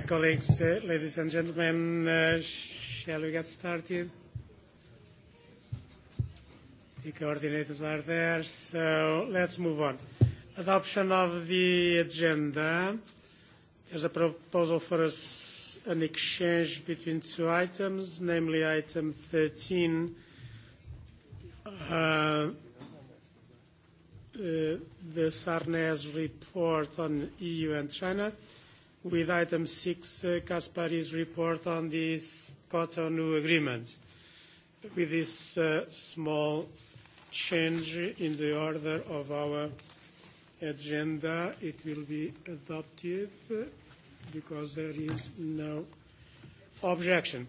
Colleagues, ladies and gentlemen, shall we get started? The coordinators are there, so let's move on. Adoption of the agenda. There's a proposal for an exchange between two items, namely item 13, the Sarnez report on EU and China, with item six, Kasparis report on this Cotonou agreement. With this small change in the order of our agenda, it will be adopted because there is no objection.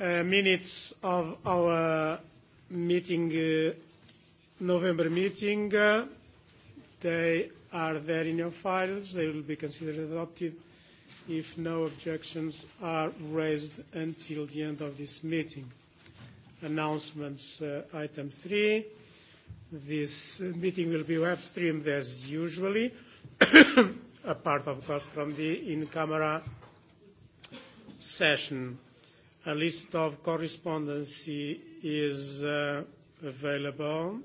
Minutes of our meeting, November meeting, they are there in your files. They will be considered adopted if no objections are raised until the end of this meeting. Announcements, item three. This meeting will be web streamed as usually, apart, of course, from the in-camera session. A list of correspondence is available,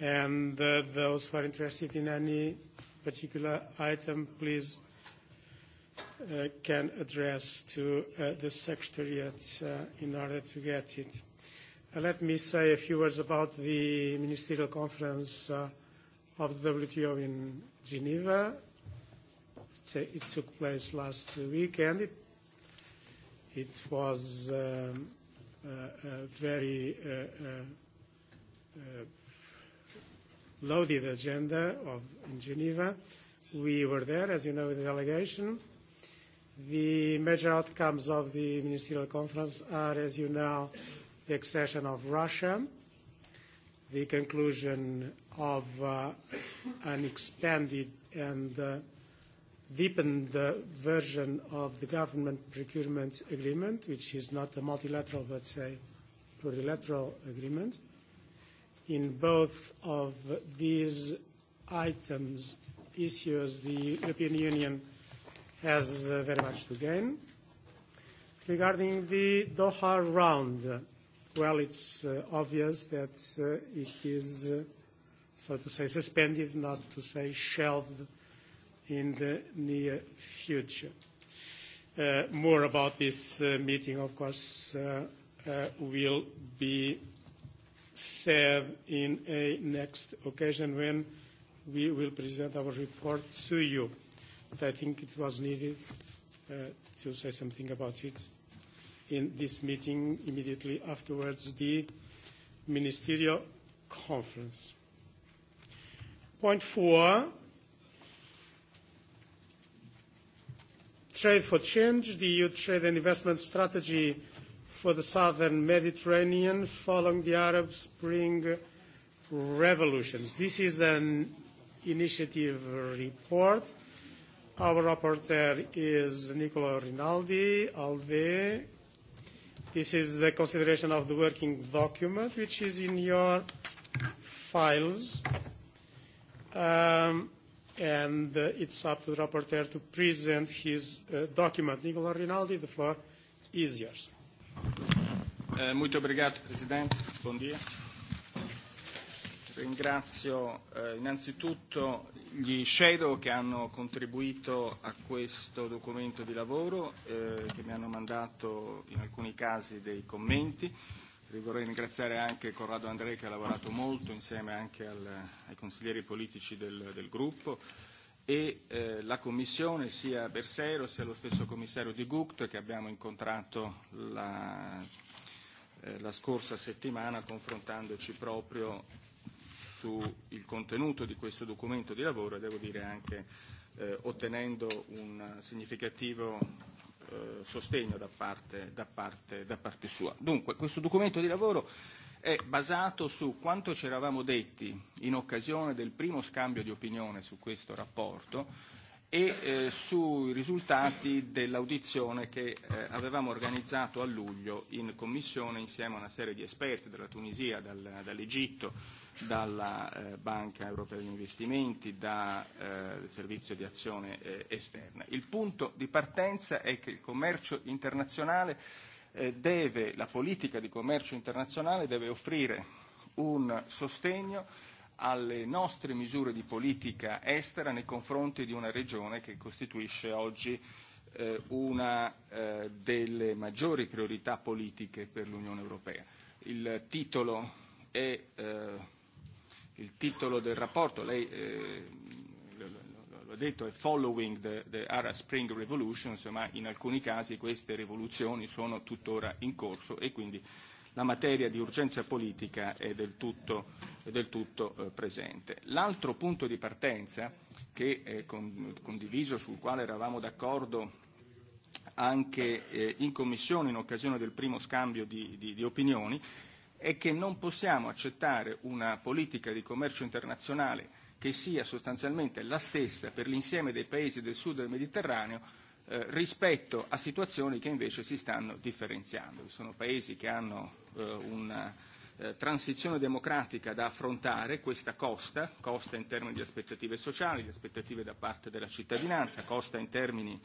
and those who are interested in any particular item, please can address to the Secretariat in order to get it. Let me say a few words about the Ministerial Conference of the WTO in Geneva. It took place last weekend. It was a very loaded agenda in Geneva. We were there, as you know, with the delegation The major outcomes of the ministerial conference are, as you know, the accession of Russia, the conclusion of an expanded and deepened version of the government procurement agreement, which is not a multilateral, but a plurilateral agreement. In both of these items, issues, the European Union has very much to gain. Regarding the Doha round, well, it's obvious that it is, so to say, suspended, not to say shelved, in the near future. More about this meeting, of course, will be said in a next occasion when we will present our report to you but I think it was needed uh, to say something about it. In this meeting, immediately afterwards, the ministerial conference. Point four, Trade for Change, the EU trade and investment strategy for the southern Mediterranean following the Arab Spring revolutions. This is an initiative report Our rapporteur is Nicola Rinaldi, ALDE. This is the consideration of the working document, which is in your files. Um, and uh, it's up to the rapporteur to present his uh, document. Nicola Rinaldi, the floor is yours. Uh, muito obrigado, Presidente. Bom dia. Ringrazio eh, innanzitutto gli shadow che hanno contribuito a questo documento di lavoro, eh, che mi hanno mandato in alcuni casi dei commenti. Vi vorrei ringraziare anche Corrado Andrei che ha lavorato molto insieme anche al, ai consiglieri politici del, del gruppo e eh, la Commissione, sia Bersero sia lo stesso commissario di Gucht che abbiamo incontrato la, eh, la scorsa settimana confrontandoci proprio sul contenuto di questo documento di lavoro e devo dire anche eh, ottenendo un significativo eh, sostegno da parte, da, parte, da parte sua. Dunque, questo documento di lavoro è basato su quanto ci eravamo detti in occasione del primo scambio di opinione su questo rapporto, e sui risultati dell'audizione che avevamo organizzato a luglio in commissione insieme a una serie di esperti dalla Tunisia, dal, dall'Egitto, dalla Banca Europea degli Investimenti, dal Servizio di Azione Esterna. Il punto di partenza è che il commercio internazionale deve, la politica di commercio internazionale deve offrire un sostegno alle nostre misure di politica estera nei confronti di una regione che costituisce oggi eh, una eh, delle maggiori priorità politiche per l'Unione Europea. Il titolo, è, eh, il titolo del rapporto, lei eh, l'ha detto, è following the, the Arab Spring Revolutions, ma in alcuni casi queste rivoluzioni sono tuttora in corso e quindi la materia di urgenza politica è del tutto, è del tutto eh, presente. L'altro punto di partenza, che è con, condiviso, sul quale eravamo d'accordo anche eh, in Commissione in occasione del primo scambio di, di, di opinioni, è che non possiamo accettare una politica di commercio internazionale che sia sostanzialmente la stessa per l'insieme dei paesi del sud del Mediterraneo eh, rispetto a situazioni che invece si stanno differenziando. Ci sono paesi che hanno eh, una eh, transizione democratica da affrontare, questa costa, costa in termini di aspettative sociali, di aspettative da parte della cittadinanza, costa in termini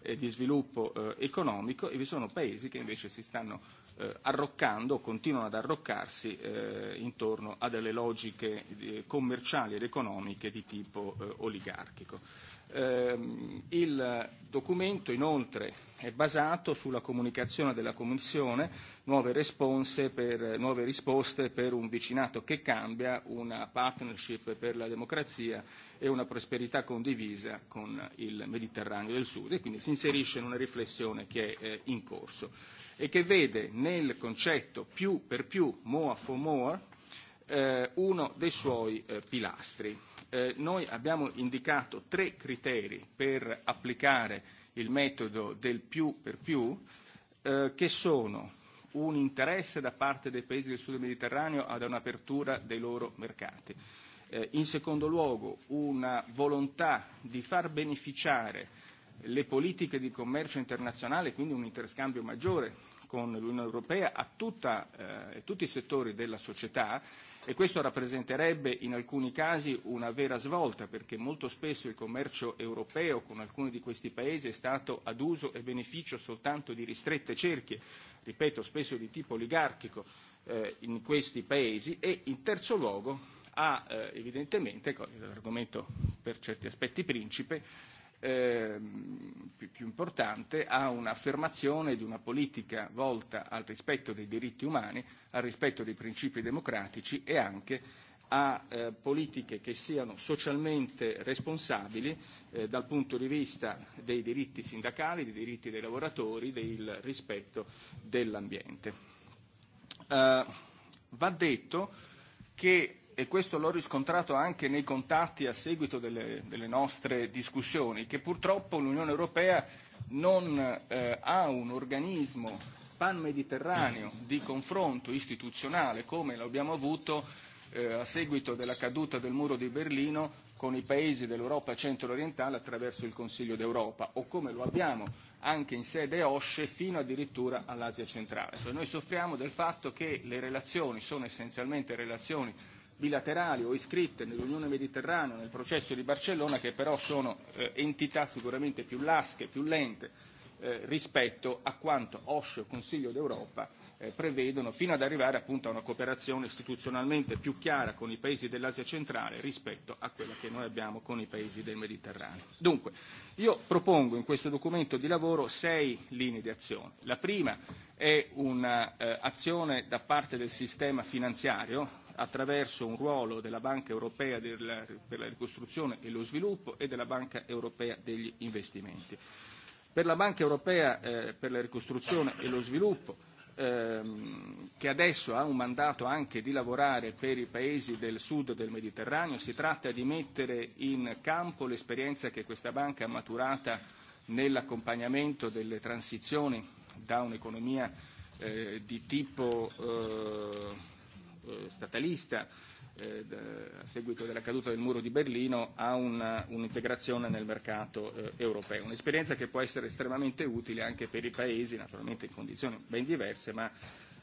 eh, di sviluppo eh, economico e vi sono paesi che invece si stanno eh, arroccando, continuano ad arroccarsi eh, intorno a delle logiche eh, commerciali ed economiche di tipo eh, oligarchico. Il documento inoltre è basato sulla comunicazione della Commissione nuove, response per, nuove risposte per un vicinato che cambia, una partnership per la democrazia e una prosperità condivisa con il Mediterraneo del Sud e quindi si inserisce in una riflessione che è in corso e che vede nel concetto più per più, more for more, eh, uno dei suoi eh, pilastri eh, noi abbiamo indicato tre criteri per applicare il metodo del più per più, eh, che sono un interesse da parte dei paesi del sud Mediterraneo ad un'apertura dei loro mercati. Eh, in secondo luogo, una volontà di far beneficiare le politiche di commercio internazionale, quindi un interscambio maggiore con l'Unione Europea a tutta, eh, tutti i settori della società e questo rappresenterebbe in alcuni casi una vera svolta perché molto spesso il commercio europeo con alcuni di questi paesi è stato ad uso e beneficio soltanto di ristrette cerchie, ripeto spesso di tipo oligarchico eh, in questi paesi e in terzo luogo ha eh, evidentemente, l'argomento per certi aspetti principe, eh, più, importante a un'affermazione di una politica volta al rispetto dei diritti umani, al rispetto dei principi democratici e anche a eh, politiche che siano socialmente responsabili eh, dal punto di vista dei diritti sindacali, dei diritti dei lavoratori, del rispetto dell'ambiente. Eh, va detto che e questo l'ho riscontrato anche nei contatti a seguito delle, delle nostre discussioni, che purtroppo l'Unione Europea non eh, ha un organismo panmediterraneo di confronto istituzionale come l'abbiamo avuto eh, a seguito della caduta del muro di Berlino con i paesi dell'Europa centro-orientale attraverso il Consiglio d'Europa o come lo abbiamo anche in sede OSCE fino addirittura all'Asia centrale. Cioè noi soffriamo del fatto che le relazioni sono essenzialmente relazioni bilaterali o iscritte nell'Unione Mediterranea nel processo di Barcellona che però sono eh, entità sicuramente più lasche, più lente eh, rispetto a quanto OSCE o Consiglio d'Europa eh, prevedono fino ad arrivare appunto a una cooperazione istituzionalmente più chiara con i paesi dell'Asia centrale rispetto a quella che noi abbiamo con i paesi del Mediterraneo. Dunque, io propongo in questo documento di lavoro sei linee di azione. La prima è un'azione da parte del sistema finanziario attraverso un ruolo della Banca europea per la ricostruzione e lo sviluppo e della Banca europea degli investimenti. Per la Banca europea per la ricostruzione e lo sviluppo che adesso ha un mandato anche di lavorare per i paesi del sud del Mediterraneo, si tratta di mettere in campo l'esperienza che questa banca ha maturata nell'accompagnamento delle transizioni da un'economia eh, di tipo eh, statalista eh, a seguito della caduta del muro di Berlino a una, un'integrazione nel mercato eh, europeo. Un'esperienza che può essere estremamente utile anche per i paesi, naturalmente in condizioni ben diverse, ma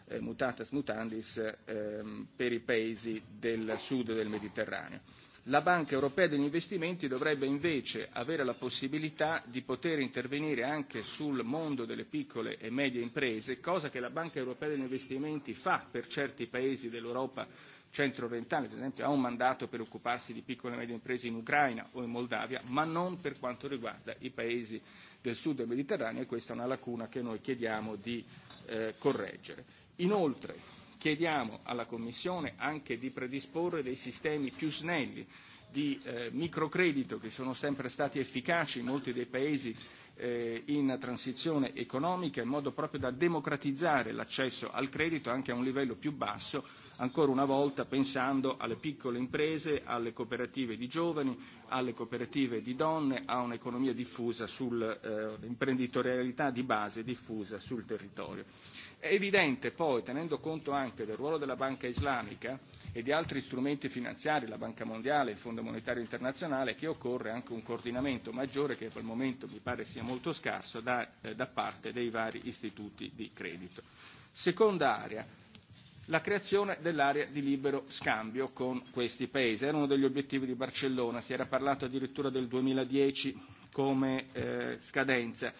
eh, mutatas mutandis eh, per i paesi del sud del Mediterraneo la Banca europea degli investimenti dovrebbe invece avere la possibilità di poter intervenire anche sul mondo delle piccole e medie imprese, cosa che la Banca europea degli investimenti fa per certi paesi dell'Europa centro-orientale, ad esempio ha un mandato per occuparsi di piccole e medie imprese in Ucraina o in Moldavia, ma non per quanto riguarda i paesi del sud del Mediterraneo e questa è una lacuna che noi chiediamo di eh, correggere. Inoltre, chiediamo alla Commissione anche di predisporre dei sistemi più snelli di eh, microcredito che sono sempre stati efficaci in molti dei paesi eh, in transizione economica in modo proprio da democratizzare l'accesso al credito anche a un livello più basso, ancora una volta pensando alle piccole imprese, alle cooperative di giovani, alle cooperative di donne, a un'economia diffusa sull'imprenditorialità di base diffusa sul territorio. È evidente poi, tenendo conto anche del ruolo della banca islamica e di altri strumenti finanziari, la Banca Mondiale, il Fondo Monetario Internazionale, che occorre anche un coordinamento maggiore che per il momento mi pare sia molto scarso da, eh, da parte dei vari istituti di credito. Seconda area, la creazione dell'area di libero scambio con questi paesi. Era uno degli obiettivi di Barcellona, si era parlato addirittura del 2010 come eh, scadenza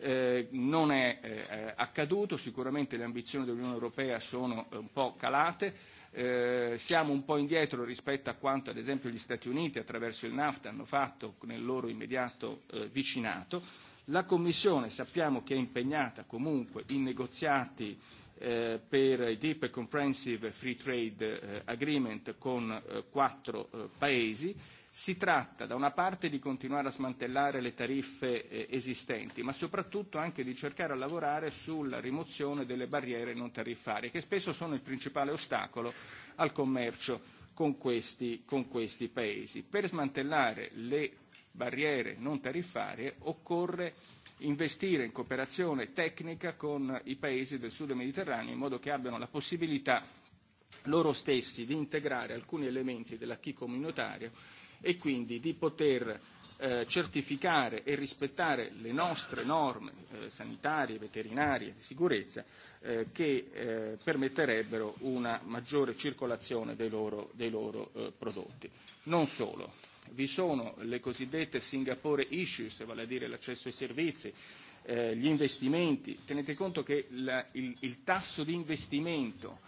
eh, non è eh, accaduto, sicuramente le ambizioni dell'Unione Europea sono un po' calate, eh, siamo un po' indietro rispetto a quanto ad esempio gli Stati Uniti attraverso il NAFTA hanno fatto nel loro immediato eh, vicinato, la Commissione sappiamo che è impegnata comunque in negoziati eh, per i Deep Comprehensive Free Trade eh, Agreement con eh, quattro eh, paesi, Si tratta da una parte di continuare a smantellare le tariffe eh, esistenti, ma soprattutto anche di cercare a lavorare sulla rimozione delle barriere non tariffarie, che spesso sono il principale ostacolo al commercio con questi, con questi paesi. Per smantellare le barriere non tariffarie occorre investire in cooperazione tecnica con i paesi del sud Mediterraneo in modo che abbiano la possibilità loro stessi di integrare alcuni elementi dell'acquis comunitario e quindi di poter certificare e rispettare le nostre norme sanitarie, veterinarie, di sicurezza che permetterebbero una maggiore circolazione dei loro, dei loro prodotti. Non solo, vi sono le cosiddette Singapore issues, vale a dire l'accesso ai servizi, gli investimenti. Tenete conto che il tasso di investimento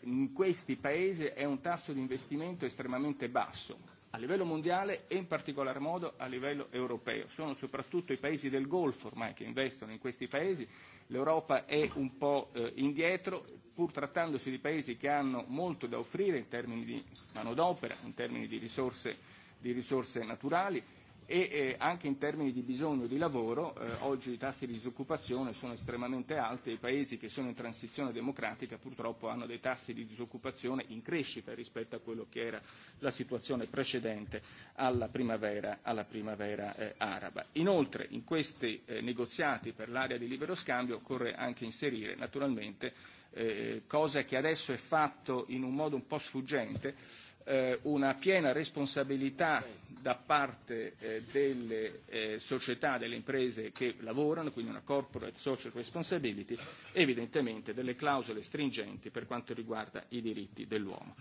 in questi paesi è un tasso di investimento estremamente basso a livello mondiale e in particolar modo a livello europeo. Sono soprattutto i paesi del Golfo ormai che investono in questi paesi, l'Europa è un po' eh, indietro, pur trattandosi di paesi che hanno molto da offrire in termini di manodopera, in termini di risorse, di risorse naturali, e anche in termini di bisogno di lavoro oggi i tassi di disoccupazione sono estremamente alti e i paesi che sono in transizione democratica purtroppo hanno dei tassi di disoccupazione in crescita rispetto a quello che era la situazione precedente alla primavera, alla primavera araba. Inoltre in questi negoziati per l'area di libero scambio occorre anche inserire naturalmente cosa che adesso è fatto in un modo un po' sfuggente eh, una piena responsabilità da parte eh, delle eh, società, delle imprese che lavorano, quindi una corporate social responsibility, evidentemente delle clausole stringenti per quanto riguarda i diritti dell'uomo.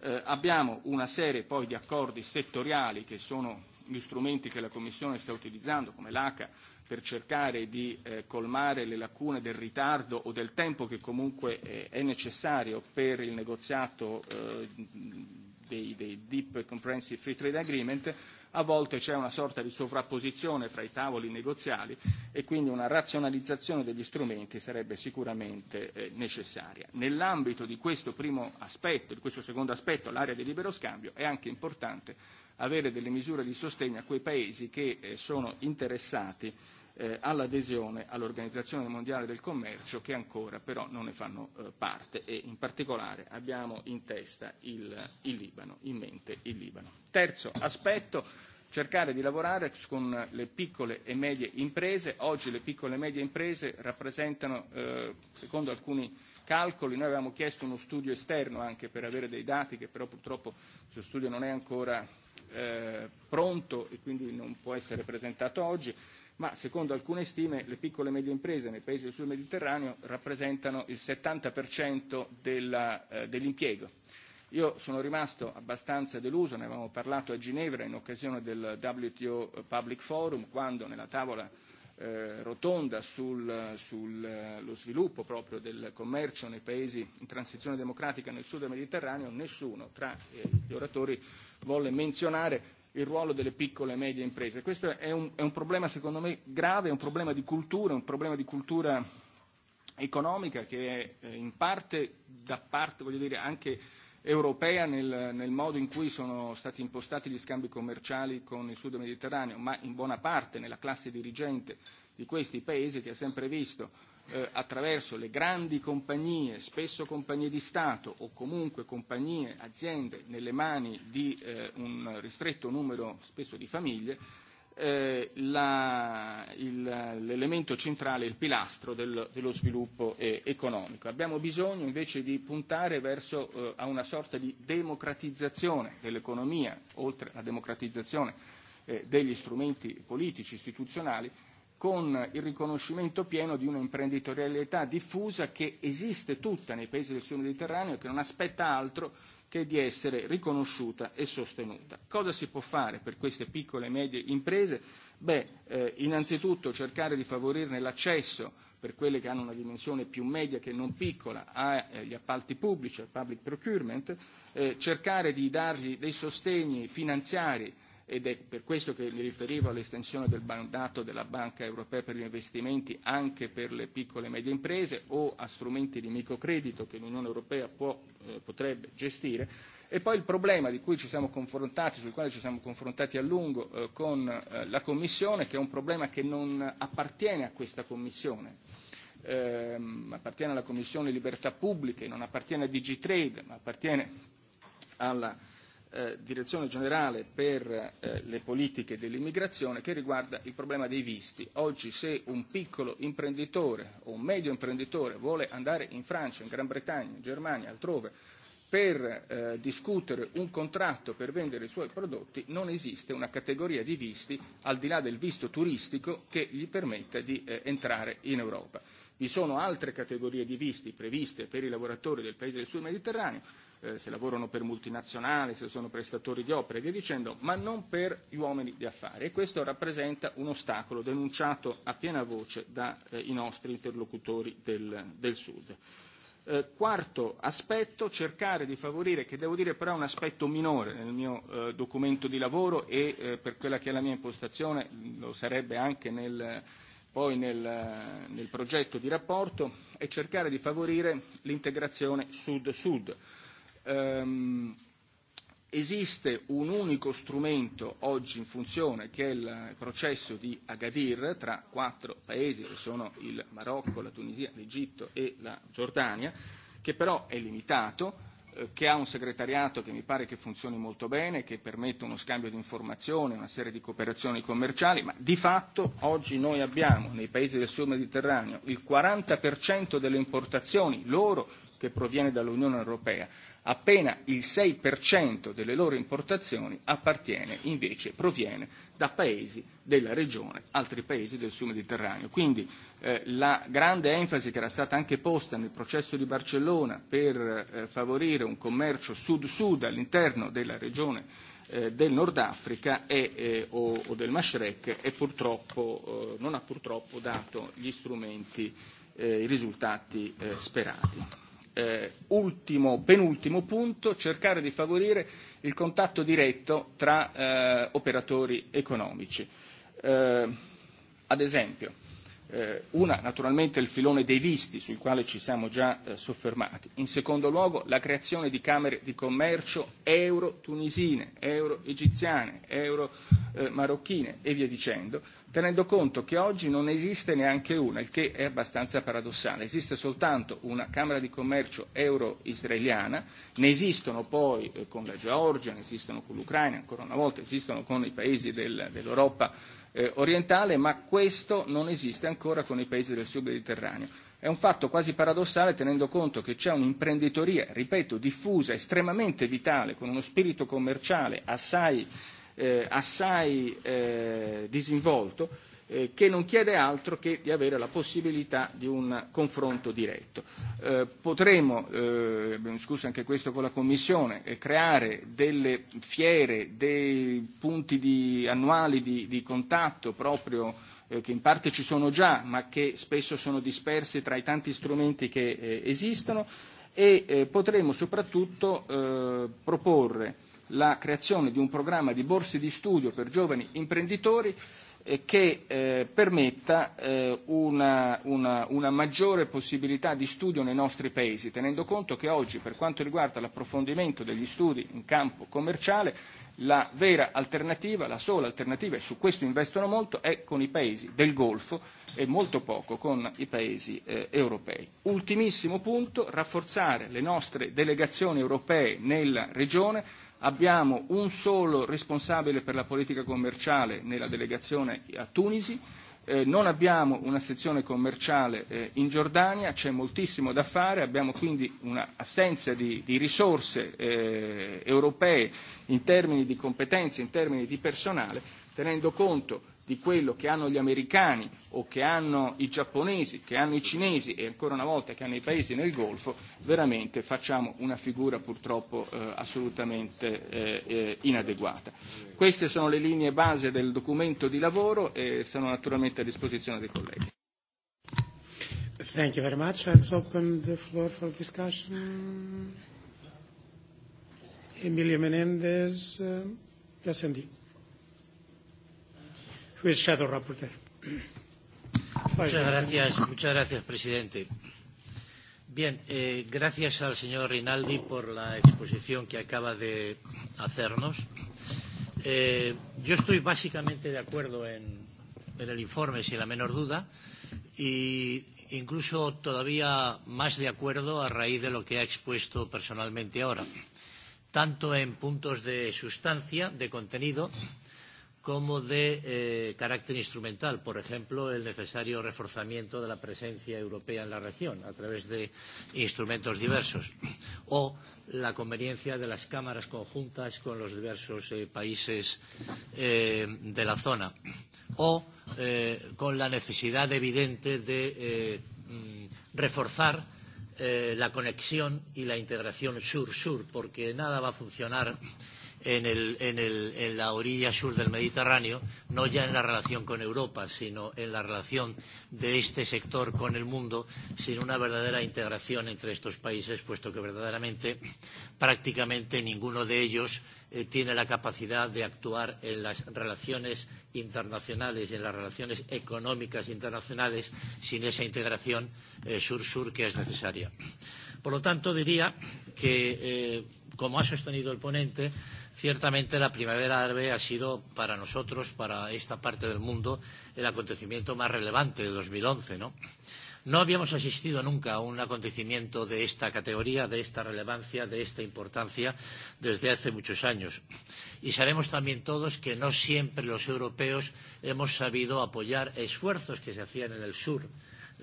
Eh, abbiamo una serie poi di accordi settoriali che sono gli strumenti che la Commissione sta utilizzando, come l'ACA, per cercare di eh, colmare le lacune del ritardo o del tempo che comunque eh, è necessario per il negoziato eh, dei, dei Deep Comprehensive Free Trade Agreement, a volte c'è una sorta di sovrapposizione fra i tavoli negoziali e quindi una razionalizzazione degli strumenti sarebbe sicuramente eh, necessaria. Nell'ambito di questo primo aspetto, di questo secondo aspetto, l'area di libero scambio, è anche importante avere delle misure di sostegno a quei paesi che eh, sono interessati eh, all'adesione all'Organizzazione Mondiale del Commercio che ancora però non ne fanno eh, parte e in particolare abbiamo in testa il, il Libano, in mente il Libano. Terzo aspetto, cercare di lavorare con le piccole e medie imprese. Oggi le piccole e medie imprese rappresentano, eh, secondo alcuni calcoli, noi avevamo chiesto uno studio esterno anche per avere dei dati che però purtroppo questo studio non è ancora eh, pronto e quindi non può essere presentato oggi, ma secondo alcune stime le piccole e medie imprese nei paesi del sud Mediterraneo rappresentano il 70% della, eh, dell'impiego. Io sono rimasto abbastanza deluso, ne avevamo parlato a Ginevra in occasione del WTO Public Forum, quando nella tavola eh, rotonda sullo sul, sviluppo proprio del commercio nei paesi in transizione democratica nel sud del Mediterraneo, nessuno tra gli oratori volle menzionare il ruolo delle piccole e medie imprese. Questo è un, è un problema secondo me grave, è un problema di cultura, un problema di cultura economica che è in parte da parte, voglio dire, anche europea nel, nel modo in cui sono stati impostati gli scambi commerciali con il sud mediterraneo, ma in buona parte nella classe dirigente di questi paesi che ha sempre visto eh, attraverso le grandi compagnie, spesso compagnie di Stato o comunque compagnie, aziende nelle mani di eh, un ristretto numero spesso di famiglie, eh, l'elemento centrale, il pilastro del, dello sviluppo eh, economico. Abbiamo bisogno invece di puntare verso eh, a una sorta di democratizzazione dell'economia, oltre alla democratizzazione eh, degli strumenti politici istituzionali, con il riconoscimento pieno di un'imprenditorialità diffusa che esiste tutta nei paesi del Sud Mediterraneo e che non aspetta altro che di essere riconosciuta e sostenuta. Cosa si può fare per queste piccole e medie imprese? Beh, eh, innanzitutto cercare di favorirne l'accesso per quelle che hanno una dimensione più media che non piccola agli appalti pubblici, al public procurement, eh, cercare di dargli dei sostegni finanziari ed è per questo che mi riferivo all'estensione del mandato della Banca Europea per gli investimenti anche per le piccole e medie imprese o a strumenti di microcredito che l'Unione Europea può, eh, potrebbe gestire. E poi il problema di cui ci siamo confrontati, sul quale ci siamo confrontati a lungo eh, con eh, la Commissione, che è un problema che non appartiene a questa Commissione eh, appartiene alla Commissione Libertà Pubbliche, non appartiene a Digitrade, ma appartiene alla direzione generale per le politiche dell'immigrazione che riguarda il problema dei visti. Oggi se un piccolo imprenditore o un medio imprenditore vuole andare in Francia, in Gran Bretagna, in Germania, altrove per discutere un contratto per vendere i suoi prodotti non esiste una categoria di visti al di là del visto turistico che gli permetta di entrare in Europa. Vi sono altre categorie di visti previste per i lavoratori del paese del Sud Mediterraneo se lavorano per multinazionali, se sono prestatori di opere e via dicendo, ma non per gli uomini di affari. E questo rappresenta un ostacolo denunciato a piena voce dai nostri interlocutori del, del Sud. Eh, quarto aspetto, cercare di favorire, che devo dire però è un aspetto minore nel mio eh, documento di lavoro e eh, per quella che è la mia impostazione, lo sarebbe anche nel, poi nel, nel progetto di rapporto, è cercare di favorire l'integrazione sud-sud. Eh, Esiste un unico strumento oggi in funzione che è il processo di Agadir tra quattro paesi che sono il Marocco, la Tunisia, l'Egitto e la Giordania, che però è limitato, che ha un segretariato che mi pare che funzioni molto bene, che permette uno scambio di informazioni, una serie di cooperazioni commerciali, ma di fatto oggi noi abbiamo nei paesi del sud Mediterraneo il 40% delle importazioni loro che proviene dall'Unione Europea Appena il 6% delle loro importazioni appartiene, invece, proviene da paesi della regione, altri paesi del sud Mediterraneo. Quindi eh, la grande enfasi che era stata anche posta nel processo di Barcellona per eh, favorire un commercio sud-sud all'interno della regione del Nord Africa eh, o, o del Mashrek purtroppo, eh, non ha purtroppo dato gli strumenti, eh, i risultati eh, sperati eh, ultimo, penultimo punto, cercare di favorire il contatto diretto tra eh, operatori economici. Eh, ad esempio, eh, una naturalmente il filone dei visti sul quale ci siamo già eh, soffermati, in secondo luogo la creazione di camere di commercio euro-tunisine, euro-egiziane, euro-tunisine eh, marocchine e via dicendo, tenendo conto che oggi non esiste neanche una, il che è abbastanza paradossale. Esiste soltanto una Camera di Commercio euro-israeliana, ne esistono poi eh, con la Georgia, ne esistono con l'Ucraina, ancora una volta esistono con i paesi del, dell'Europa eh, orientale, ma questo non esiste ancora con i paesi del sud Mediterraneo. È un fatto quasi paradossale tenendo conto che c'è un'imprenditoria, ripeto, diffusa, estremamente vitale, con uno spirito commerciale assai eh, assai eh, disinvolto, eh, che non chiede altro che di avere la possibilità di un confronto diretto. Eh, potremo, eh, abbiamo discusso anche questo con la Commissione, eh, creare delle fiere, dei punti di, annuali di, di contatto proprio che in parte ci sono già, ma che spesso sono dispersi tra i tanti strumenti che eh, esistono e eh, potremo soprattutto eh, proporre la creazione di un programma di borse di studio per giovani imprenditori che eh, permetta eh, una, una, una maggiore possibilità di studio nei nostri paesi, tenendo conto che oggi, per quanto riguarda l'approfondimento degli studi in campo commerciale, la vera alternativa, la sola alternativa, e su questo investono molto, è con i paesi del Golfo e molto poco con i paesi eh, europei. Ultimissimo punto, rafforzare le nostre delegazioni europee nella regione abbiamo un solo responsabile per la politica commerciale nella delegazione a Tunisi, eh, non abbiamo una sezione commerciale eh, in Giordania, c'è moltissimo da fare, abbiamo quindi un'assenza di, di risorse eh, europee in termini di competenze, in termini di personale, tenendo conto di quello che hanno gli americani o che hanno i giapponesi, che hanno i cinesi e ancora una volta che hanno i paesi nel Golfo, veramente facciamo una figura purtroppo eh, assolutamente eh, inadeguata. Queste sono le linee base del documento di lavoro e sono naturalmente a disposizione dei colleghi. Thank you very much. Let's open the floor for discussion. Emilio Menendez, uh, yes, indeed who is Shadow Rapporteur. Muchas gracias, presidente. Bien, eh, gracias al señor Rinaldi por la exposición que acaba de hacernos. Eh, yo estoy básicamente de acuerdo en, en el informe, sin la menor duda, e incluso todavía más de acuerdo a raíz de lo que ha expuesto personalmente ahora, tanto en puntos de sustancia, de contenido, como de eh, carácter instrumental. Por ejemplo, el necesario reforzamiento de la presencia europea en la región a través de instrumentos diversos o la conveniencia de las cámaras conjuntas con los diversos eh, países eh, de la zona o eh, con la necesidad evidente de eh, reforzar eh, la conexión y la integración sur-sur, porque nada va a funcionar en, el, en, el, en la orilla sur del Mediterráneo, no ya en la relación con Europa, sino en la relación de este sector con el mundo, sin una verdadera integración entre estos países, puesto que verdaderamente prácticamente ninguno de ellos eh, tiene la capacidad de actuar en las relaciones internacionales y en las relaciones económicas internacionales sin esa integración eh, sur-sur que es necesaria. Por lo tanto, diría que eh, como ha sostenido el ponente, ciertamente la primavera árabe ha sido para nosotros, para esta parte del mundo, el acontecimiento más relevante de 2011, ¿no? No habíamos asistido nunca a un acontecimiento de esta categoría, de esta relevancia, de esta importancia desde hace muchos años. Y sabemos también todos que no siempre los europeos hemos sabido apoyar esfuerzos que se hacían en el sur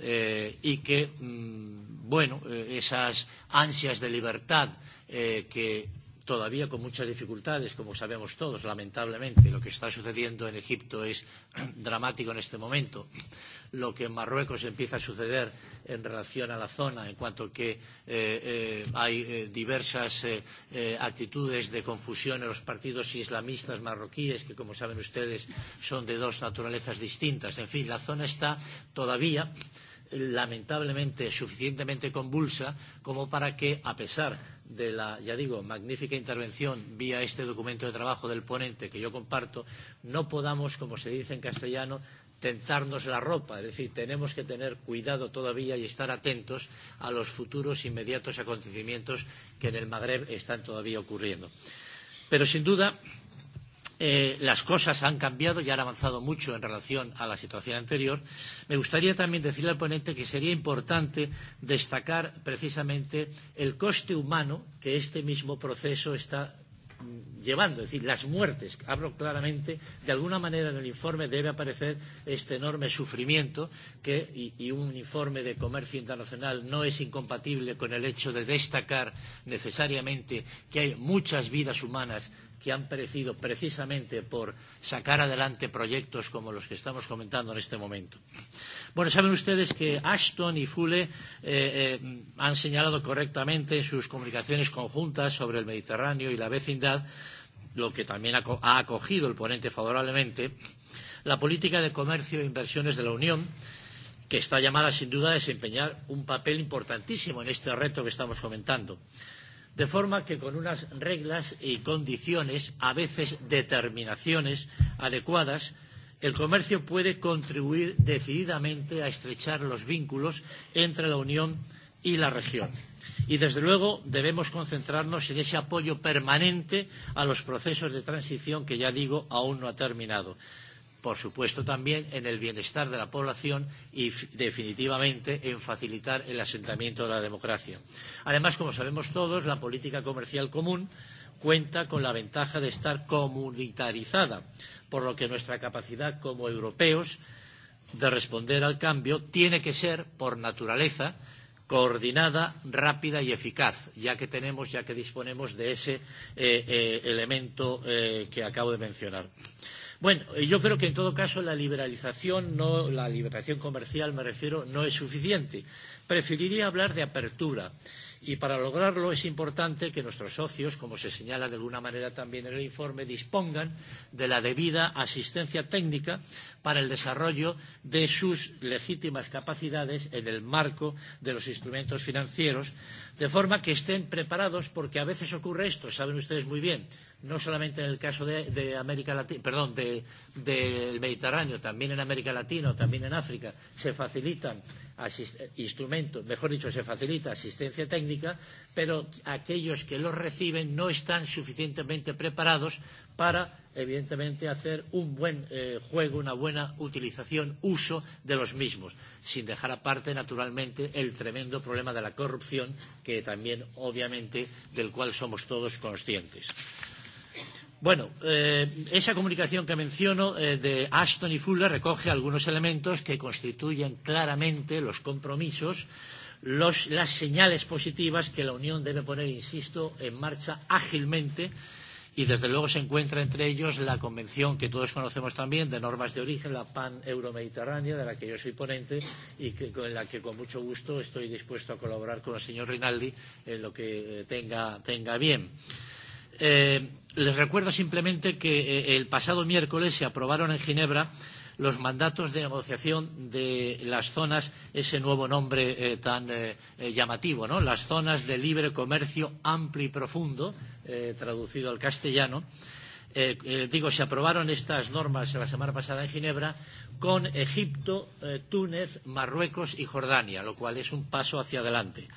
eh, y que, mmm, bueno, eh, esas ansias de libertad eh, que todavía con muchas dificultades, como sabemos todos, lamentablemente. Lo que está sucediendo en Egipto es dramático en este momento. Lo que en Marruecos empieza a suceder en relación a la zona, en cuanto que eh, eh, hay eh, diversas eh, eh, actitudes de confusión en los partidos islamistas marroquíes, que como saben ustedes son de dos naturalezas distintas. En fin, la zona está todavía eh, lamentablemente suficientemente convulsa como para que, a pesar de la, ya digo, magnífica intervención vía este documento de trabajo del ponente que yo comparto, no podamos, como se dice en castellano, tentarnos la ropa, es decir, tenemos que tener cuidado todavía y estar atentos a los futuros inmediatos acontecimientos que en el Magreb están todavía ocurriendo. Pero sin duda, eh, las cosas han cambiado y han avanzado mucho en relación a la situación anterior. Me gustaría también decirle al ponente que sería importante destacar precisamente el coste humano que este mismo proceso está llevando, es decir, las muertes, hablo claramente, de alguna manera en el informe debe aparecer este enorme sufrimiento que, y, y un informe de comercio internacional no es incompatible con el hecho de destacar necesariamente que hay muchas vidas humanas que han perecido precisamente por sacar adelante proyectos como los que estamos comentando en este momento. Bueno, saben ustedes que Ashton y Fule eh, eh, han señalado correctamente en sus comunicaciones conjuntas sobre el Mediterráneo y la vecindad, lo que también ha acogido el ponente favorablemente, la política de comercio e inversiones de la Unión, que está llamada sin duda a desempeñar un papel importantísimo en este reto que estamos comentando. De forma que con unas reglas y condiciones, a veces determinaciones adecuadas, el comercio puede contribuir decididamente a estrechar los vínculos entre la Unión y la región. Y, desde luego, debemos concentrarnos en ese apoyo permanente a los procesos de transición que, ya digo, aún no ha terminado por supuesto también en el bienestar de la población y definitivamente en facilitar el asentamiento de la democracia. Además, como sabemos todos, la política comercial común cuenta con la ventaja de estar comunitarizada, por lo que nuestra capacidad como europeos de responder al cambio tiene que ser, por naturaleza, coordinada, rápida y eficaz, ya que tenemos, ya que disponemos de ese eh, eh, elemento eh, que acabo de mencionar. Bueno, yo creo que en todo caso la liberalización, no, la liberalización comercial, me refiero, no es suficiente. Preferiría hablar de apertura. Y para lograrlo es importante que nuestros socios, como se señala de alguna manera también en el informe, dispongan de la debida asistencia técnica para el desarrollo de sus legítimas capacidades en el marco de los instrumentos financieros, de forma que estén preparados, porque a veces ocurre esto, saben ustedes muy bien, no solamente en el caso de, de América Latina, perdón, del de, de Mediterráneo, también en América Latina, también en África, se facilitan instrumentos, mejor dicho, se facilita asistencia técnica, pero aquellos que los reciben no están suficientemente preparados para, evidentemente, hacer un buen eh, juego, una buena utilización, uso de los mismos, sin dejar aparte, naturalmente, el tremendo problema de la corrupción, que también, obviamente, del cual somos todos conscientes. Bueno, eh, esa comunicación que menciono eh, de Ashton y Fuller recoge algunos elementos que constituyen claramente los compromisos, los, las señales positivas que la Unión debe poner, insisto, en marcha ágilmente y desde luego se encuentra entre ellos la convención que todos conocemos también de normas de origen, la PAN Euromediterránea, de la que yo soy ponente y que, con la que con mucho gusto estoy dispuesto a colaborar con el señor Rinaldi en lo que tenga, tenga bien. Eh, les recuerdo simplemente que eh, el pasado miércoles se aprobaron en Ginebra los mandatos de negociación de las zonas, ese nuevo nombre eh, tan eh, llamativo, ¿no? las zonas de libre comercio amplio y profundo, eh, traducido al castellano. Eh, eh, digo, se aprobaron estas normas la semana pasada en Ginebra con Egipto, eh, Túnez, Marruecos y Jordania, lo cual es un paso hacia adelante. Eh,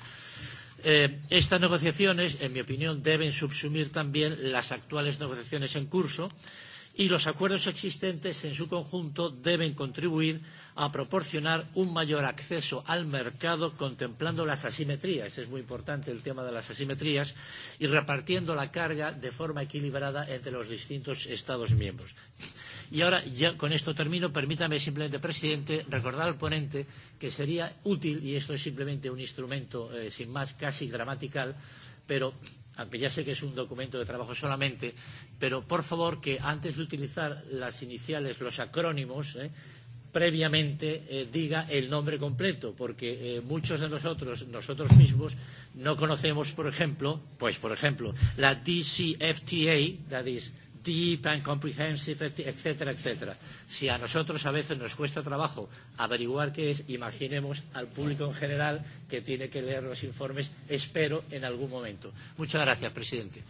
Eh, estas negociaciones, en mi opinión, deben subsumir también las actuales negociaciones en curso y los acuerdos existentes en su conjunto deben contribuir a proporcionar un mayor acceso al mercado contemplando las asimetrías, es muy importante el tema de las asimetrías, y repartiendo la carga de forma equilibrada entre los distintos Estados miembros. Y ahora, ya con esto termino, permítame simplemente, presidente, recordar al ponente que sería útil, y esto es simplemente un instrumento, eh, sin más, casi gramatical, pero aunque ya sé que es un documento de trabajo solamente, pero por favor que antes de utilizar las iniciales, los acrónimos, eh, previamente eh, diga el nombre completo, porque eh, muchos de nosotros, nosotros mismos, no conocemos, por ejemplo, pues por ejemplo, la DCFTA, that is deep and comprehensive, etcétera, etcétera. Si a nosotros a veces nos cuesta trabajo averiguar qué es, imaginemos al público en general que tiene que leer los informes, espero, en algún momento. Muchas gracias, presidente.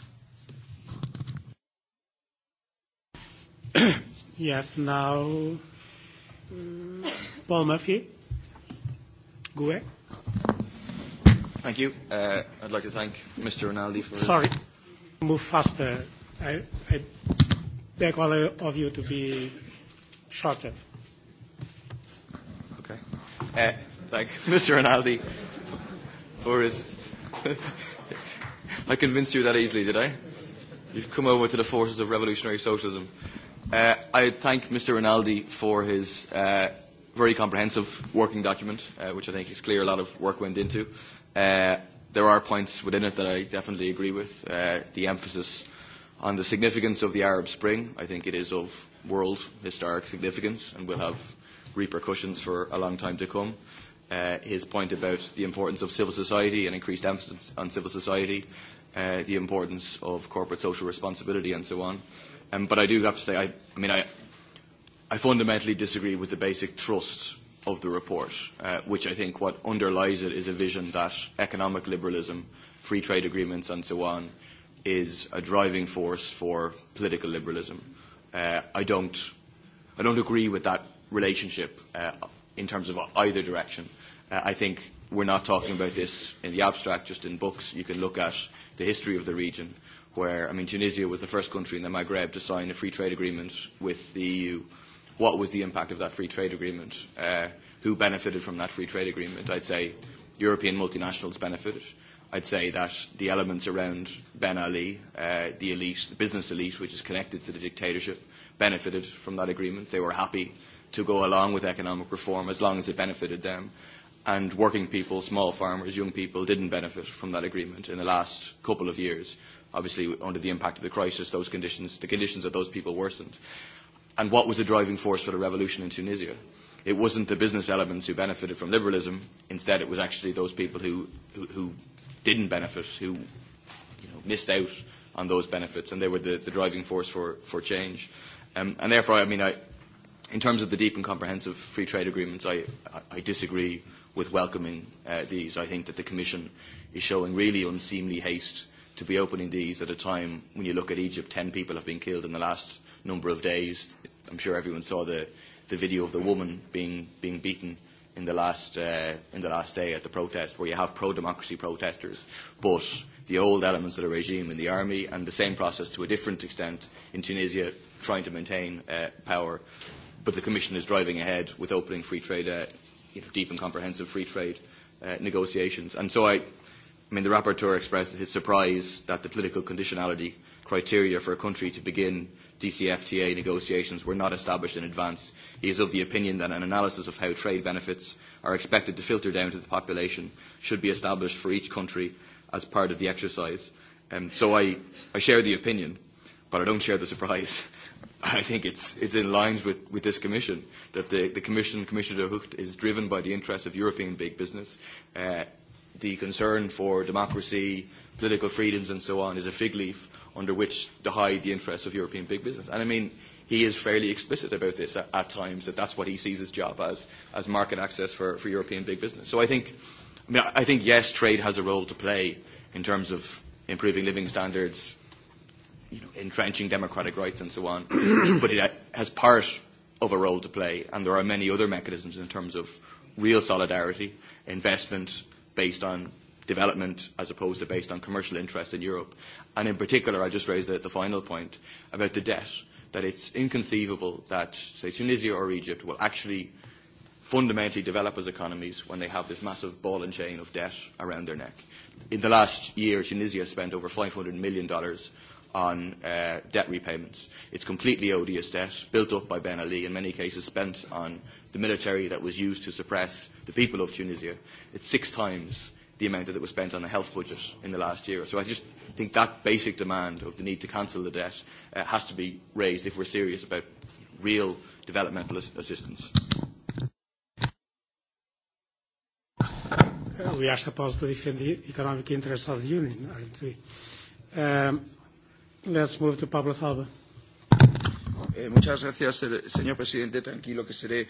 Yes, now Paul Murphy. Go ahead. Thank you. Uh, I'd like to thank Mr. Rinaldi for. Sorry, move faster. I, I beg all of you to be shorter. Okay. Uh, thank Mr. Rinaldi for his. I convinced you that easily, did I? You've come over to the forces of revolutionary socialism. Uh, I thank Mr. Rinaldi for his uh, very comprehensive working document, uh, which I think is clear a lot of work went into. Uh, there are points within it that I definitely agree with. Uh, the emphasis On the significance of the Arab Spring, I think it is of world historic significance and will have repercussions for a long time to come. Uh, his point about the importance of civil society and increased emphasis on civil society, uh, the importance of corporate social responsibility and so on. Um, but I do have to say, I, I mean, I, I fundamentally disagree with the basic thrust of the report, uh, which I think what underlies it is a vision that economic liberalism, free trade agreements and so on, is a driving force for political liberalism. Uh, I, don't, I don't agree with that relationship uh, in terms of either direction. Uh, I think we're not talking about this in the abstract, just in books. You can look at the history of the region, where, I mean, Tunisia was the first country in the Maghreb to sign a free trade agreement with the EU. What was the impact of that free trade agreement? Uh, who benefited from that free trade agreement? I'd say European multinationals benefited. I'd say that the elements around Ben Ali, uh, the elite, the business elite, which is connected to the dictatorship, benefited from that agreement. They were happy to go along with economic reform as long as it benefited them. And working people, small farmers, young people didn't benefit from that agreement in the last couple of years. Obviously, under the impact of the crisis, those conditions, the conditions of those people worsened. And what was the driving force for the revolution in Tunisia? It wasn't the business elements who benefited from liberalism. Instead, it was actually those people who, who, who didn't benefit, who you know, missed out on those benefits, and they were the, the driving force for, for change. Um, and therefore, I mean, I, in terms of the deep and comprehensive free trade agreements, I, I disagree with welcoming uh, these. I think that the Commission is showing really unseemly haste to be opening these at a time when you look at Egypt, 10 people have been killed in the last number of days. I'm sure everyone saw the, the video of the woman being, being beaten in the last uh, in the last day at the protest, where you have pro-democracy protesters, but the old elements of the regime in the army, and the same process to a different extent in Tunisia, trying to maintain uh, power. But the Commission is driving ahead with opening free trade, uh, you know, deep and comprehensive free trade uh, negotiations. And so I, I mean, the rapporteur expressed his surprise that the political conditionality criteria for a country to begin DCFTA negotiations were not established in advance. He is of the opinion that an analysis of how trade benefits are expected to filter down to the population should be established for each country as part of the exercise. Um, so I, I share the opinion, but I don't share the surprise. I think it's, it's in line with, with this Commission, that the, the Commission, Commissioner de Hucht, is driven by the interests of European big business. Uh, the concern for democracy, political freedoms and so on is a fig leaf under which to hide the interests of European big business. And I mean, he is fairly explicit about this at, at times, that that's what he sees his job as, as market access for, for European big business. So I think, I mean, I think, yes, trade has a role to play in terms of improving living standards, you know, entrenching democratic rights and so on, but it has part of a role to play, and there are many other mechanisms in terms of real solidarity, investment, based on development as opposed to based on commercial interests in Europe. And in particular, I just raised the, the final point about the debt, that it's inconceivable that, say, Tunisia or Egypt will actually fundamentally develop as economies when they have this massive ball and chain of debt around their neck. In the last year, Tunisia spent over $500 million on uh, debt repayments. It's completely odious debt, built up by Ben Ali, in many cases spent on the military that was used to suppress the people of Tunisia. It's six times the amount that was spent on the health budget in the last year. So I just think that basic demand of the need to cancel the debt uh, has to be raised if we're serious about real developmental assistance. We are supposed to defend the economic interests of the Union, aren't we? Um, let's move to Pablo Salva muchas gracias, señor presidente. Tranquilo, que seré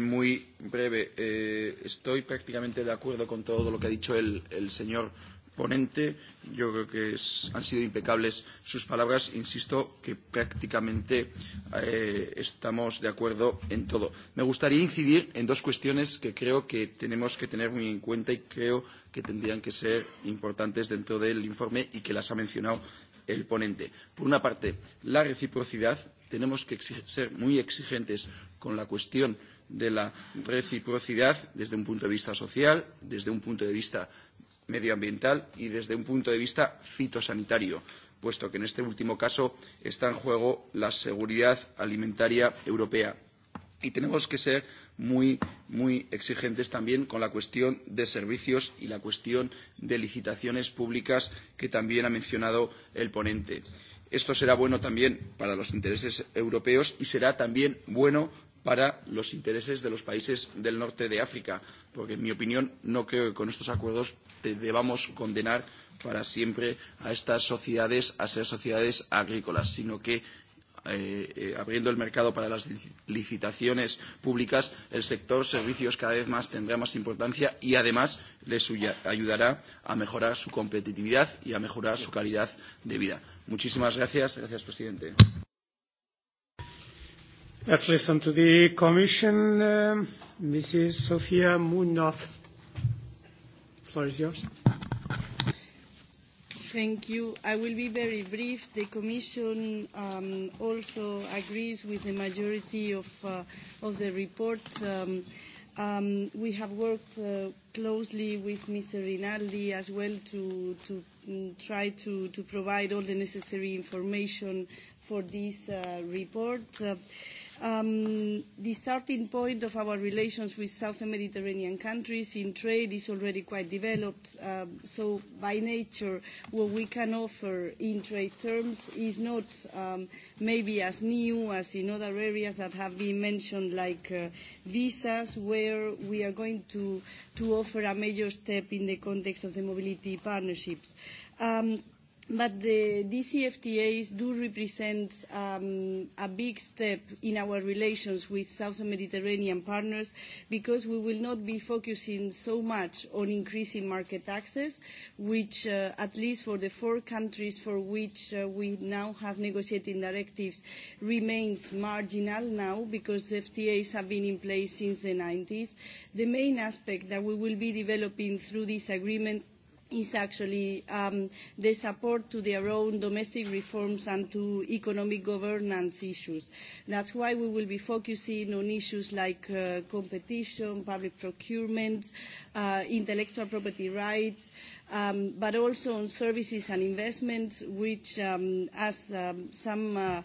muy breve. estoy prácticamente de acuerdo con todo lo que ha dicho el señor ponente. Yo creo que han sido impecables sus palabras. Insisto que prácticamente estamos de acuerdo en todo. Me gustaría incidir en dos cuestiones que creo que tenemos que tener muy en cuenta y creo que tendrían que ser importantes dentro del informe y que las ha mencionado el ponente. Por una parte, la reciprocidad tenemos que ser muy exigentes con la cuestión de la reciprocidad desde un punto de vista social, desde un punto de vista medioambiental y desde un punto de vista fitosanitario, puesto que en este último caso está en juego la seguridad alimentaria europea. Y tenemos que ser muy, muy exigentes también con la cuestión de servicios y la cuestión de licitaciones públicas que también ha mencionado el ponente. Esto será bueno también para los intereses europeos y será también bueno para los intereses de los países del norte de África, porque en mi opinión no creo que con estos acuerdos debamos condenar para siempre a estas sociedades a ser sociedades agrícolas, sino que abriendo el mercado para las licitaciones públicas, el sector servicios cada vez más tendrá más importancia y además les ayudará a mejorar su competitividad y a mejorar su calidad de vida. Muchísimas gracias. Gracias, presidente. Let's listen to the Commission. Um, Mrs. Sofia Munoz. floor is yours. Thank you. I will be very brief. The Commission um, also agrees with the majority of, uh, of the report. Um, um, we have worked uh, closely with Mr. Rinaldi as well to, to try to, to provide all the necessary information for this uh, report. Uh, Um, the starting point of our relations with and Mediterranean countries in trade is already quite developed. Um, so by nature, what we can offer in trade terms is not um, maybe as new as in other areas that have been mentioned, like uh, visas, where we are going to, to offer a major step in the context of the mobility partnerships. Um, but the DCFTAs do represent um, a big step in our relations with southern Mediterranean partners because we will not be focusing so much on increasing market access, which uh, at least for the four countries for which uh, we now have negotiating directives remains marginal now because FTAs have been in place since the 90s. The main aspect that we will be developing through this agreement is actually um, the support to their own domestic reforms and to economic governance issues. That's why we will be focusing on issues like uh, competition, public procurement, uh, intellectual property rights, um, but also on services and investments, which, um, as um, some uh,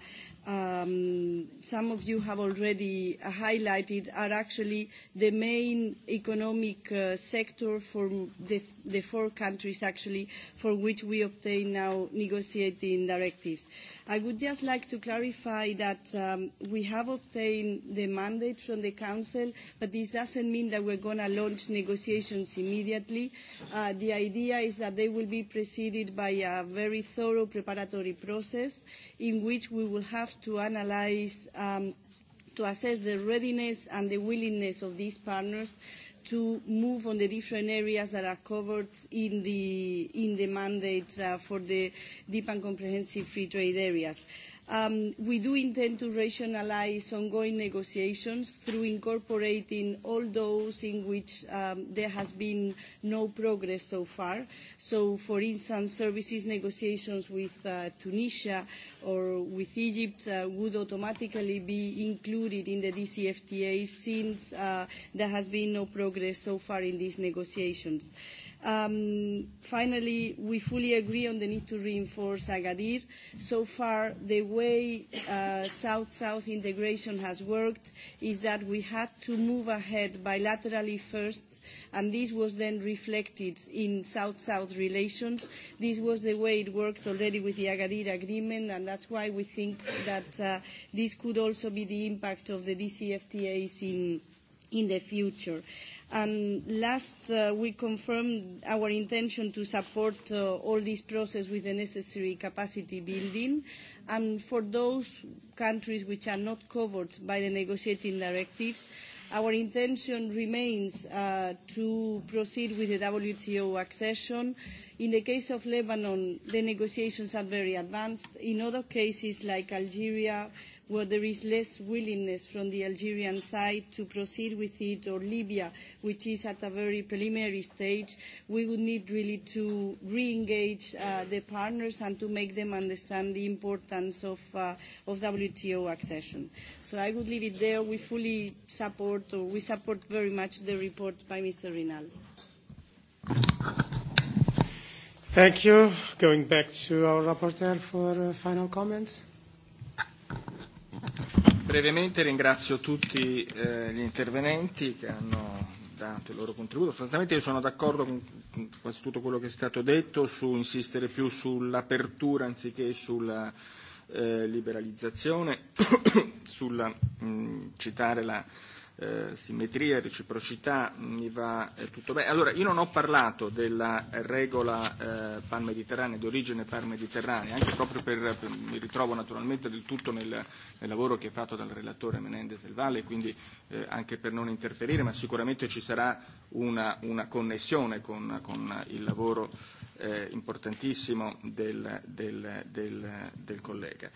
um, some of you have already highlighted are actually the main economic uh, sector for the, the four countries actually for which we obtain now negotiating directives. Uh, I would just like to clarify that we have obtained the mandate from the Council, but this doesn't mean that we're going to launch negotiations immediately. the idea is that they will be preceded by a very thorough preparatory process in which we will have to analyze to assess the readiness and the willingness of these partners to move on the different areas that are covered in the, in the mandate uh, for the deep and comprehensive free trade areas. Uh, we do intend to rationalize ongoing negotiations through incorporating all those in which there has been no progress so far. So, for instance, services negotiations with Tunisia or with Egypt would automatically be included in the DCFTA since there has been no progress so far in these negotiations finally, we fully agree on the need to reinforce Agadir. So far, the way South-South integration has worked is that we had to move ahead bilaterally first, and this was then reflected in South-South relations. This was the way it worked already with the Agadir Agreement, and that's why we think that this could also be the impact of the DCFTAs in the future. Uh, And last, uh, we confirmed our intention to support uh, all this process with the necessary capacity building. And for those countries which are not covered by the negotiating directives, Our intention remains to proceed with the WTO accession In the case of Lebanon, the negotiations are very advanced. In other cases, like Algeria, where there is less willingness from the Algerian side to proceed with it, or Libya, which is at a very preliminary stage, we would need really to re-engage uh, the partners and to make them understand the importance of, uh, of WTO accession. So I would leave it there. We fully support, or we support very much the report by Mr. Rinaldo. Thank you. Going back to our rapporteur for final comments. Brevemente ringrazio tutti eh, gli intervenenti che hanno dato il loro contributo. Sostanzialmente io sono d'accordo con quasi tutto quello che è stato detto su insistere più sull'apertura anziché sulla eh, liberalizzazione, sulla mh, citare la eh, simmetria, reciprocità, mi va eh, tutto bene. Allora, io non ho parlato della regola eh, pan-mediterranea, di origine pan-mediterranea, anche proprio per, per, mi ritrovo naturalmente del tutto nel, nel lavoro che è fatto dal relatore Menendez del Valle, quindi eh, anche per non interferire, ma sicuramente ci sarà una, una connessione con, con il lavoro eh, importantissimo del, del, del, del collega.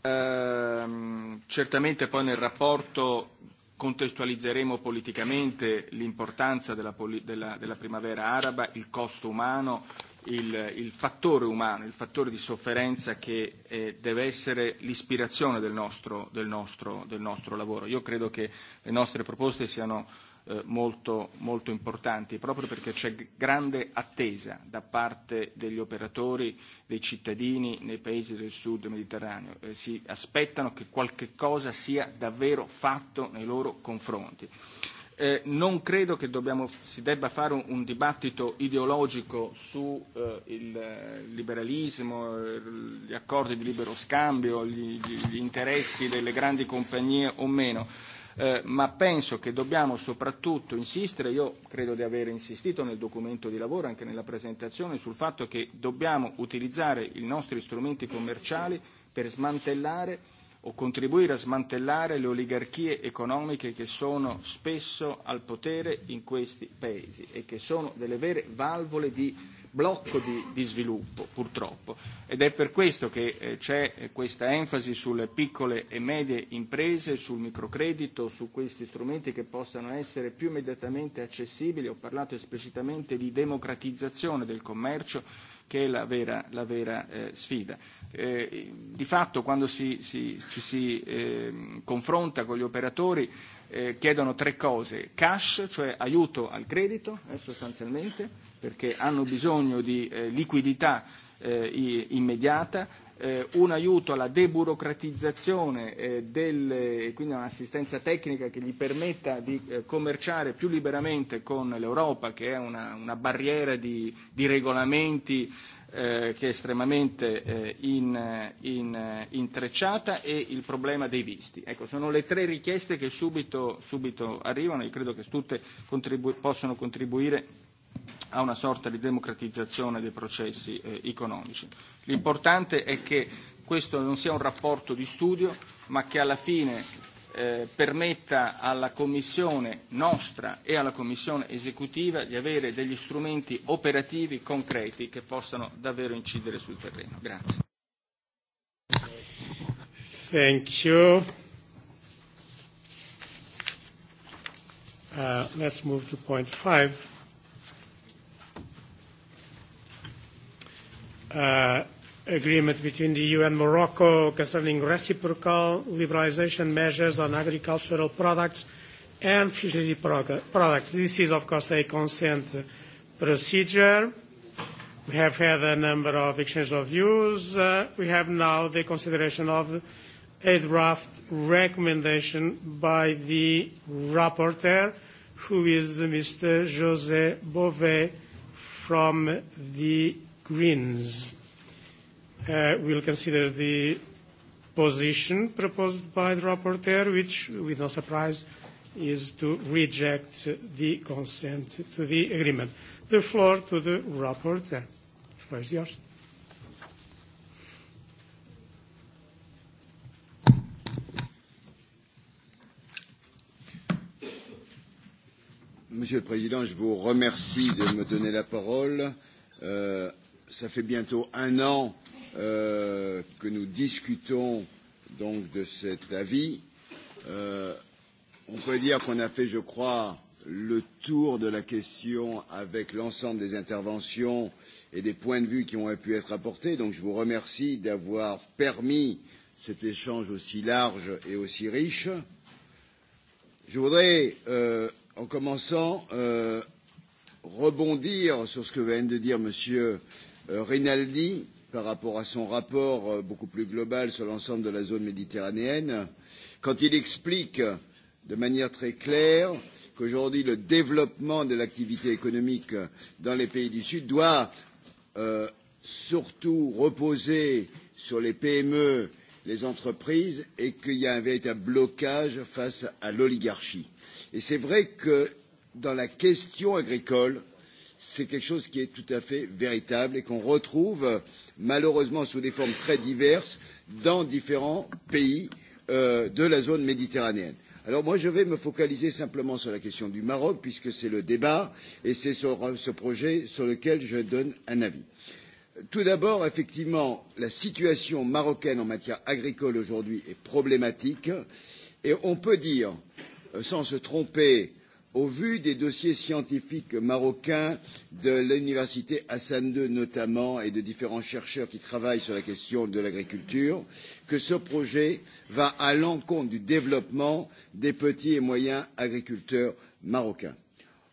Ehm, certamente poi nel rapporto Contestualizzeremo politicamente l'importanza della, della, della primavera araba, il costo umano, il, il fattore umano, il fattore di sofferenza che eh, deve essere l'ispirazione del nostro, del, del nostro lavoro. Io credo che le nostre proposte siano molto, molto importanti, proprio perché c'è grande attesa da parte degli operatori, dei cittadini nei paesi del sud mediterraneo. Eh, si aspettano che qualche cosa sia davvero fatto nei loro confronti. Eh, non credo che dobbiamo, si debba fare un, un dibattito ideologico sul eh, il liberalismo, gli accordi di libero scambio, gli, gli interessi delle grandi compagnie o meno ma penso che dobbiamo soprattutto insistere, io credo di aver insistito nel documento di lavoro, anche nella presentazione, sul fatto che dobbiamo utilizzare i nostri strumenti commerciali per smantellare o contribuire a smantellare le oligarchie economiche che sono spesso al potere in questi paesi e che sono delle vere valvole di blocco di, di sviluppo, purtroppo. Ed è per questo che eh, c'è questa enfasi sulle piccole e medie imprese, sul microcredito, su questi strumenti che possano essere più immediatamente accessibili. Ho parlato esplicitamente di democratizzazione del commercio che è la vera, la vera eh, sfida. Eh, di fatto quando si, si, ci si eh, confronta con gli operatori eh, chiedono tre cose, cash, cioè aiuto al credito eh, sostanzialmente, perché hanno bisogno di eh, liquidità eh, immediata, eh, un aiuto alla deburocratizzazione eh, del, quindi un'assistenza tecnica che gli permetta di eh, commerciare più liberamente con l'Europa, che è una, una barriera di, di regolamenti eh, che è estremamente eh, in, in, intrecciata e il problema dei visti. Ecco, sono le tre richieste che subito, subito arrivano e credo che tutte contribu- possono contribuire a una sorta di democratizzazione dei processi eh, economici. L'importante è che questo non sia un rapporto di studio, ma che alla fine eh, permetta alla Commissione nostra e alla Commissione esecutiva di avere degli strumenti operativi concreti che possano davvero incidere sul terreno. Grazie. Thank you. Uh, let's move to point five agreement between the EU and Morocco concerning reciprocal liberalisation measures on agricultural products and fishery products. This is, of course, a consent procedure. We have had a number of exchanges of views. we have now the consideration of a draft recommendation by the rapporteur, who is Mr. José Bové from the Greens uh, will consider the position proposed by the rapporteur, which, with no surprise, is to reject the consent to the agreement. The floor to the rapporteur. The floor is yours. Monsieur le Président, je vous remercie de me donner la parole. Euh, ça fait bientôt un an euh, que nous discutons donc de cet avis. Euh, on peut dire qu'on a fait, je crois, le tour de la question avec l'ensemble des interventions et des points de vue qui ont pu être apportés. Donc je vous remercie d'avoir permis cet échange aussi large et aussi riche. Je voudrais, euh, en commençant, euh, rebondir sur ce que vient de dire Monsieur Rinaldi par rapport à son rapport beaucoup plus global sur l'ensemble de la zone méditerranéenne, quand il explique de manière très claire qu'aujourd'hui le développement de l'activité économique dans les pays du Sud doit surtout reposer sur les PME, les entreprises, et qu'il y a un véritable blocage face à l'oligarchie. Et c'est vrai que dans la question agricole, c'est quelque chose qui est tout à fait véritable et qu'on retrouve malheureusement sous des formes très diverses dans différents pays de la zone méditerranéenne. Alors moi je vais me focaliser simplement sur la question du Maroc puisque c'est le débat et c'est sur ce projet sur lequel je donne un avis. Tout d'abord, effectivement, la situation marocaine en matière agricole aujourd'hui est problématique et on peut dire, sans se tromper, au vu des dossiers scientifiques marocains de l'université Hassan II notamment et de différents chercheurs qui travaillent sur la question de l'agriculture, que ce projet va à l'encontre du développement des petits et moyens agriculteurs marocains.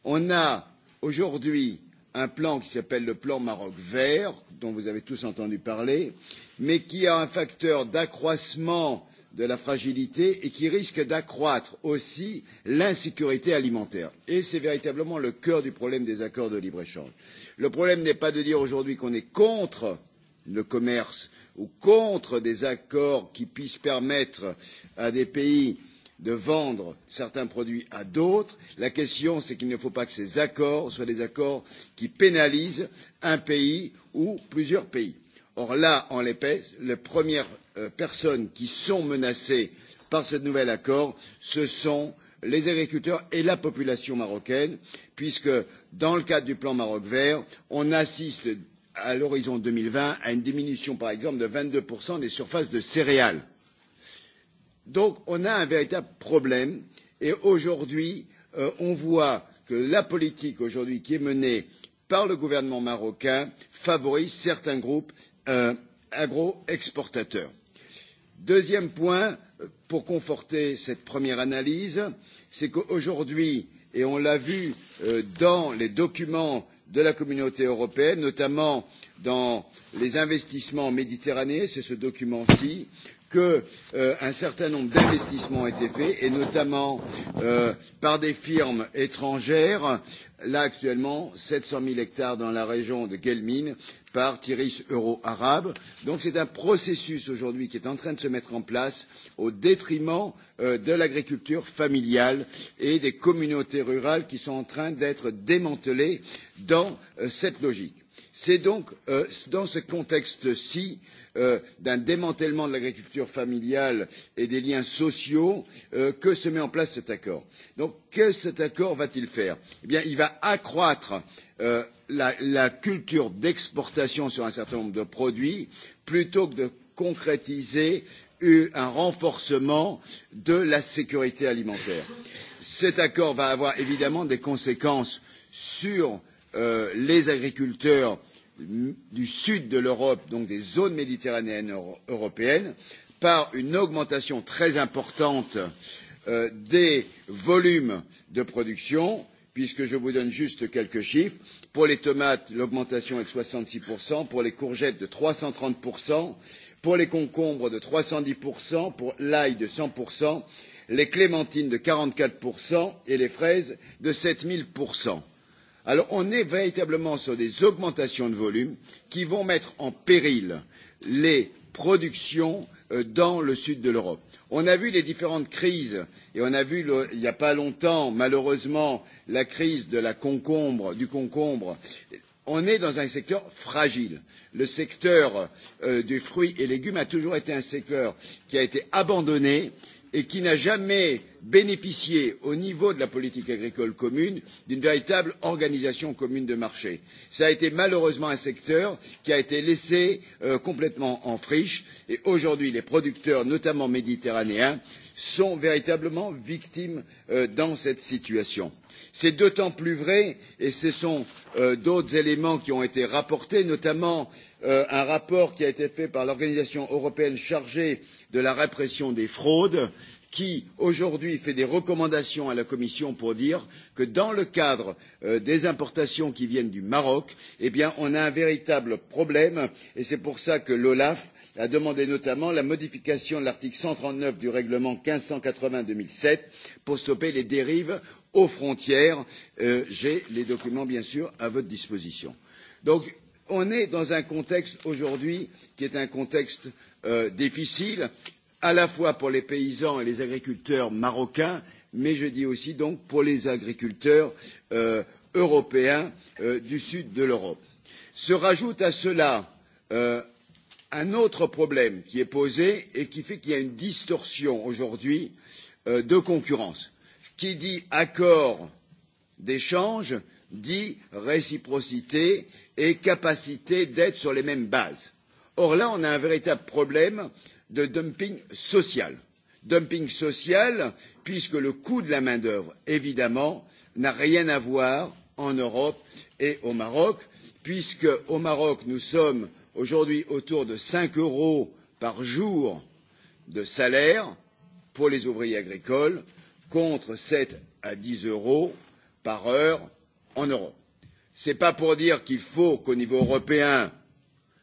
On a aujourd'hui un plan qui s'appelle le plan Maroc vert, dont vous avez tous entendu parler, mais qui a un facteur d'accroissement de la fragilité et qui risque d'accroître aussi l'insécurité alimentaire. Et c'est véritablement le cœur du problème des accords de libre échange. Le problème n'est pas de dire aujourd'hui qu'on est contre le commerce ou contre des accords qui puissent permettre à des pays de vendre certains produits à d'autres. La question, c'est qu'il ne faut pas que ces accords soient des accords qui pénalisent un pays ou plusieurs pays Or là, en l'espèce, les premières personnes qui sont menacées par ce nouvel accord, ce sont les agriculteurs et la population marocaine, puisque dans le cadre du plan Maroc vert, on assiste à l'horizon deux mille vingt à une diminution, par exemple, de vingt deux des surfaces de céréales. Donc, on a un véritable problème et aujourd'hui, on voit que la politique qui est menée par le gouvernement marocain favorise certains groupes agroexportateurs. Deuxième point, pour conforter cette première analyse, c'est qu'aujourd'hui, et on l'a vu dans les documents de la communauté européenne, notamment dans les investissements en Méditerranée, c'est ce document-ci, qu'un certain nombre d'investissements ont été faits, et notamment par des firmes étrangères. Là, actuellement, sept cents 000 hectares dans la région de Gelmin par Tiris Euro Arabe. Donc c'est un processus aujourd'hui qui est en train de se mettre en place au détriment de l'agriculture familiale et des communautés rurales qui sont en train d'être démantelées dans cette logique. C'est donc dans ce contexte ci d'un démantèlement de l'agriculture familiale et des liens sociaux que se met en place cet accord. que cet accord va t il faire? il va accroître la, culture d'exportation sur un certain nombre de produits plutôt que de concrétiser un renforcement de la sécurité alimentaire. Cet accord va avoir évidemment des conséquences sur les agriculteurs du sud de l'Europe, donc des zones méditerranéennes européennes, par une augmentation très importante des volumes de production, puisque je vous donne juste quelques chiffres. Pour les tomates, l'augmentation est de soixante six, pour les courgettes de trois cent trente, pour les concombres de trois cent dix, pour l'ail de cent, les clémentines de quarante quatre et les fraises de sept 7000 Alors on est véritablement sur des augmentations de volume qui vont mettre en péril les productions dans le sud de l'Europe. On a vu les différentes crises et on a vu il n'y a pas longtemps, malheureusement, la crise du concombre. On est dans un secteur fragile. Le secteur des fruits et légumes a toujours été un secteur qui a été abandonné et qui n'a jamais bénéficié au niveau de la politique agricole commune d'une véritable organisation commune de marché. Cela a été malheureusement un secteur qui a été laissé complètement en friche et aujourd'hui les producteurs, notamment méditerranéens, sont véritablement victimes de cette situation C'est d'autant plus vrai, et ce sont d'autres éléments qui ont été rapportés, notamment un rapport qui a été fait par l'organisation européenne chargée de la répression des fraudes, qui aujourd'hui fait des recommandations à la Commission pour dire que dans le cadre des importations qui viennent du Maroc, on a un véritable problème et c'est pour cela que l'OLAF a demandé notamment la modification de l'article cent trente neuf du règlement mille cent quatre vingts deux mille sept pour stopper les dérives aux frontières. J'ai les documents, bien sûr, à votre disposition. Donc, on est dans un contexte aujourd'hui qui est un contexte difficile, à la fois pour les paysans et les agriculteurs marocains, mais je dis aussi donc pour les agriculteurs européens du sud de l'Europe. Se rajoute à cela un autre problème qui est posé et qui fait qu'il y a une distorsion aujourd'hui de concurrence Qui dit accord d'échange dit réciprocité et capacité d'être sur les mêmes bases. Or là, on a un véritable problème de dumping social. Dumping social, puisque le coût de la main-d'œuvre, évidemment, n'a rien à voir en Europe et au Maroc, puisque au Maroc, nous sommes aujourd'hui autour de cinq euros par jour de salaire pour les ouvriers agricoles, contre sept à dix euros par heure en Europe. Ce n'est pas pour dire qu'il faut qu'au niveau européen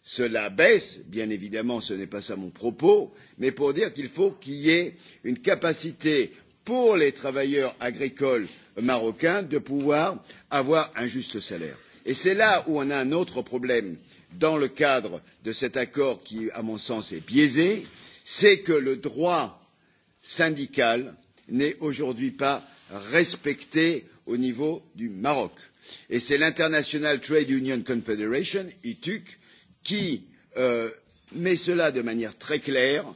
cela baisse, bien évidemment ce n'est pas ça mon propos, mais pour dire qu'il faut qu'il y ait une capacité pour les travailleurs agricoles marocains de pouvoir avoir un juste salaire. Et c'est là où on a un autre problème dans le cadre de cet accord qui, à mon sens, est biaisé, c'est que le droit syndical n'est aujourd'hui pas respectée au niveau du Maroc. Et c'est l'International Trade Union Confederation, ITUC, qui met cela de manière très claire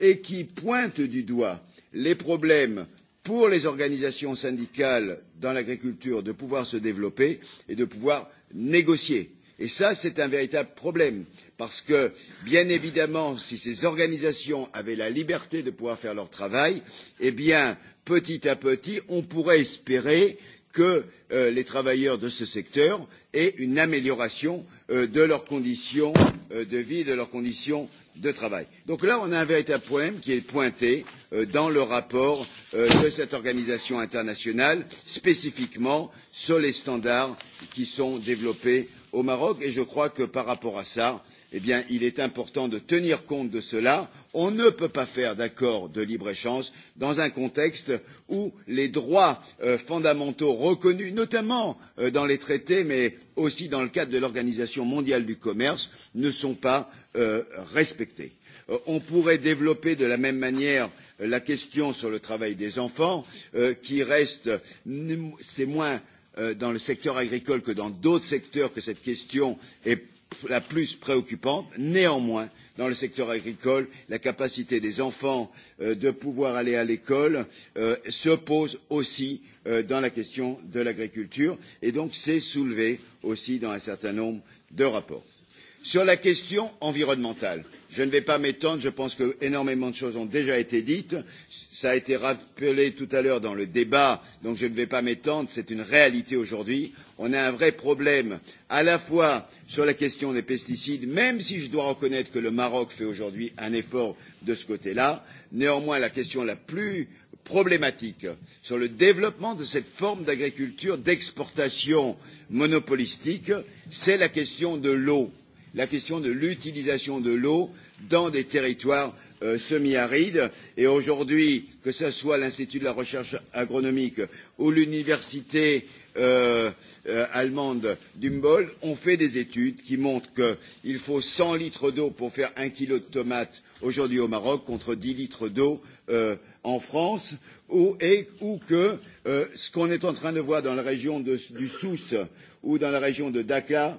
et qui pointe du doigt les problèmes pour les organisations syndicales dans l'agriculture de pouvoir se développer et de pouvoir négocier Et ça, c'est un véritable problème, parce que, bien évidemment, si ces organisations avaient la liberté de pouvoir faire leur travail, eh bien, petit à petit, on pourrait espérer que les travailleurs de ce secteur aient une amélioration de leurs conditions de vie, de leurs conditions de travail. Donc là, on a un véritable problème qui est pointé dans le rapport de cette organisation internationale, spécifiquement sur les standards qui sont développés au Maroc et je crois que par rapport à cela, il est important de tenir compte de cela. On ne peut pas faire d'accord de libre-échange dans un contexte où les droits fondamentaux reconnus, notamment dans les traités, mais aussi dans le cadre de l'Organisation mondiale du commerce, ne sont pas respectés. On pourrait développer de la même manière la question sur le travail des enfants, qui reste, c'est moins dans le secteur agricole que dans d'autres secteurs que cette question est la plus préoccupante. Néanmoins, dans le secteur agricole, la capacité des enfants de pouvoir aller à l'école se pose aussi dans la question de l'agriculture et donc c'est soulevé aussi dans un certain nombre de rapports. Sur la question environnementale, euh, Je ne vais pas m'étendre, je pense qu'énormément de choses ont déjà été dites. Cela a été rappelé tout à l'heure dans le débat, donc je ne vais pas m'étendre, c'est une réalité aujourd'hui. On a un vrai problème à la fois sur la question des pesticides, même si je dois reconnaître que le Maroc fait aujourd'hui un effort de ce côté-là. Néanmoins, la question la plus problématique sur le développement de cette forme d'agriculture d'exportation monopolistique, c'est la question de l'eau la question de l'utilisation de l'eau dans des territoires semi arides et aujourd'hui que ce soit l'institut de la recherche agronomique ou l'université allemande d'humboldt ont fait des études qui montrent qu'il faut cent litres d'eau pour faire un kilo de tomates aujourd'hui au maroc contre dix litres d'eau en france et ou que ce qu'on est en train de voir dans la région du Sousse ou dans la région de dakhla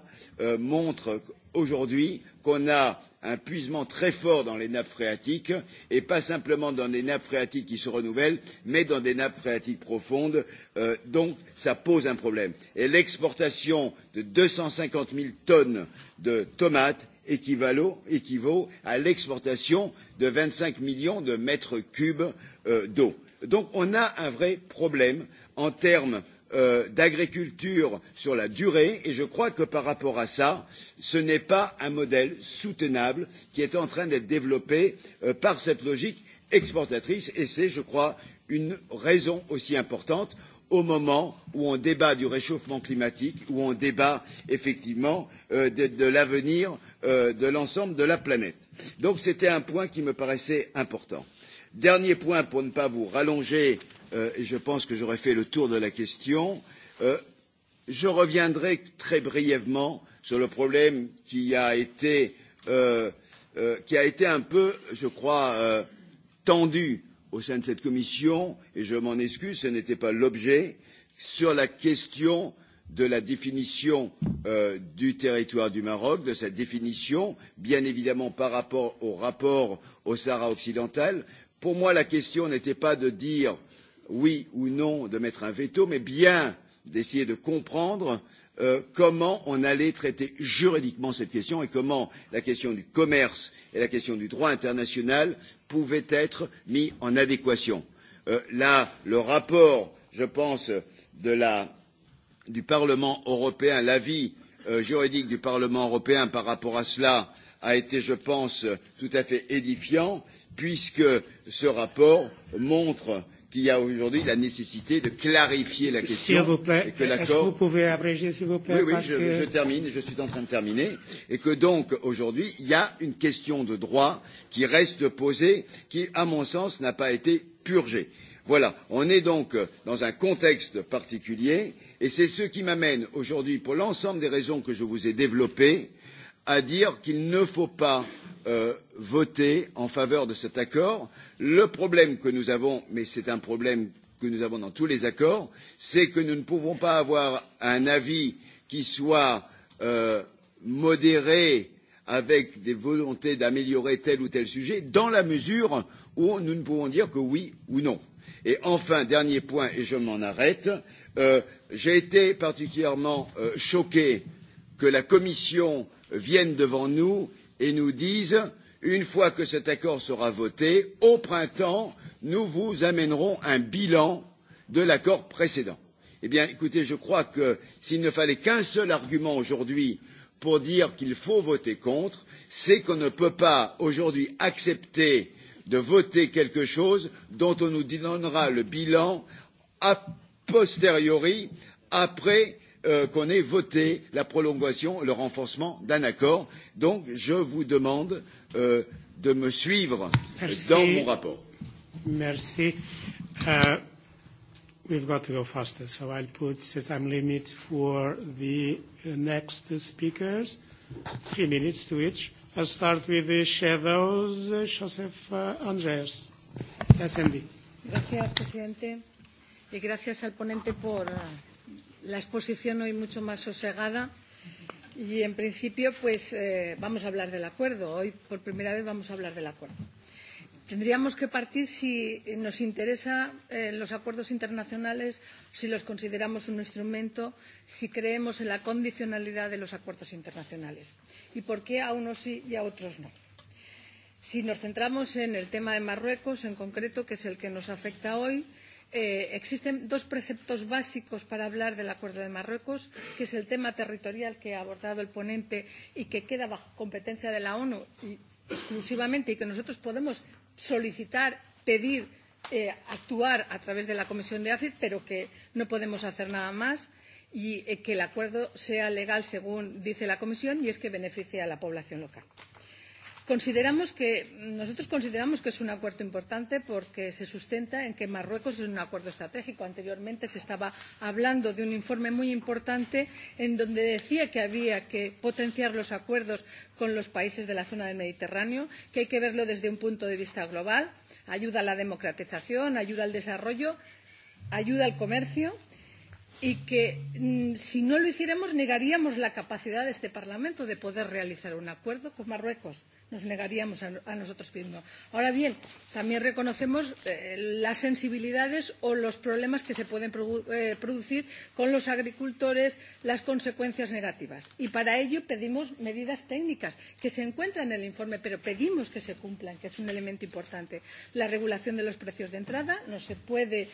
montre aujourd'hui qu'on a un puisement très fort dans les nappes phréatiques et pas simplement dans des nappes phréatiques qui se renouvellent mais dans des nappes phréatiques profondes donc cela pose un problème et l'exportation de deux cent cinquante zéro tonnes de tomates équivaut à l'exportation de vingt cinq millions de mètres cubes d'eau. donc on a un vrai problème en termes d'agriculture sur la durée et je crois que par rapport à cela ce n'est pas un modèle soutenable qui est en train d'être développé par cette logique exportatrice et c'est je crois une raison aussi importante au moment où on débat du réchauffement climatique, où on débat effectivement de, l'avenir de l'ensemble de la planète. Donc c'était un point qui me paraissait important. Dernier point pour ne pas vous rallonger et je pense que j'aurai fait le tour de la question. je reviendrai très brièvement sur le problème qui a été, un peu, je crois, tendu au sein de cette commission, et je m'en excuse, ce n'était pas l'objet, sur la question de la définition du territoire du Maroc, de sa définition, bien évidemment par rapport au rapport au Sahara occidental. Pour moi, la question n'était pas de dire oui ou non, de mettre un veto, mais bien d'essayer de comprendre comment on allait traiter juridiquement cette question et comment la question du commerce et la question du droit international pouvaient être mises en adéquation. là, le rapport, je pense, du Parlement européen, l'avis juridique du Parlement européen par rapport à cela a été, je pense, tout à fait édifiant, puisque ce rapport montre qu'il y a aujourd'hui la nécessité de clarifier la question. S'il vous plaît, est-ce que vous pouvez abréger, s'il vous plaît Oui, oui, parce je, que... je termine, je suis en train de terminer. Et que donc, aujourd'hui, il y a une question de droit qui reste posée, qui, à mon sens, n'a pas été purgée. Voilà, on est donc dans un contexte particulier, et c'est ce qui m'amène aujourd'hui, pour l'ensemble des raisons que je vous ai développées, à dire qu'il ne faut pas voter en faveur de cet accord. Le problème que nous avons, mais c'est un problème que nous avons dans tous les accords, c'est que nous ne pouvons pas avoir un avis qui soit modéré avec des volontés d'améliorer tel ou tel sujet, dans la mesure où nous ne pouvons dire que oui ou non. Et enfin, dernier point, et je m'en arrête, j'ai été particulièrement choqué que la Commission viennent devant nous et nous disent une fois que cet accord sera voté, au printemps, nous vous amènerons un bilan de l'accord précédent. Eh bien, écoutez, je crois que s'il ne fallait qu'un seul argument aujourd'hui pour dire qu'il faut voter contre, c'est qu'on ne peut pas aujourd'hui accepter de voter quelque chose dont on nous donnera le bilan a posteriori après qu'on ait voté la prolongation et le renforcement d'un accord. Donc, je vous demande de me suivre dans mon rapport. Merci. we've got to go faster, so I'll put the time limit for the next speakers. Three minutes to each. I'll start with the shadows, Joseph Andreas, SMD. Gracias, presidente. Y gracias al ponente por la exposición hoy mucho más sosegada. Y en principio, pues eh, vamos a hablar del acuerdo. Hoy por primera vez vamos a hablar del acuerdo. Tendríamos que partir si nos interesan los acuerdos internacionales, si los consideramos un instrumento, si creemos en la condicionalidad de los acuerdos internacionales y por qué a unos sí y a otros no. Si nos centramos en el tema de Marruecos, en concreto, que es el que nos afecta hoy, eh, existen dos preceptos básicos para hablar del Acuerdo de Marruecos, que es el tema territorial que ha abordado el ponente y que queda bajo competencia de la ONU exclusivamente y que nosotros podemos solicitar, pedir, actuar a través de la Comisión de ACID, pero que no podemos hacer nada más y que el acuerdo sea legal según dice la Comisión y es que beneficie a la población local. Consideramos que, nosotros consideramos que es un acuerdo importante porque se sustenta en que Marruecos es un acuerdo estratégico. Anteriormente se estaba hablando de un informe muy importante en donde decía que había que potenciar los acuerdos con los países de la zona del Mediterráneo, que hay que verlo desde un punto de vista global, ayuda a la democratización, ayuda al desarrollo, ayuda al comercio y que si no lo hiciéramos negaríamos la capacidad de este Parlamento de poder realizar un acuerdo con Marruecos nos negaríamos a, nosotros mismos. Ahora bien, también reconocemos las sensibilidades o los problemas que se pueden producir con los agricultores, las consecuencias negativas. Y para ello pedimos medidas técnicas que se encuentran en el informe, pero pedimos que se cumplan, que es un elemento importante. La regulación de los precios de entrada, no se puede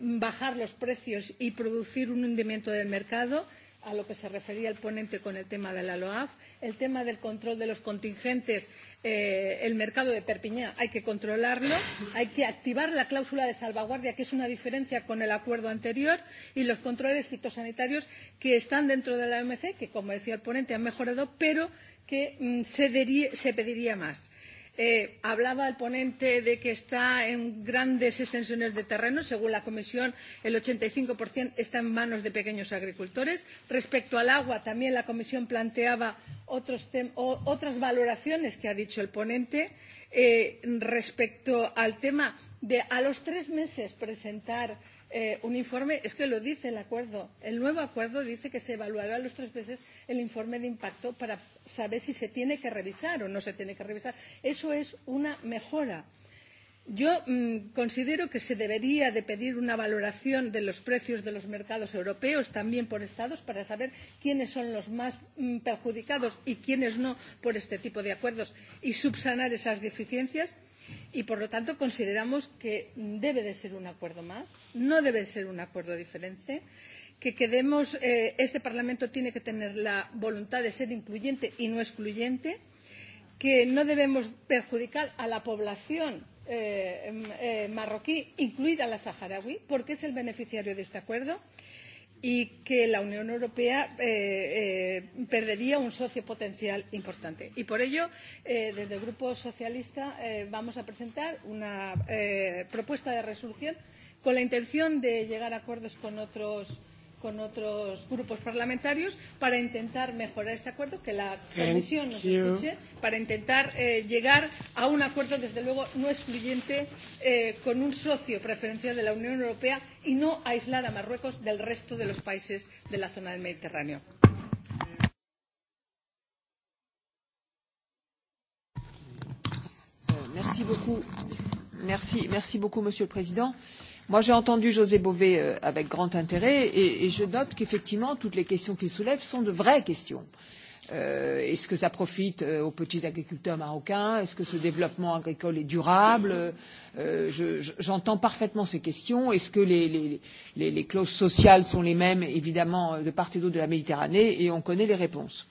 bajar los precios y producir un hundimiento del mercado a lo que se refería el ponente con el tema de la LOAF, el tema del control de los contingentes, el mercado de Perpiñá hay que controlarlo, hay que activar la cláusula de salvaguardia, que es una diferencia con el acuerdo anterior, y los controles fitosanitarios que están dentro de la OMC, que como decía el ponente han mejorado, pero que se, pediría más. Eh, hablaba el ponente de que está en grandes extensiones de terreno. Según la Comisión, el 85% está en manos de pequeños agricultores. Respecto al agua, también la Comisión planteaba otros otras valoraciones que ha dicho el ponente. Eh, respecto al tema de a los tres meses presentar eh, un informe, es que lo dice el acuerdo. El nuevo acuerdo dice que se evaluará a los tres meses el informe de impacto para saber si se tiene que revisar o no se tiene que revisar. Eso es una mejora. Yo considero que se debería pedir una valoración de los precios de los mercados europeos también por estados para saber quiénes son los más perjudicados y quiénes no por este tipo de acuerdos y subsanar esas deficiencias y por lo tanto consideramos que debe de ser un acuerdo más, no debe de ser un acuerdo diferente, que quedemos, eh, este Parlamento tiene que tener la voluntad de ser incluyente y no excluyente, que no debemos perjudicar a la población eh, eh, marroquí, incluida la saharaui, porque es el beneficiario de este acuerdo, y que la Unión Europea perdería un socio potencial importante. Y por ello, desde el Grupo Socialista vamos a presentar una propuesta de resolución con la intención de llegar a acuerdos con otros con otros grupos parlamentarios para intentar mejorar este acuerdo, que la Comisión nos escuche, para intentar eh, llegar a un acuerdo, desde luego, no excluyente eh, con un socio preferencial de la Unión Europea y no aislar a Marruecos del resto de los países de la zona del Mediterráneo. Merci beaucoup. Merci, merci beaucoup, Monsieur le Président. Euh, Moi, j'ai entendu José Bové avec grand intérêt et, je note qu'effectivement, toutes les questions qu'il soulève sont de vraies questions. Est-ce que ça profite aux petits agriculteurs marocains Est-ce que ce développement agricole est durable J'entends parfaitement ces questions. Est-ce que les, clauses sociales sont les mêmes, évidemment, de part et d'autre de la Méditerranée Et on connaît les réponses.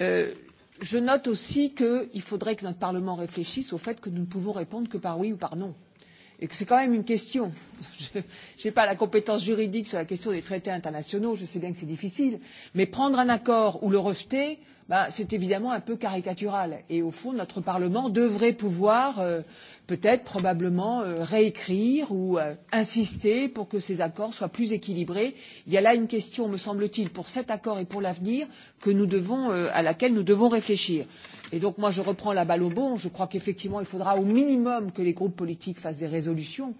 je note aussi qu'il faudrait que notre Parlement réfléchisse au fait que nous ne pouvons répondre que par oui ou par non. Euh, et que c'est quand même une question. Je n'ai pas la compétence juridique sur la question des traités internationaux, je sais bien que c'est difficile, mais prendre un accord ou le rejeter, c'est évidemment un peu caricatural. Et au fond, notre Parlement devrait pouvoir, peut-être, probablement, réécrire ou insister pour que ces accords soient plus équilibrés. Il y a là une question, me semble-t-il, pour cet accord et pour l'avenir, à laquelle nous devons réfléchir. Et donc moi je reprends la balle au bon, je crois qu'effectivement il faudra au minimum que les groupes politiques fassent des résolutions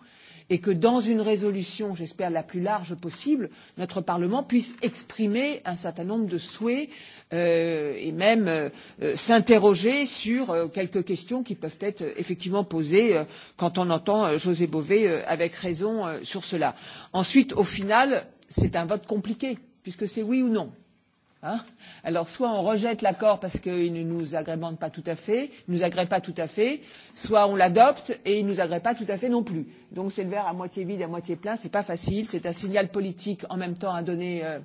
et que dans une résolution, j'espère la plus large possible, notre Parlement puisse exprimer un certain nombre de souhaits et même s'interroger sur quelques questions qui peuvent être effectivement posées quand on entend José Bové avec raison sur cela. Ensuite, au final, c'est un vote compliqué puisque c'est oui ou non Hein Alors soit on rejette l'accord parce qu'il ne nous agrémente pas tout à fait, il nous agrée pas tout à fait, soit on l'adopte et il ne nous agrée pas tout à fait non plus. Donc c'est le verre à moitié vide, à moitié plein, ce n'est pas facile, c'est un signal politique en même temps à donner euh,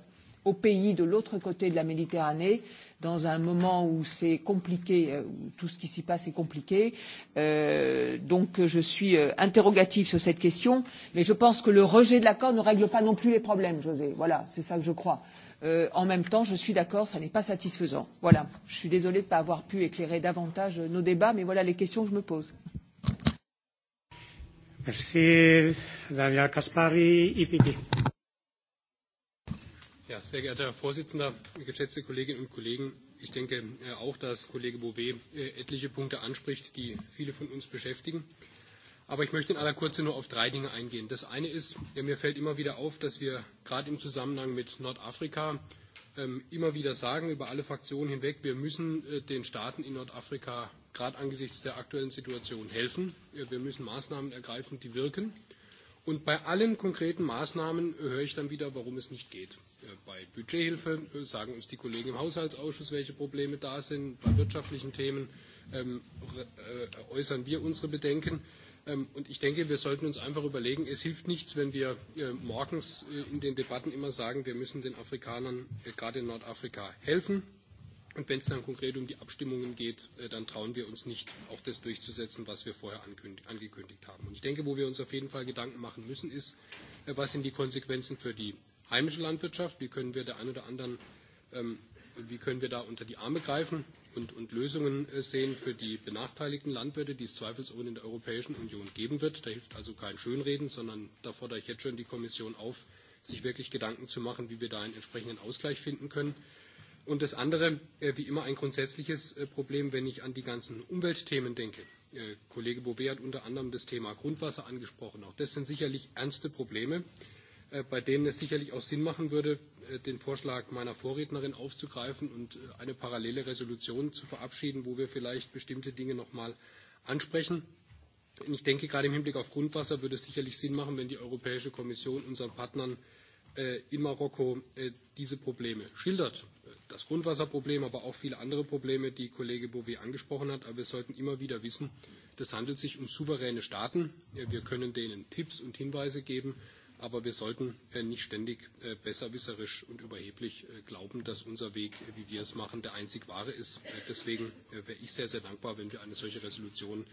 aux pays de l'autre côté de la Méditerranée, dans un moment où c'est compliqué, où tout ce qui s'y passe est compliqué. Euh, donc je suis interrogative sur cette question, mais je pense que le rejet de l'accord ne règle pas non plus les problèmes, José. Voilà, c'est ça que je crois en même temps, je suis d'accord, ça n'est pas satisfaisant. Voilà. Je suis désolée de ne pas avoir pu éclairer davantage nos débats, mais voilà les questions que je me pose. Merci, Damien Kaspari, IPP. Ja, sehr geehrter Herr Vorsitzender, geschätzte Kolleginnen und Kollegen, ich denke auch, dass Kollege Bouvet etliche Punkte anspricht, die viele von uns beschäftigen. Aber ich möchte in aller Kurze nur auf drei Dinge eingehen. Das eine ist, mir fällt immer wieder auf, dass wir gerade im Zusammenhang mit Nordafrika immer wieder sagen, über alle Fraktionen hinweg, wir müssen den Staaten in Nordafrika gerade angesichts der aktuellen Situation helfen. Wir müssen Maßnahmen ergreifen, die wirken. Und bei allen konkreten Maßnahmen höre ich dann wieder, warum es nicht geht. Bei Budgethilfe sagen uns die Kollegen im Haushaltsausschuss, welche Probleme da sind. Bei wirtschaftlichen Themen äußern wir unsere Bedenken. Und ich denke, wir sollten uns einfach überlegen, es hilft nichts, wenn wir morgens in den Debatten immer sagen, wir müssen den Afrikanern gerade in Nordafrika helfen. Und wenn es dann konkret um die Abstimmungen geht, dann trauen wir uns nicht, auch das durchzusetzen, was wir vorher angekündigt haben. Und ich denke, wo wir uns auf jeden Fall Gedanken machen müssen, ist, was sind die Konsequenzen für die heimische Landwirtschaft? Wie können wir der einen oder anderen, wie können wir da unter die Arme greifen? und, und Lösungen sehen für die benachteiligten Landwirte, die es zweifelsohne in der Europäischen Union geben wird. Da hilft also kein Schönreden, sondern da fordere ich jetzt schon die Kommission auf, sich wirklich Gedanken zu machen, wie wir da einen entsprechenden Ausgleich finden können. Und das andere, wie immer ein grundsätzliches Problem, wenn ich an die ganzen Umweltthemen denke. Kollege Bouvet hat unter anderem das Thema Grundwasser angesprochen. Auch das sind sicherlich ernste Probleme bei denen es sicherlich auch Sinn machen würde, den Vorschlag meiner Vorrednerin aufzugreifen und eine parallele Resolution zu verabschieden, wo wir vielleicht bestimmte Dinge noch mal ansprechen. Ich denke, gerade im Hinblick auf Grundwasser würde es sicherlich Sinn machen, wenn die Europäische Kommission unseren Partnern in Marokko diese Probleme schildert. Das Grundwasserproblem, aber auch viele andere Probleme, die Kollege Bouvet angesprochen hat. Aber wir sollten immer wieder wissen, das handelt sich um souveräne Staaten. Wir können denen Tipps und Hinweise geben. Aber wir sollten nicht ständig besserwisserisch und überheblich glauben, dass unser Weg, wie wir es machen, der einzig wahre ist. Deswegen wäre ich sehr, sehr dankbar, wenn wir eine solche Resolution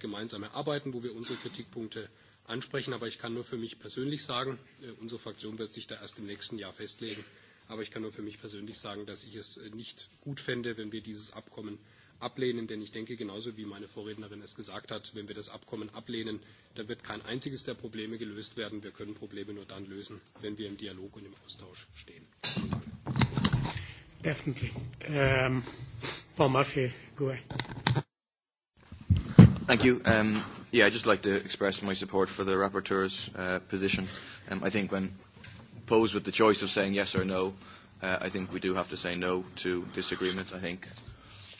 gemeinsam erarbeiten, wo wir unsere Kritikpunkte ansprechen. Aber ich kann nur für mich persönlich sagen, unsere Fraktion wird sich da erst im nächsten Jahr festlegen. Aber ich kann nur für mich persönlich sagen, dass ich es nicht gut fände, wenn wir dieses Abkommen ablehnen, denn ich denke, genauso wie meine Vorrednerin es gesagt hat, wenn wir das Abkommen ablehnen, dann wird kein einziges der Probleme gelöst werden. Wir können Probleme nur dann lösen, wenn wir im Dialog und im Austausch stehen. Definitely. Um, Paul Murphy, go ahead. Thank you. Um, yeah, I'd just like to express my support for the rapporteur's uh, position. Um, I think when posed with the choice of saying yes or no, uh, I think we do have to say no to this I think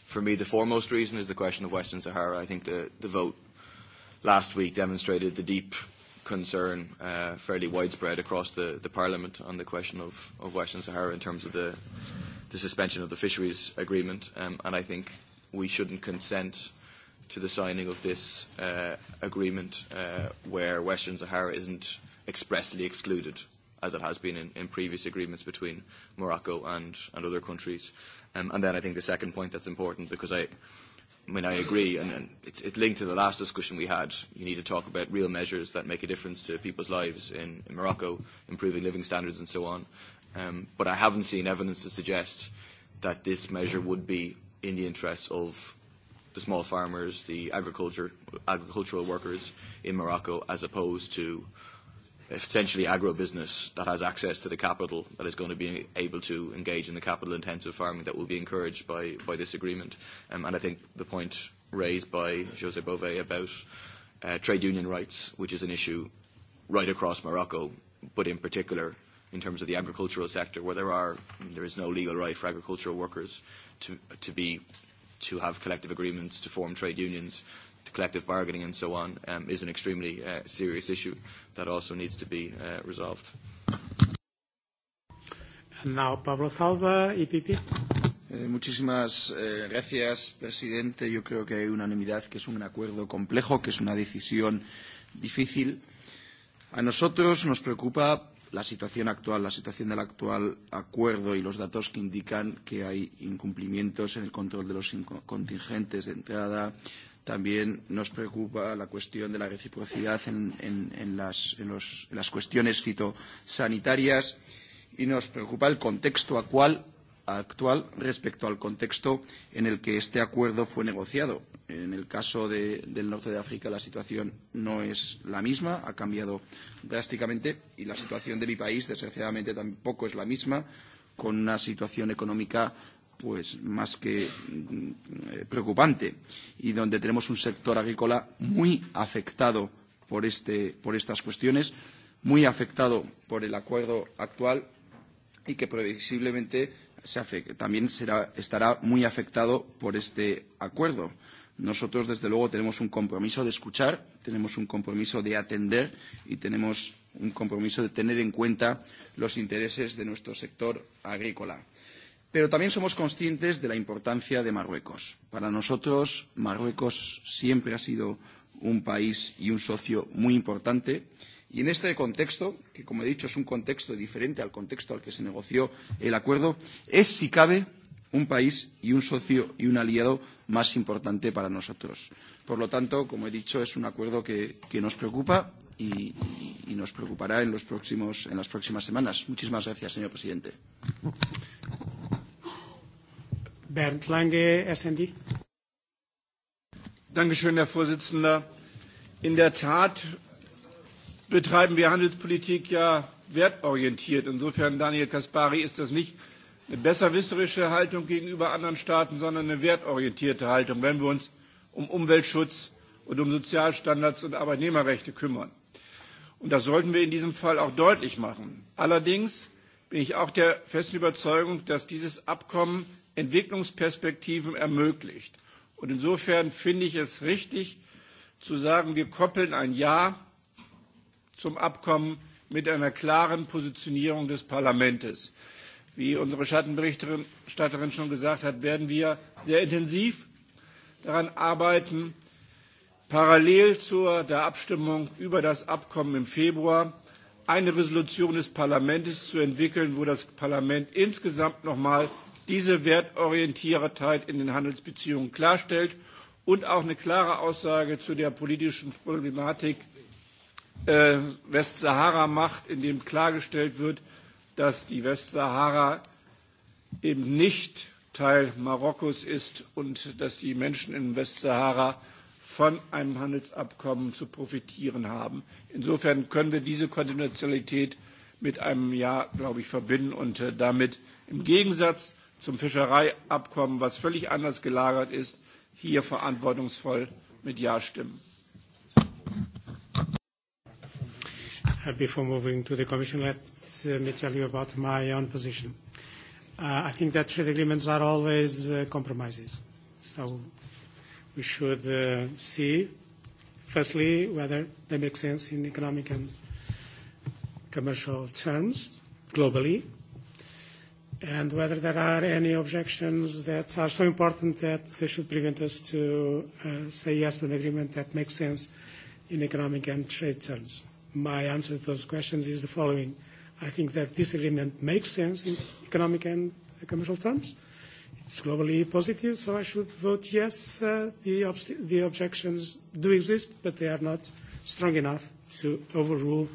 for me, the foremost reason is the question of Western Sahara. I think the, the vote last week demonstrated the deep concern, uh, fairly widespread across the, the Parliament, on the question of, of Western Sahara in terms of the, the suspension of the fisheries agreement. Um, and I think we shouldn't consent to the signing of this uh, agreement uh, where Western Sahara isn't expressly excluded, as it has been in, in previous agreements between Morocco and, and other countries. Um, and then I think the second point that's important, because I, I mean, I agree, and, and it's, it's linked to the last discussion we had. You need to talk about real measures that make a difference to people's lives in, in Morocco, improving living standards and so on. Um, but I haven't seen evidence to suggest that this measure would be in the interests of the small farmers, the agriculture, agricultural workers in Morocco, as opposed to essentially agribusiness that has access to the capital that is going to be able to engage in the capital intensive farming that will be encouraged by, by this agreement. Um, and I think the point raised by Jose Bove about uh, trade union rights, which is an issue right across Morocco, but in particular in terms of the agricultural sector, where there are there is no legal right for agricultural workers to to be to have collective agreements to form trade unions to collective bargaining and so on um, is an extremely uh, serious issue that also needs to be uh, resolved. And now Pablo Salva, EPP. Muchísimas gracias, presidente. Yo creo que hay unanimidad, que es un acuerdo complejo, que es una decisión difícil. A nosotros nos preocupa la situación actual, la situación del actual acuerdo y los datos que indican que hay incumplimientos en el control de los contingentes de entrada, También nos preocupa la cuestión de la reciprocidad en, en, en, las, en, los, en las cuestiones fitosanitarias y nos preocupa el contexto actual, actual respecto al contexto en el que este acuerdo fue negociado. En el caso de, del norte de África la situación no es la misma, ha cambiado drásticamente y la situación de mi país desgraciadamente tampoco es la misma con una situación económica pues más que preocupante y donde tenemos un sector agrícola muy afectado por, este, por estas cuestiones, muy afectado por el acuerdo actual y que previsiblemente se afecte, también será, estará muy afectado por este acuerdo. Nosotros, desde luego, tenemos un compromiso de escuchar, tenemos un compromiso de atender y tenemos un compromiso de tener en cuenta los intereses de nuestro sector agrícola. Pero también somos conscientes de la importancia de Marruecos. Para nosotros, Marruecos siempre ha sido un país y un socio muy importante. Y en este contexto, que como he dicho es un contexto diferente al contexto al que se negoció el acuerdo, es, si cabe, un país y un socio y un aliado más importante para nosotros. Por lo tanto, como he dicho, es un acuerdo que, que nos preocupa y, y nos preocupará en, los próximos, en las próximas semanas. Muchísimas gracias, señor presidente. Bernd Lange, SND. Dankeschön, Herr Vorsitzender. In der Tat betreiben wir Handelspolitik ja wertorientiert. Insofern, Daniel Kaspari, ist das nicht eine besserwisserische Haltung gegenüber anderen Staaten, sondern eine wertorientierte Haltung, wenn wir uns um Umweltschutz und um Sozialstandards und Arbeitnehmerrechte kümmern. Und das sollten wir in diesem Fall auch deutlich machen. Allerdings bin ich auch der festen Überzeugung, dass dieses Abkommen Entwicklungsperspektiven ermöglicht. Und insofern finde ich es richtig, zu sagen, wir koppeln ein Ja zum Abkommen mit einer klaren Positionierung des Parlaments. Wie unsere Schattenberichterstatterin schon gesagt hat, werden wir sehr intensiv daran arbeiten, parallel zur der Abstimmung über das Abkommen im Februar eine Resolution des Parlaments zu entwickeln, wo das Parlament insgesamt noch nochmal diese Wertorientiertheit in den Handelsbeziehungen klarstellt und auch eine klare Aussage zu der politischen Problematik Westsahara macht, in dem klargestellt wird, dass die Westsahara eben nicht Teil Marokkos ist und dass die Menschen in Westsahara von einem Handelsabkommen zu profitieren haben. Insofern können wir diese Konditionalität mit einem Ja, glaube ich, verbinden und damit im Gegensatz zum Fischereiabkommen, was völlig anders gelagert ist, hier verantwortungsvoll mit Ja stimmen. Before moving to the Commission, let me tell you about my own position. Uh, I think that trade agreements are always uh, compromises. So we should uh, see, firstly, whether they make sense in economic and commercial terms globally and whether there are any objections that are so important that they should prevent us to uh, say yes to an agreement that makes sense in economic and trade terms. My answer to those questions is the following. I think that this agreement makes sense in economic and commercial terms. It's globally positive, so I should vote yes. Uh, the, obst- the objections do exist, but they are not strong enough to overrule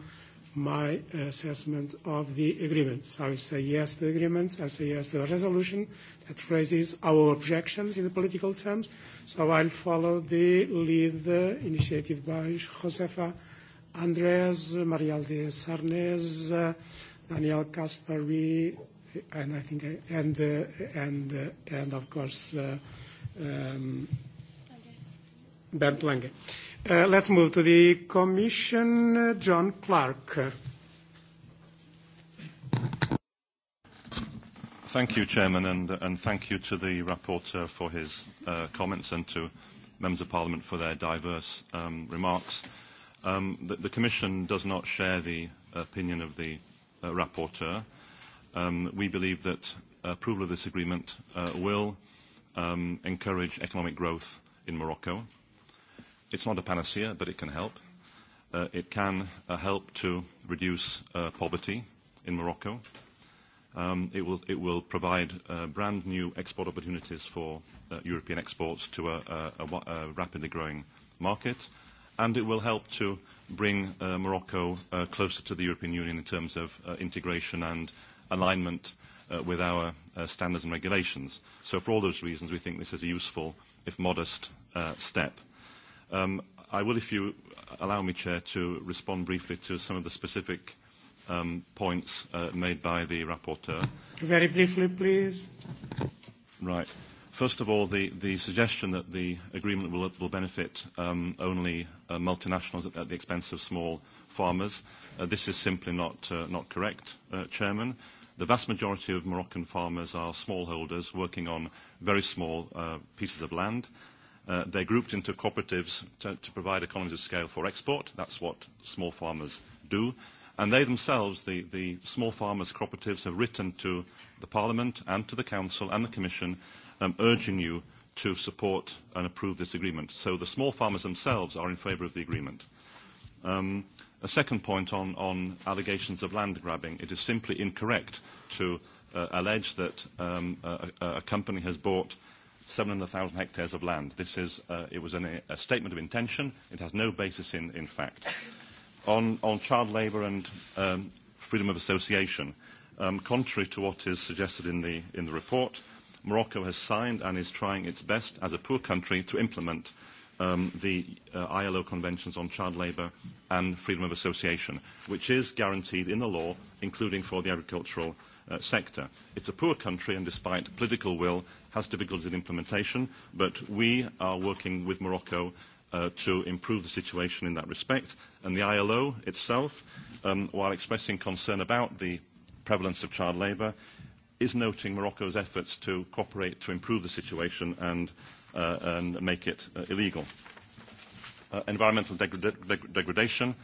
my assessment of the agreements. I will say yes to the agreements. and say yes to the resolution that raises our objections in the political terms. So I'll follow the lead initiated by Josefa Andres, Marialde Sarnes, Daniel Caspary, and I think, and, and of course, Bernd Lange. Let's move to the Commission. John Clark. Thank you, Chairman, and thank you to the rapporteur for his comments and to members of Parliament for their diverse remarks. The Commission does not share the opinion of the rapporteur. We believe that approval of this agreement will encourage economic growth in Morocco It's not a panacea, but it can help. Uh, it can uh, help to reduce uh, poverty in Morocco. Um, it, will, it will provide uh, brand new export opportunities for uh, European exports to a, a, a, a rapidly growing market, and it will help to bring uh, Morocco uh, closer to the European Union in terms of uh, integration and alignment uh, with our uh, standards and regulations. So for all those reasons, we think this is a useful, if modest, uh, step. Um, I will, if you allow me, Chair, to respond briefly to some of the specific um, points uh, made by the rapporteur. Very briefly, please. Right. First of all, the, the suggestion that the agreement will, will benefit um, only uh, multinationals at, at the expense of small farmers, uh, this is simply not, uh, not correct, uh, Chairman. The vast majority of Moroccan farmers are smallholders working on very small uh, pieces of land, Uh, they're grouped into cooperatives to, to provide economies of scale for export. That's what small farmers do. And they themselves, the, the small farmers cooperatives, have written to the Parliament and to the Council and the Commission um, urging you to support and approve this agreement. So the small farmers themselves are in favour of the agreement. Um, a second point on, on allegations of land grabbing. It is simply incorrect to uh, allege that um, a, a company has bought 700,000 hectares of land. This is, uh, it was an, a statement of intention. It has no basis in, in fact. On, on child labour and um, freedom of association, um, contrary to what is suggested in the, in the report, Morocco has signed and is trying its best as a poor country to implement um, the uh, ILO conventions on child labour and freedom of association, which is guaranteed in the law, including for the agricultural uh, sector. It's a poor country, and despite political will, has difficulties in implementation, but we are working with Morocco to improve the situation in that respect. And the ILO itself, while expressing concern about the prevalence of child labour, is noting Morocco's efforts to cooperate to improve the situation and, uh, and make it uh, illegal. Uh, environmental degrad- deg- degradation.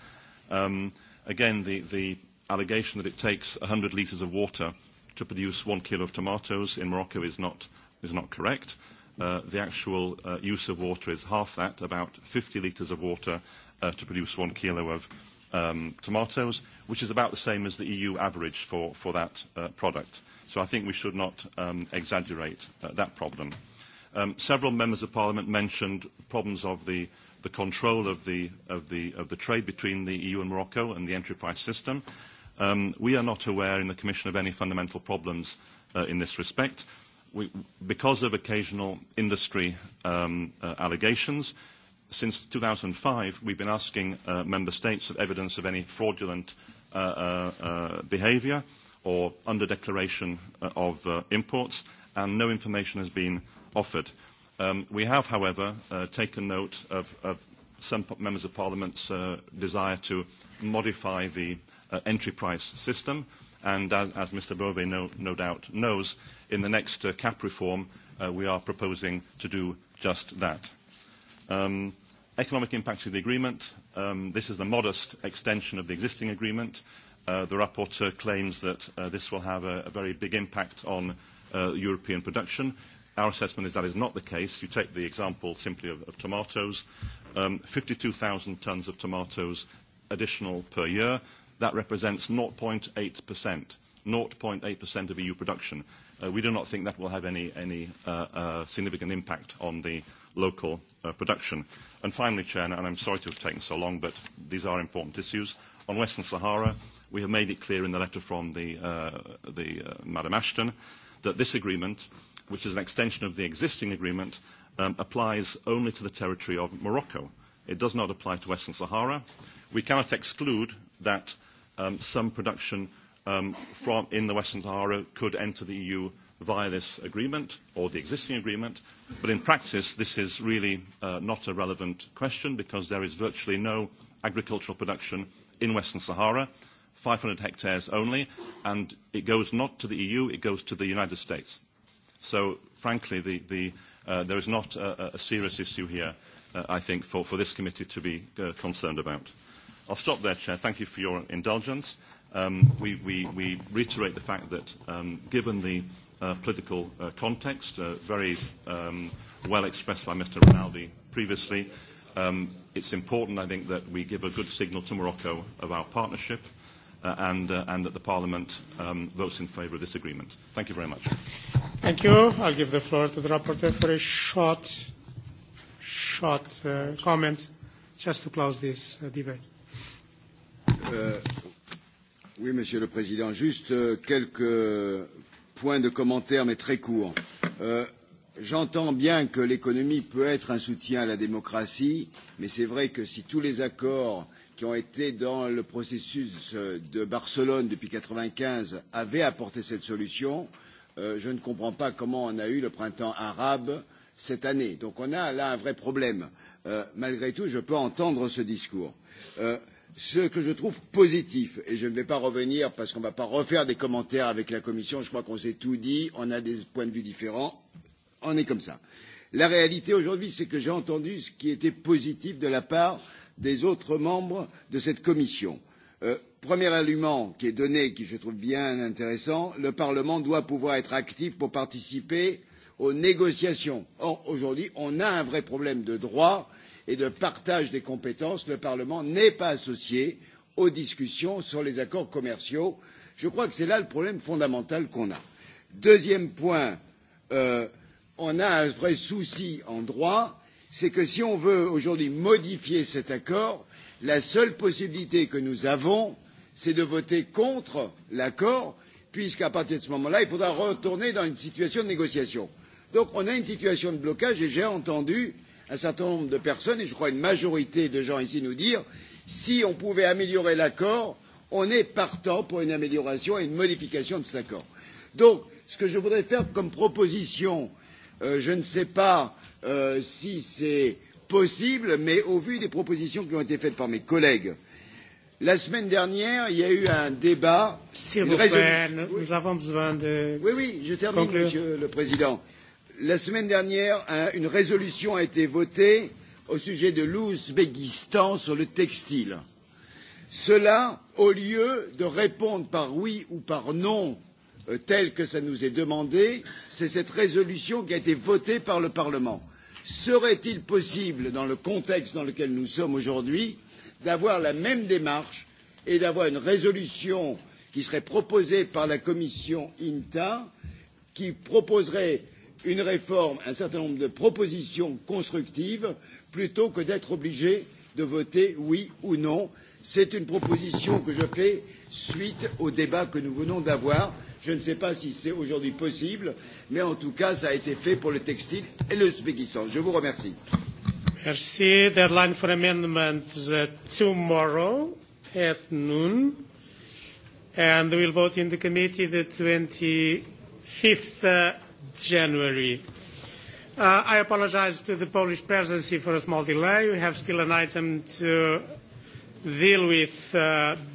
Um, again, the, the allegation that it takes 100 litres of water to produce one kilo of tomatoes in Morocco is not is not correct. Uh, the actual uh, use of water is half that, about 50 litres of water uh, to produce one kilo of um, tomatoes, which is about the same as the EU average for, for that uh, product. So I think we should not um, exaggerate uh, that problem. Um, several members of parliament mentioned problems of the, the control of the, of, the, of the trade between the EU and Morocco and the entry price system. Um, we are not aware in the Commission of any fundamental problems uh, in this respect we, because of occasional industry um, uh, allegations, since 2005, we've been asking uh, member states of evidence of any fraudulent uh, uh, behaviour or under declaration of uh, imports, and no information has been offered. Um, we have, however, uh, taken note of, of some members of parliament's uh, desire to modify the uh, entry price system, and as, as Mr. Bove no, no doubt knows, in the next uh, cap reform, uh, we are proposing to do just that. Um, economic impacts of the agreement. Um, this is a modest extension of the existing agreement. Uh, the rapporteur claims that uh, this will have a, a very big impact on uh, European production. Our assessment is that is not the case. You take the example simply of, of tomatoes. Um, 52,000 tonnes of tomatoes additional per year. That represents 0.8%, 0.8% of EU production uh, we do not think that will have any, any uh, uh, significant impact on the local uh, production. And finally, Chair, and I'm sorry to have taken so long, but these are important issues. On Western Sahara, we have made it clear in the letter from the, uh, the, uh, Madam Ashton that this agreement, which is an extension of the existing agreement, um, applies only to the territory of Morocco. It does not apply to Western Sahara. We cannot exclude that um, some production um, from, in the Western Sahara could enter the EU via this agreement or the existing agreement. But in practice, this is really uh, not a relevant question because there is virtually no agricultural production in Western Sahara, 500 hectares only, and it goes not to the EU, it goes to the United States. So, frankly, the, the, uh, there is not a, a serious issue here, uh, I think, for, for this committee to be uh, concerned about. I'll stop there, Chair. Thank you for your indulgence um, we, we, we reiterate the fact that um, given the uh, political uh, context, uh, very um, well expressed by Mr. Rinaldi previously, um, it's important, I think, that we give a good signal to Morocco of our partnership uh, and, uh, and that the Parliament um, votes in favour of this agreement. Thank you very much. Thank you. I'll give the floor to the rapporteur for a short, short uh, comment just to close this uh, debate. Uh, Oui, Monsieur le Président, juste quelques points de commentaire, mais très courts. J'entends bien que l'économie peut être un soutien à la démocratie, mais c'est vrai que si tous les accords qui ont été dans le processus de Barcelone depuis quatre-vingt quinze avaient apporté cette solution, je ne comprends pas comment on a eu le printemps arabe cette année. Donc on a là un vrai problème. malgré tout, je peux entendre ce discours ce que je trouve positif et je ne vais pas revenir parce qu'on ne va pas refaire des commentaires avec la commission je crois qu'on s'est tout dit on a des points de vue différents on est comme ça. La réalité aujourd'hui, c'est que j'ai entendu ce qui était positif de la part des autres membres de cette commission. premier argument qui est donné et qui je trouve bien intéressant, le Parlement doit pouvoir être actif pour participer aux négociations. Or, aujourd'hui, on a un vrai problème de droit et de partage des compétences, le Parlement n'est pas associé aux discussions sur les accords commerciaux. Je crois que c'est là le problème fondamental que nous avons. Deuxième point, nous avons un vrai souci en droit, c'est que si on veut aujourd'hui modifier cet accord, la seule possibilité que nous avons, c'est de voter contre l'accord, puisqu'à partir de ce moment là, il faudra retourner dans une situation de négociation. Donc on a une situation de blocage et j'ai entendu un certain nombre de personnes et je crois une majorité de gens ici nous dire si on pouvait améliorer l'accord, on est partant pour une amélioration et une modification de cet accord. Donc, ce que je voudrais faire comme proposition, je ne sais pas si c'est possible, mais au vu des propositions qui ont été faites par mes collègues, la semaine dernière, il y a eu un débat. S'il vous plaît, nous avons besoin de. Oui, oui, je termine, Monsieur le Président. Euh, La semaine dernière, une résolution a été votée au sujet de l'Ouzbékistan sur le textile. Cela, au lieu de répondre par oui ou par non, tel que cela nous est demandé, c'est cette résolution qui a été votée par le Parlement. Serait-il possible, dans le contexte dans lequel nous sommes aujourd'hui, d'avoir la même démarche et d'avoir une résolution qui serait proposée par la commission INTA, qui proposerait une réforme, un certain nombre de propositions constructives, plutôt que d'être obligé de voter oui ou non. C'est une proposition que je fais suite au débat que nous venons d'avoir. Je ne sais pas si c'est aujourd'hui possible, mais en tout cas, cela a été fait pour le textile et l'Ouzbékistan. Je vous remercie. Merci. Deadline for amendments tomorrow at noon. And we'll vote in the committee the 25th January. I apologize to the Polish presidency for a small delay. We have still an item to deal with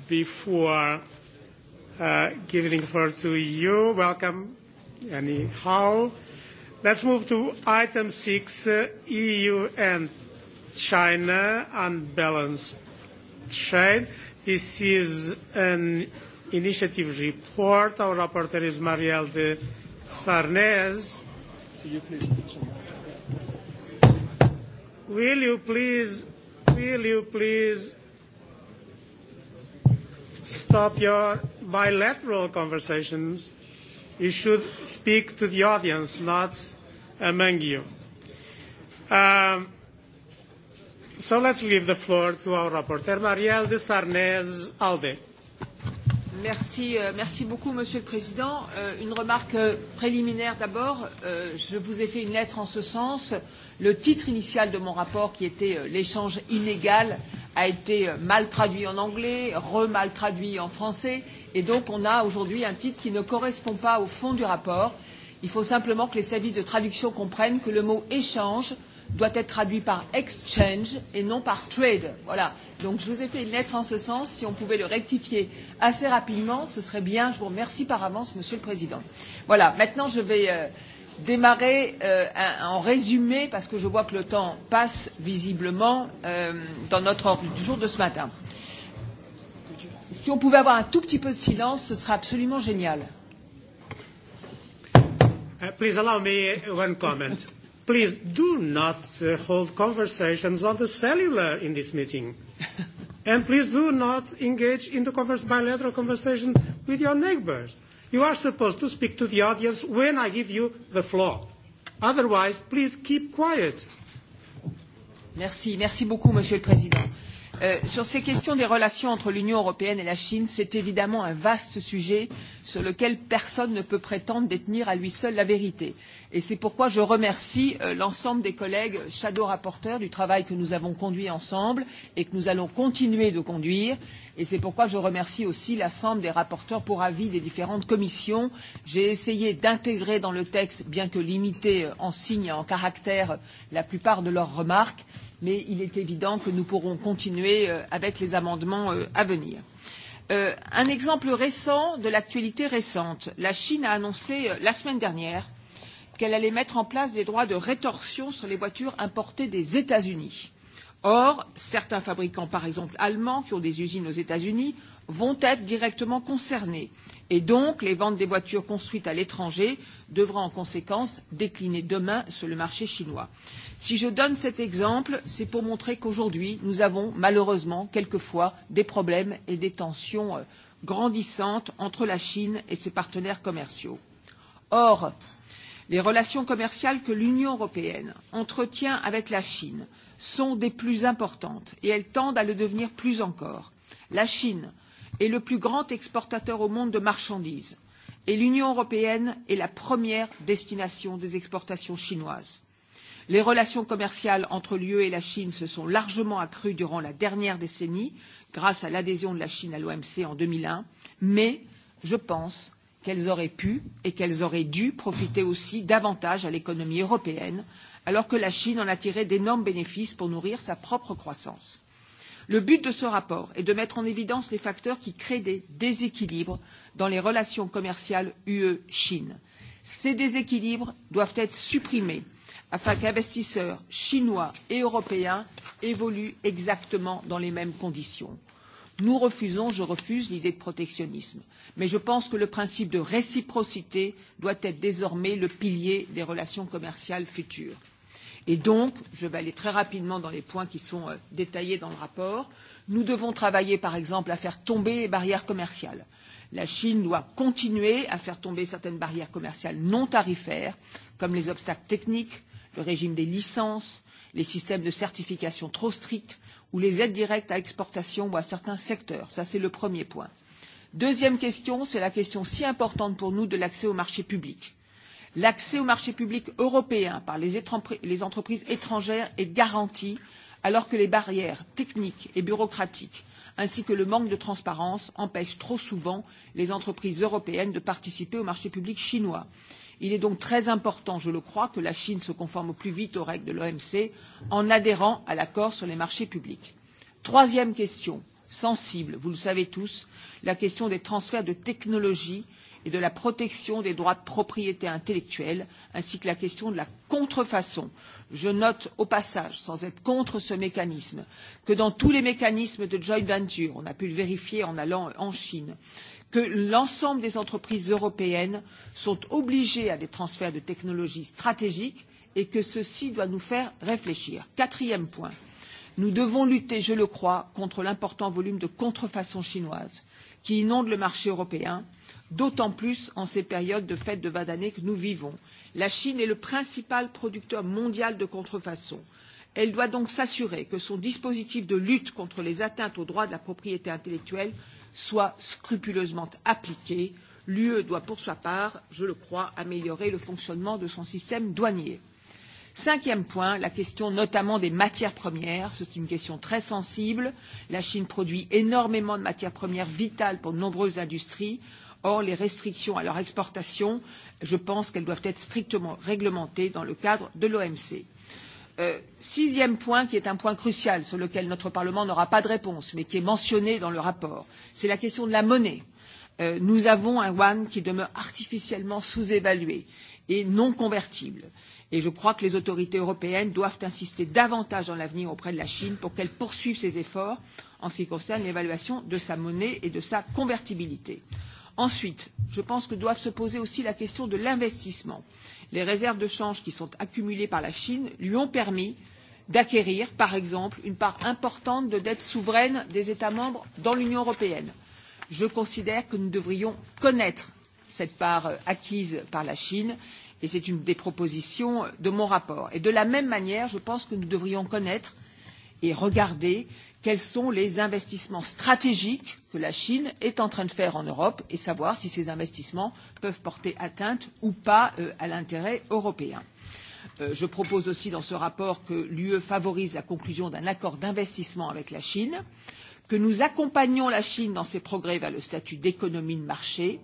before giving the floor to you. Welcome, anyhow. Let's move to item six, EU and China unbalanced trade. This is an initiative report. Our rapporteur is Marielle de Sarnez. Will you please, will you please stop your bilateral conversations? You should speak to the audience, not among you. Um, so let's leave the floor to our rapporteur, Marielle de Sarnez Alde merci, merci beaucoup, Monsieur le Président. Euh, une remarque préliminaire d'abord. Euh, je vous ai fait une lettre en ce sens. Le titre initial de mon rapport, qui était euh, l'échange inégal, a été mal traduit en anglais, re-mal traduit en français, et donc on a aujourd'hui un titre qui ne correspond pas au fond du rapport. Il faut simplement que les services de traduction comprennent que le mot échange doit être traduit par exchange et non par trade. Voilà. Donc je vous ai fait une lettre en ce sens. Si on pouvait le rectifier assez rapidement, ce serait bien. Je vous remercie par avance, Monsieur le Président. Voilà. Maintenant, je vais euh, démarrer euh, en résumé parce que je vois que le temps passe visiblement euh, dans notre ordre du jour de ce matin. Si on pouvait avoir un tout petit peu de silence, ce serait absolument génial. Uh, please allow me one comment. Please do not uh, hold conversations on the cellular in this meeting. and please do not engage in the converse, bilateral conversation with your neighbors. You are supposed to speak to the audience when I give you the floor. Otherwise, please keep quiet. Merci, merci beaucoup, Monsieur le Président. Euh, sur ces questions des relations entre l'Union européenne et la Chine, c'est évidemment un vaste sujet sur lequel personne ne peut prétendre détenir à lui seul la vérité Et c'est pourquoi je remercie l'ensemble des collègues shadow rapporteurs du travail que nous avons conduit ensemble et que nous allons continuer de conduire. Et c'est pourquoi je remercie aussi l'ensemble des rapporteurs pour avis des différentes commissions. J'ai essayé d'intégrer dans le texte, bien que limité en signes et en caractères, la plupart de leurs remarques, mais il est évident que nous pourrons continuer avec les amendements à venir un exemple récent de l'actualité récente. La Chine a annoncé la semaine dernière qu'elle allait mettre en place des droits de rétorsion sur les voitures importées des États-Unis. Or, certains fabricants, par exemple allemands, qui ont des usines aux États-Unis, vont être directement concernés. Et donc, les ventes des voitures construites à l'étranger devront en conséquence décliner demain sur le marché chinois. Si je donne cet exemple, c'est pour montrer qu'aujourd'hui, nous avons malheureusement quelquefois des problèmes et des tensions grandissantes entre la Chine et ses partenaires commerciaux. Or, Les relations commerciales que l'Union européenne entretient avec la Chine sont des plus importantes et elles tendent à le devenir plus encore. La Chine est le plus grand exportateur au monde de marchandises et l'Union européenne est la première destination des exportations chinoises. Les relations commerciales entre l'UE et la Chine se sont largement accrues durant la dernière décennie grâce à l'adhésion de la Chine à l'OMC en deux mille un, mais je pense qu'elles auraient pu et qu'elles auraient dû profiter aussi davantage à l'économie européenne, alors que la Chine en a tiré d'énormes bénéfices pour nourrir sa propre croissance. Le but de ce rapport est de mettre en évidence les facteurs qui créent des déséquilibres dans les relations commerciales UE-Chine. Ces déséquilibres doivent être supprimés afin qu'investisseurs chinois et européens évoluent exactement dans les mêmes conditions. Nous refusons, je refuse l'idée de protectionnisme. Mais je pense que le principe de réciprocité doit être désormais le pilier des relations commerciales futures. Et donc, je vais aller très rapidement dans les points qui sont détaillés dans le rapport. Nous devons travailler, par exemple, à faire tomber les barrières commerciales. La Chine doit continuer à faire tomber certaines barrières commerciales non tarifaires, comme les obstacles techniques, le régime des licences, les systèmes de certification trop stricts ou les aides directes à l'exportation ou à certains secteurs. Ça, c'est le premier point. Deuxième question, c'est la question si importante pour nous de l'accès au marché public. L'accès au marché public européen par les entreprises étrangères est garanti alors que les barrières techniques et bureaucratiques ainsi que le manque de transparence empêchent trop souvent les entreprises européennes de participer au marché public chinois. Il est donc très important, je le crois, que la Chine se conforme au plus vite aux règles de l'OMC en adhérant à l'accord sur les marchés publics. Troisième question sensible, vous le savez tous, la question des transferts de technologies et de la protection des droits de propriété intellectuelle, ainsi que la question de la contrefaçon. Je note au passage, sans être contre ce mécanisme, que dans tous les mécanismes de joint venture, on a pu le vérifier en allant en Chine, que l'ensemble des entreprises européennes sont obligées à des transferts de technologies stratégiques et que ceci doit nous faire réfléchir. Quatrième point, nous devons lutter, je le crois, contre l'important volume de contrefaçons chinoises qui inonde le marché européen, d'autant plus en ces périodes de fête de fin d'année que nous vivons. La Chine est le principal producteur mondial de contrefaçons. Elle doit donc s'assurer que son dispositif de lutte contre les atteintes aux droits de la propriété intellectuelle soit scrupuleusement appliqué. L'UE doit pour sa part, je le crois, améliorer le fonctionnement de son système douanier. Cinquième point, la question notamment des matières premières. C'est une question très sensible. La Chine produit énormément de matières premières vitales pour de nombreuses industries. Or, les restrictions à leur exportation, je pense qu'elles doivent être strictement réglementées dans le cadre de l'OMC sixième point qui est un point crucial sur lequel notre Parlement n'aura pas de réponse mais qui est mentionné dans le rapport, c'est la question de la monnaie. nous avons un yuan qui demeure artificiellement sous-évalué et non convertible. Et je crois que les autorités européennes doivent insister davantage dans l'avenir auprès de la Chine pour qu'elle poursuive ses efforts en ce qui concerne l'évaluation de sa monnaie et de sa convertibilité. Ensuite, je pense que doivent se poser aussi la question de l'investissement les réserves de change qui sont accumulées par la Chine lui ont permis d'acquérir, par exemple, une part importante de dette souveraine des États membres dans l'Union européenne. Je considère que nous devrions connaître cette part acquise par la Chine et c'est une des propositions de mon rapport. Et de la même manière, je pense que nous devrions connaître et regarder quels sont les investissements stratégiques que la Chine est en train de faire en Europe et savoir si ces investissements peuvent porter atteinte ou pas à l'intérêt européen. Je propose aussi dans ce rapport que l'UE favorise la conclusion d'un accord d'investissement avec la Chine, que nous accompagnions la Chine dans ses progrès vers le statut d'économie de marché.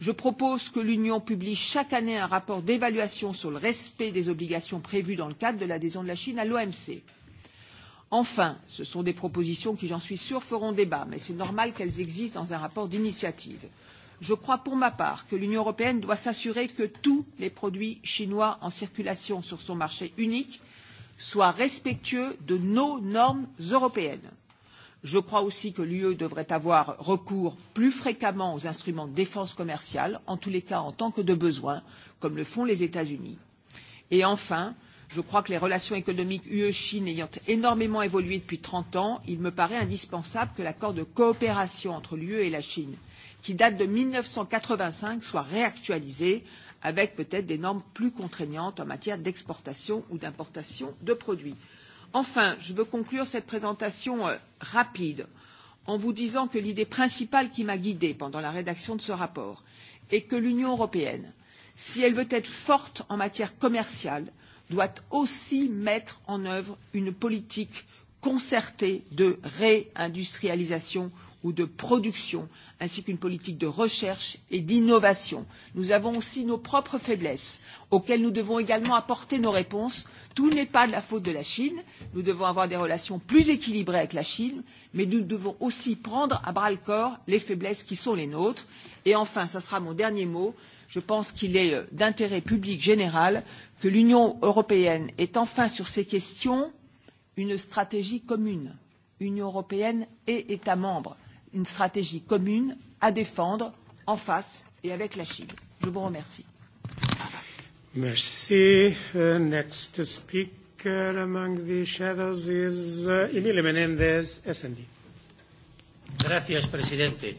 Je propose que l'Union publie chaque année un rapport d'évaluation sur le respect des obligations prévues dans le cadre de l'adhésion de la Chine à l'OMC Enfin, ce sont des propositions qui, j'en suis sûre, feront débat, mais c'est normal qu'elles existent dans un rapport d'initiative. Je crois pour ma part que l'Union européenne doit s'assurer que tous les produits chinois en circulation sur son marché unique soient respectueux de nos normes européennes. Je crois aussi que l'UE devrait avoir recours plus fréquemment aux instruments de défense commerciale, en tous les cas en tant que de besoin, comme le font les États-Unis. Et enfin, Je crois que les relations économiques UE-Chine ayant énormément évolué depuis trente ans, il me paraît indispensable que l'accord de coopération entre l'UE et la Chine, qui date de mille neuf cent quatre-vingt-cinq, soit réactualisé avec peut-être des normes plus contraignantes en matière d'exportation ou d'importation de produits. Enfin, je veux conclure cette présentation rapide en vous disant que l'idée principale qui m'a guidée pendant la rédaction de ce rapport est que l'Union européenne, si elle veut être forte en matière commerciale, doit aussi mettre en œuvre une politique concertée de réindustrialisation ou de production, ainsi qu'une politique de recherche et d'innovation. Nous avons aussi nos propres faiblesses auxquelles nous devons également apporter nos réponses. Tout n'est pas de la faute de la Chine. Nous devons avoir des relations plus équilibrées avec la Chine, mais nous devons aussi prendre à bras le corps les faiblesses qui sont les nôtres. Et enfin, ce sera mon dernier mot, je pense qu'il est d'intérêt public général que l'Union européenne ait enfin sur ces questions une stratégie commune, Union européenne et États membres, une stratégie commune à défendre en face et avec la Chine. Je vous remercie. Merci. next speaker among the shadows is SND. Gracias, presidente.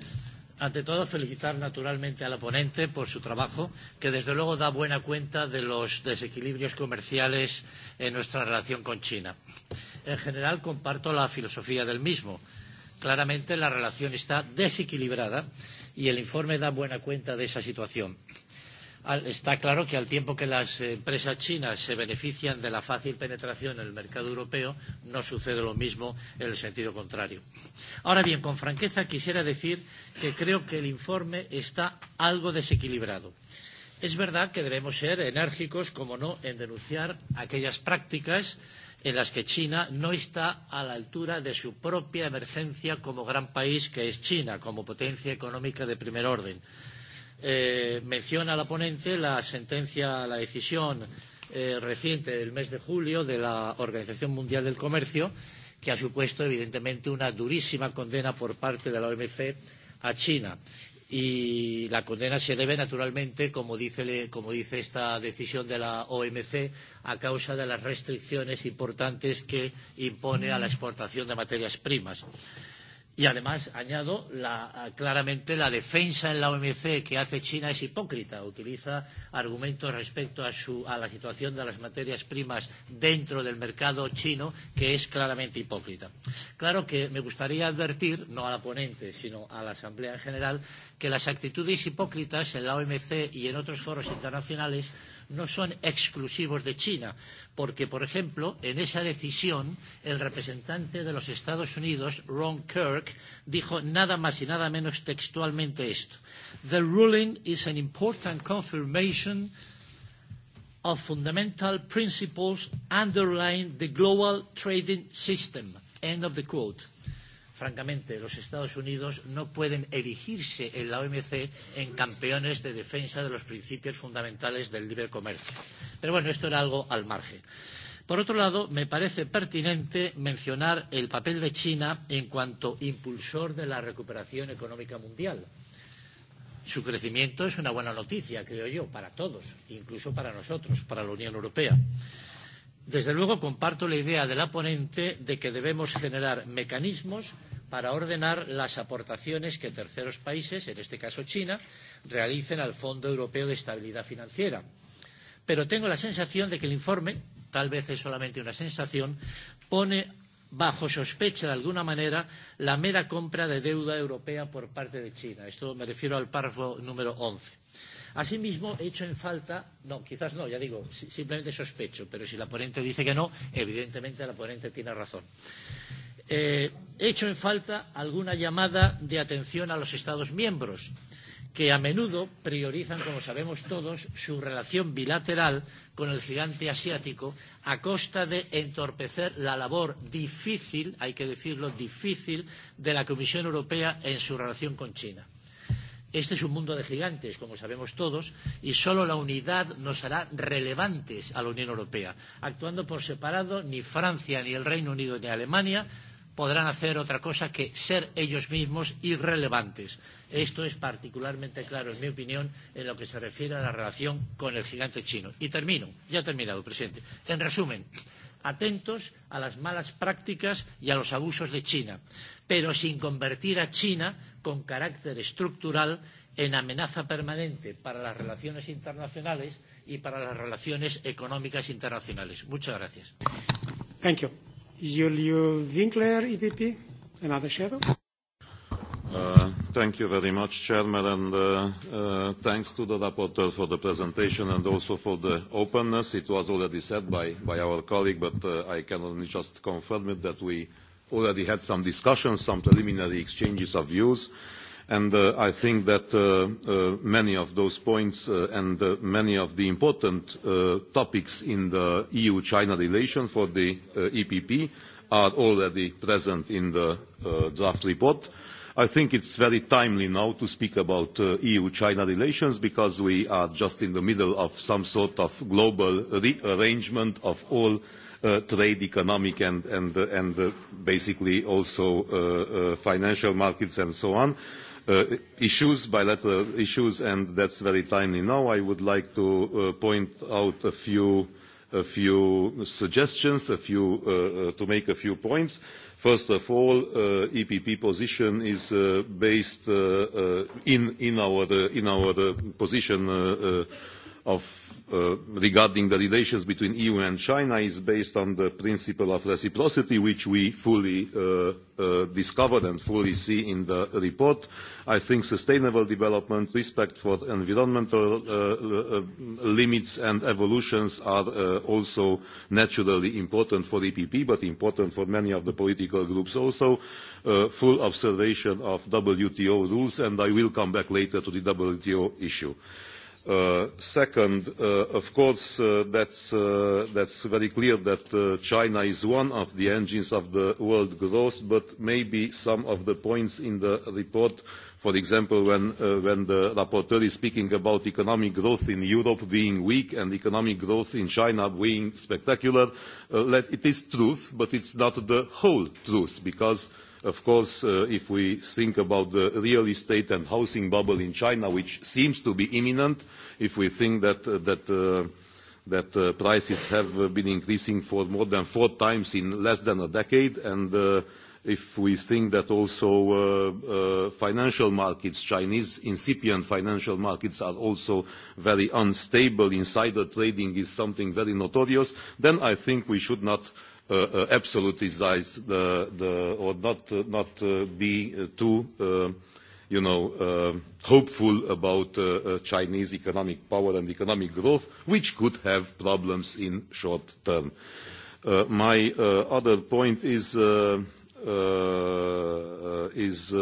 Ante todo, felicitar naturalmente a la ponente por su trabajo, que desde luego da buena cuenta de los desequilibrios comerciales en nuestra relación con China. En general, comparto la filosofía del mismo. Claramente, la relación está desequilibrada y el informe da buena cuenta de esa situación está claro que al tiempo que las empresas chinas se benefician de la fácil penetración en el mercado europeo, no sucede lo mismo en el sentido contrario. Ahora bien, con franqueza quisiera decir que creo que el informe está algo desequilibrado. Es verdad que debemos ser enérgicos, como no, en denunciar aquellas prácticas en las que China no está a la altura de su propia emergencia como gran país que es China, como potencia económica de primer orden eh, menciona la ponente la sentencia, la decisión eh, reciente del mes de julio de la Organización Mundial del Comercio, que ha supuesto evidentemente una durísima condena por parte de la OMC a China. Y la condena se debe, naturalmente, como dice, como dice esta decisión de la OMC, a causa de las restricciones importantes que impone a la exportación de materias primas. Y además, añado la, claramente la defensa en la OMC que hace China es hipócrita. Utiliza argumentos respecto a, su, a la situación de las materias primas dentro del mercado chino que es claramente hipócrita. Claro que me gustaría advertir, no a la ponente, sino a la Asamblea en general, que las actitudes hipócritas en la OMC y en otros foros internacionales no son exclusivos de China, porque, por ejemplo, en esa decisión, el representante de los Estados Unidos, Ron Kirk, dijo nada más y nada menos textualmente esto. The ruling is an important confirmation of fundamental principles underlying the global trading system. End of the quote francamente, los Estados Unidos no pueden erigirse en la OMC en campeones de defensa de los principios fundamentales del libre comercio. Pero bueno, esto era algo al margen. Por otro lado, me parece pertinente mencionar el papel de China en cuanto impulsor de la recuperación económica mundial. Su crecimiento es una buena noticia, creo yo, para todos, incluso para nosotros, para la Unión Europea. Desde luego comparto la idea de la ponente de que debemos generar mecanismos para ordenar las aportaciones que terceros países, en este caso China, realicen al Fondo Europeo de Estabilidad Financiera. Pero tengo la sensación de que el informe, tal vez es solamente una sensación, pone bajo sospecha de alguna manera la mera compra de deuda europea por parte de China. Esto me refiero al párrafo número 11. Asimismo, he hecho en falta, no, quizás no, ya digo, simplemente sospecho, pero si la ponente dice que no, evidentemente la ponente tiene razón. Eh, he hecho en falta alguna llamada de atención a los Estados miembros que a menudo priorizan, como sabemos todos, su relación bilateral con el gigante asiático a costa de entorpecer la labor difícil, hay que decirlo, difícil de la Comisión Europea en su relación con China. Este es un mundo de gigantes, como sabemos todos, y solo la unidad nos hará relevantes a la Unión Europea. Actuando por separado, ni Francia, ni el Reino Unido, ni Alemania podrán hacer otra cosa que ser ellos mismos irrelevantes. Esto es particularmente claro, en mi opinión, en lo que se refiere a la relación con el gigante chino. Y termino, ya he terminado, presidente. En resumen, atentos a las malas prácticas y a los abusos de China, pero sin convertir a China con carácter estructural en amenaza permanente para las relaciones internacionales y para las relaciones económicas internacionales. Muchas gracias. Thank you. Julio Winkler, EPP, another shadow. Uh, Thank you very much, Chairman, and uh, uh, thanks to the rapporteur for the presentation and also for the openness. It was already said by, by our colleague, but uh, I can only just confirm it that we already had some discussions, some preliminary exchanges of views, and uh, I think that uh, uh, many of those points uh, and uh, many of the important uh, topics in the EU-China relation for the uh, EPP are already present in the uh, draft report I think it's very timely now to speak about EU-China relations because we are just in the middle of some sort of global rearrangement of all trade, economic, and basically also financial markets and so on. Issues, bilateral issues, and that's very timely now. I would like to point out a few a few suggestions, to make a few points. First of all, the EPP position is based in, our, position of regarding the relations between the EU and China is based on the principle of reciprocity, which we fully discovered and fully see in the report. I think sustainable development, respect for environmental limits and evolutions are also naturally important for the EPP, but important for many of the political groups also. full observation of WTO rules, and I will come back later to the WTO issue. Second, of course, is very clear that China is one of the engines of world growth, but maybe some of the points in the report, for example, when the rapporteur is speaking about economic growth in Europe being weak and economic growth in China being spectacular, it is truth, but it is not the whole truth, because Of course, if we think about the real estate and housing bubble in China, which seems to be imminent, if we think that prices have been increasing for more than four times in less than a decade, and if we think that also financial markets, Chinese incipient financial markets are also very unstable, insider trading is something very notorious, then I think we should not absolutize the, the or not not be too you know hopeful about Chinese economic power and economic growth, which could have problems in short term. my other point is is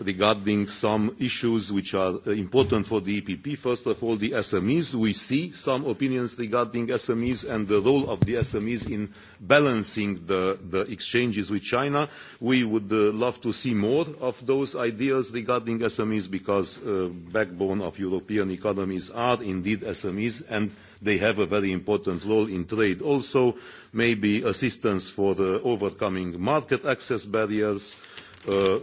regarding some issues which are important for the EPP. First of all, the SMEs. We see some opinions regarding SMEs and the role of the SMEs in balancing the exchanges with China. We would love to see more of those ideas regarding SMEs because the backbone of European economies are indeed SMEs, and they have a very important role in trade. Also, maybe assistance for overcoming market access barriers,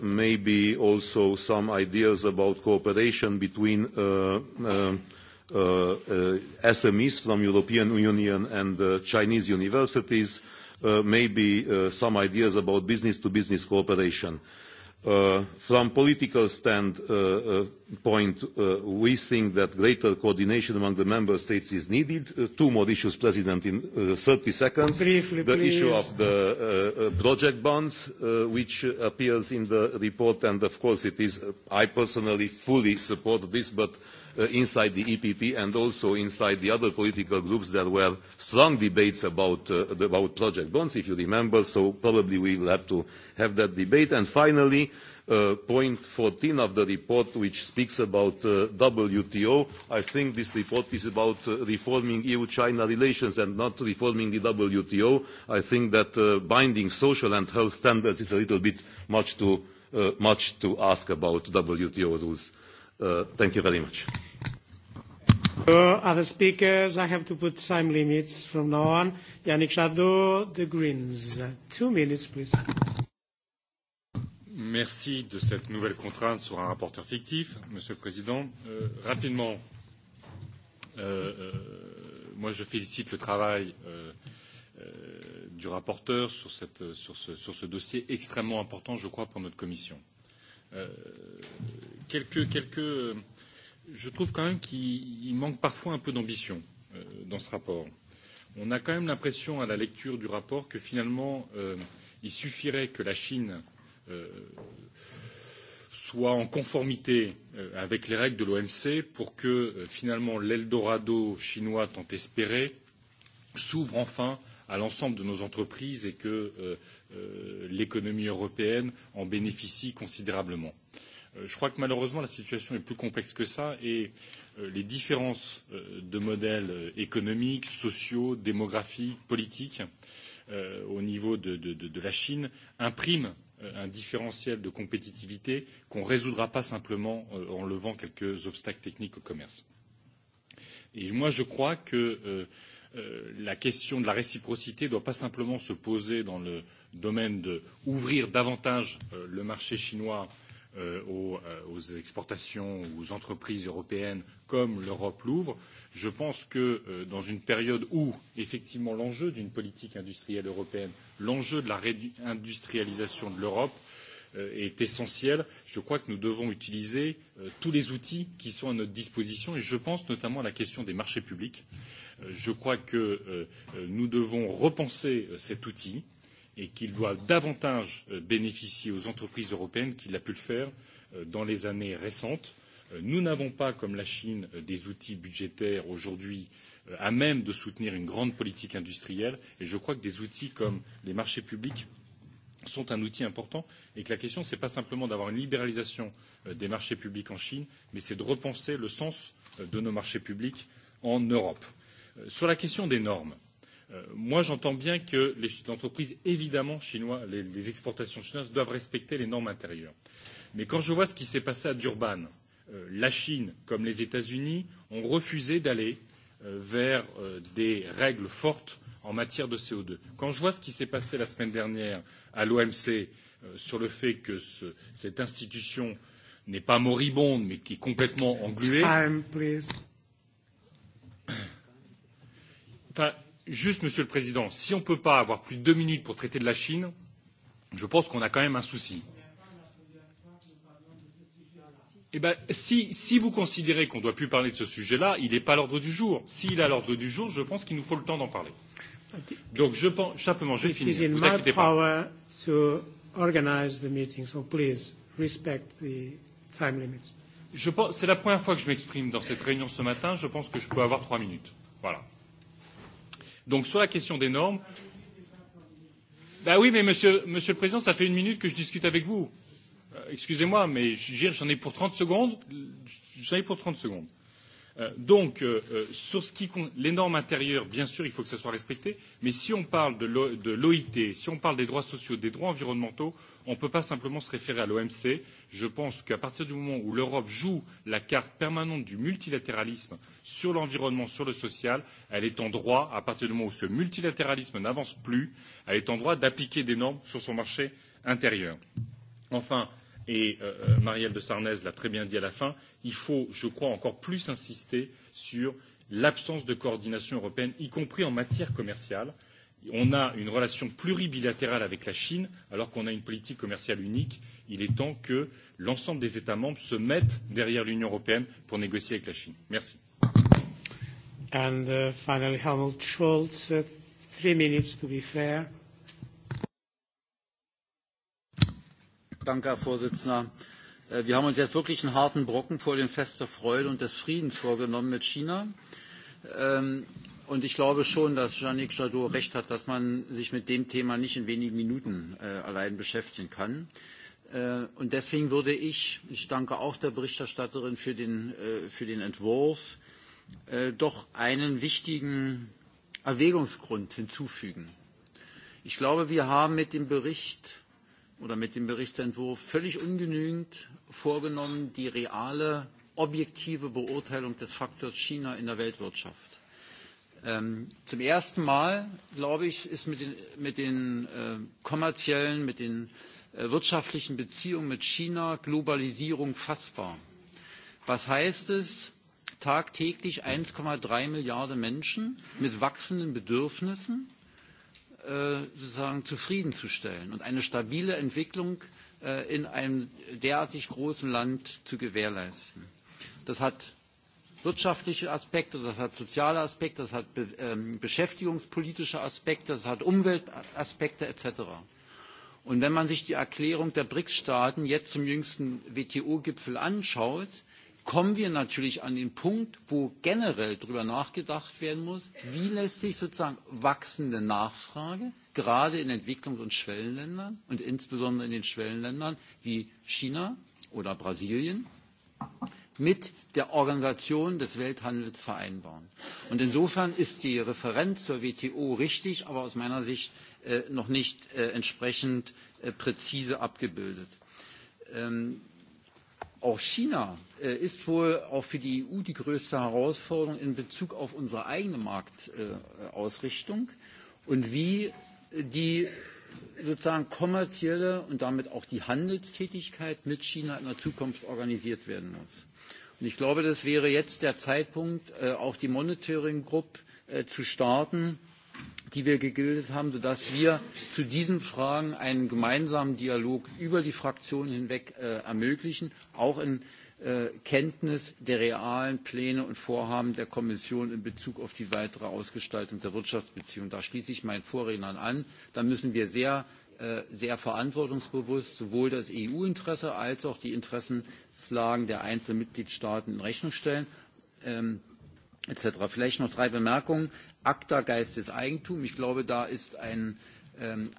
maybe also some ideas about cooperation between SMEs from European Union and Chinese universities, maybe some ideas about business-to-business cooperation from political standpoint, we think that greater coordination among the member states is needed. Two more issues, President, in thirty seconds. The issue of the project bonds, which appears in the report, and of course it is, I personally fully support this, but inside the EPP and also inside the other political groups, there were strong debates about, project bonds, if you remember, so probably we will have to have that debate. And finally, point fourteen of the report, which speaks about the WTO, I think this report is about reforming EU-China relations and not reforming the WTO. I think that binding social and health standards is a little bit much to, much to ask about WTO rules. thank you very much. Other speakers, I have to put time limits from now on. Yannick Jadot, The Greens. Two minutes, please. Merci de cette nouvelle contrainte sur un rapporteur fictif, Monsieur le Président. rapidement, moi je félicite le travail du rapporteur sur, ce, dossier extrêmement important, je crois, pour notre commission. je trouve quand même qu'il manque parfois un peu d'ambition dans ce rapport. On a quand même l'impression, à la lecture du rapport, que finalement, il suffirait que la Chine soit en conformité avec les règles de l'OMC pour que finalement l'Eldorado chinois tant espéré s'ouvre enfin à l'ensemble de nos entreprises et que l'économie européenne en bénéficie considérablement. Euh, je crois que malheureusement la situation est plus complexe que ça et les différences de modèles économiques, sociaux, démographiques, politiques au niveau de, la Chine impriment un différentiel de compétitivité qu'on ne résoudra pas simplement en levant quelques obstacles techniques au commerce. Et moi, je crois que la question de la réciprocité ne doit pas simplement se poser dans le domaine d'ouvrir davantage le marché chinois aux, exportations, ou aux entreprises européennes, comme l'Europe l'ouvre. Je pense que dans une période où, effectivement, l'enjeu d'une politique industrielle européenne, l'enjeu de la réindustrialisation de l'Europe est essentiel, je crois que nous devons utiliser tous les outils qui sont à notre disposition et je pense notamment à la question des marchés publics. Je crois que nous devons repenser cet outil et qu'il doit davantage bénéficier aux entreprises européennes qu'il a pu le faire dans les années récentes. Nous n'avons pas, comme la Chine, des outils budgétaires aujourd'hui à même de soutenir une grande politique industrielle et je crois que des outils comme les marchés publics sont un outil important et que la question, ce n'est pas simplement d'avoir une libéralisation des marchés publics en Chine, mais c'est de repenser le sens de nos marchés publics en Europe. Sur la question des normes, moi, j'entends bien que les entreprises, évidemment, chinoises, les, les exportations chinoises doivent respecter les normes intérieures. Mais quand je vois ce qui s'est passé à Durban, la Chine, comme les États-Unis, ont refusé d'aller vers des règles fortes en matière de co deux. Quand je vois ce qui s'est passé la semaine dernière à l'OMC sur le fait que cette institution n'est pas moribonde mais qui est complètement engluée. Juste, Monsieur le Président, si on ne peut pas avoir plus de deux minutes pour traiter de la Chine, je pense qu'on a quand même un souci. Eh si, si vous considérez qu'on ne doit plus parler de ce sujet-là, il n'est pas à l'ordre du jour. S'il est à l'ordre du jour, je pense qu'il nous faut le temps d'en parler. Donc, je pense, simplement, je vais finir. Ne vous inquiétez pas. C'est la première fois que je m'exprime dans cette réunion ce matin. Je pense que je peux avoir trois minutes. Voilà. Donc sur la question des normes, bah oui, mais monsieur, monsieur le Président, ça fait une minute que je discute avec vous. Excusez-moi, mais j'en ai pour 30 secondes. J'en ai pour 30 secondes donc, sur ce qui compte les normes intérieures, bien sûr, il faut que ce soit respecté, mais si on parle de l'OIT, si on parle des droits sociaux, des droits environnementaux, on ne peut pas simplement se référer à l'OMC. Je pense qu'à partir du moment où l'Europe joue la carte permanente du multilatéralisme sur l'environnement, sur le social, elle est en droit, à partir du moment où ce multilatéralisme n'avance plus, elle est en droit d'appliquer des normes sur son marché intérieur. Enfin, et Marielle de Sarnez l'a très bien dit à la fin, il faut, je crois, encore plus insister sur l'absence de coordination européenne, y compris en matière commerciale. On a une relation pluribilatérale avec la Chine, alors qu'on a une politique commerciale unique. Il est temps que l'ensemble des États membres se mettent derrière l'Union européenne pour négocier avec la Chine. Merci. And finally, Helmut three minutes to be fair. herr präsident! wir haben uns jetzt wirklich einen harten brocken vor dem fest der freude und des friedens vorgenommen mit china. und ich glaube schon dass yannick jadot recht hat dass man sich mit dem thema nicht in wenigen minuten allein beschäftigen kann. und deswegen würde ich ich danke auch der berichterstatterin für den entwurf doch einen wichtigen erwägungsgrund hinzufügen. ich glaube wir haben mit dem bericht oder mit dem Berichtsentwurf völlig ungenügend vorgenommen die reale, objektive Beurteilung des Faktors China in der Weltwirtschaft. Zum ersten Mal, glaube ich, ist mit den, kommerziellen, mit den wirtschaftlichen Beziehungen mit China Globalisierung fassbar. Was heißt es? Tagtäglich eins drei Milliarden Menschen mit wachsenden Bedürfnissen sozusagen zufriedenzustellen und eine stabile Entwicklung in einem derartig großen Land zu gewährleisten. Das hat wirtschaftliche Aspekte, das hat soziale Aspekte, das hat beschäftigungspolitische Aspekte, das hat Umweltaspekte etc. Und wenn man sich die Erklärung der BRICS-Staaten jetzt zum jüngsten WTO-Gipfel anschaut, kommen wir natürlich an den Punkt, wo generell darüber nachgedacht werden muss, wie lässt sich sozusagen wachsende Nachfrage gerade in Entwicklungs- und Schwellenländern und insbesondere in den Schwellenländern wie China oder Brasilien mit der Organisation des Welthandels vereinbaren. Und insofern ist die Referenz zur WTO richtig, aber aus meiner Sicht noch nicht entsprechend präzise abgebildet. Auch China ist wohl auch für die EU die größte Herausforderung in Bezug auf unsere eigene Marktausrichtung und wie die sozusagen kommerzielle und damit auch die Handelstätigkeit mit China in der Zukunft organisiert werden muss. ich glaube, das wäre jetzt der Zeitpunkt, auch die Monitoring Group zu starten, die wir gebildet haben, sodass wir zu diesen Fragen einen gemeinsamen Dialog über die Fraktionen hinweg ermöglichen, auch in Kenntnis der realen Pläne und Vorhaben der Kommission in Bezug auf die weitere Ausgestaltung der Wirtschaftsbeziehungen. Da schließe ich meinen Vorrednern an. Da müssen wir sehr sehr verantwortungsbewusst sowohl das EU Interesse als auch die Interessenslagen der einzelnen Mitgliedstaaten in Rechnung stellen etc. Vielleicht noch drei Bemerkungen. ACTA Geisteseigentum. Ich glaube, da ist ein,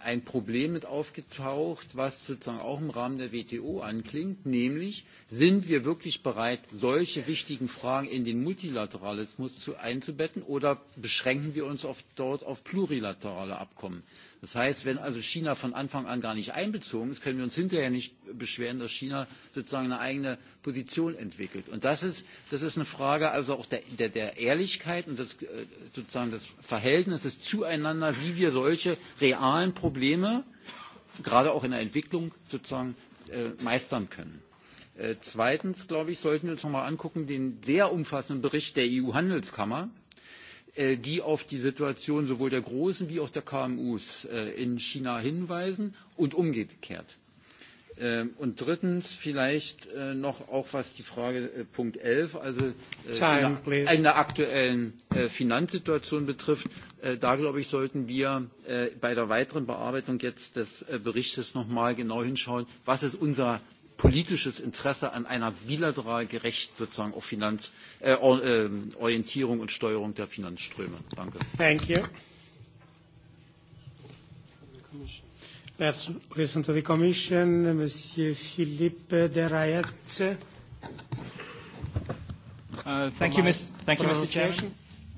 ein Problem mit aufgetaucht, was sozusagen auch im Rahmen der WTO anklingt, nämlich sind wir wirklich bereit, solche wichtigen Fragen in den Multilateralismus einzubetten oder beschränken wir uns dort auf plurilaterale Abkommen? Das heißt, wenn also China von Anfang an gar nicht einbezogen ist, können wir uns hinterher nicht beschweren, dass China sozusagen eine eigene Position entwickelt. Und das ist, das ist eine Frage also auch der, Ehrlichkeit und des, sozusagen des Verhältnisses zueinander, wie wir solche realen Probleme, gerade auch in der Entwicklung, sozusagen meistern können. Zweitens, glaube ich, sollten wir uns noch einmal angucken, den sehr umfassenden Bericht der EU-Handelskammer die auf die Situation sowohl der großen wie auch der KMU in China hinweisen und umgekehrt. Und drittens vielleicht noch auch was die Frage Punkt 11, also in der aktuellen Finanzsituation betrifft. Da, glaube ich, sollten wir bei der weiteren Bearbeitung jetzt des Berichts nochmal genau hinschauen, was ist unser politisches Interesse an einer bilateral gerechten sozusagen Finanz, äh, Orientierung und Steuerung der Finanzströme. Danke. Thank you. Let's listen to the Commission, Monsieur Philippe Uh, thank, you, Mr. thank you, Mr.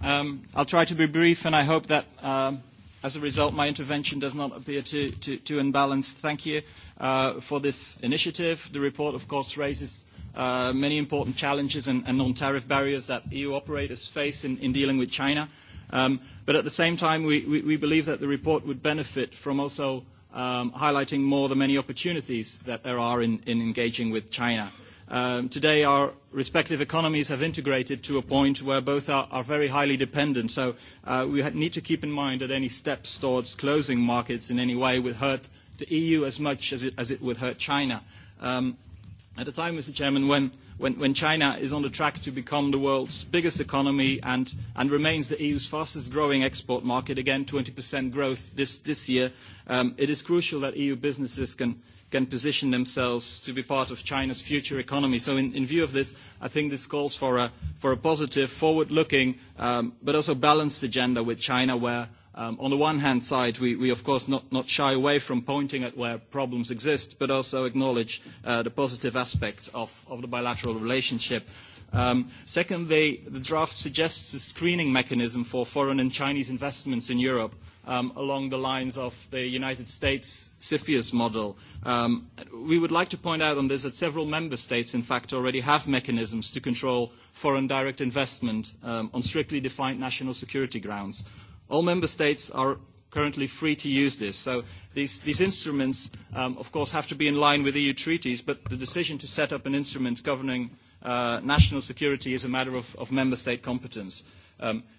Um, I'll try to be brief, and I hope that um, As a result, my intervention does not appear to, too to unbalance. Thank you uh, for this initiative. The report, of course, raises uh, many important challenges and, and non-tariff barriers that EU operators face in, in dealing with China. Um, but at the same time, we, we, we believe that the report would benefit from also um, highlighting more the many opportunities that there are in, in engaging with China. Um, today, our respective economies have integrated to a point where both are, are very highly dependent. So uh, we need to keep in mind that any steps towards closing markets in any way would hurt the EU as much as it, as it would hurt China. Um, at a time, Mr. Chairman, when, when, when China is on the track to become the world's biggest economy and, and remains the EU's fastest growing export market, again 20% growth this, this year, um, it is crucial that EU businesses can – can position themselves to be part of China's future economy. So in, in view of this, I think this calls for a, for a positive, forward-looking, um, but also balanced agenda with China where um, on the one hand side, we, we of course not, not shy away from pointing at where problems exist, but also acknowledge uh, the positive aspect of, of the bilateral relationship. Um, secondly, the draft suggests a screening mechanism for foreign and Chinese investments in Europe um, along the lines of the United States CFIUS model. Um, we would like to point out on this that several member states, in fact, already have mechanisms to control foreign direct investment um, on strictly defined national security grounds. All member states are currently free to use this. So these, these instruments, um, of course, have to be in line with EU treaties, but the decision to set up an instrument governing uh, national security is a matter of, of member state competence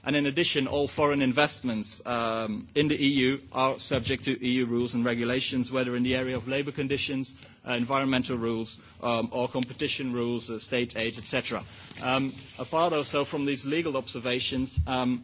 and in addition, all foreign investments in the EU are subject to EU rules and regulations, whether in the area of labour conditions, environmental rules, or competition rules, state aid, etc. apart also from these legal observations, I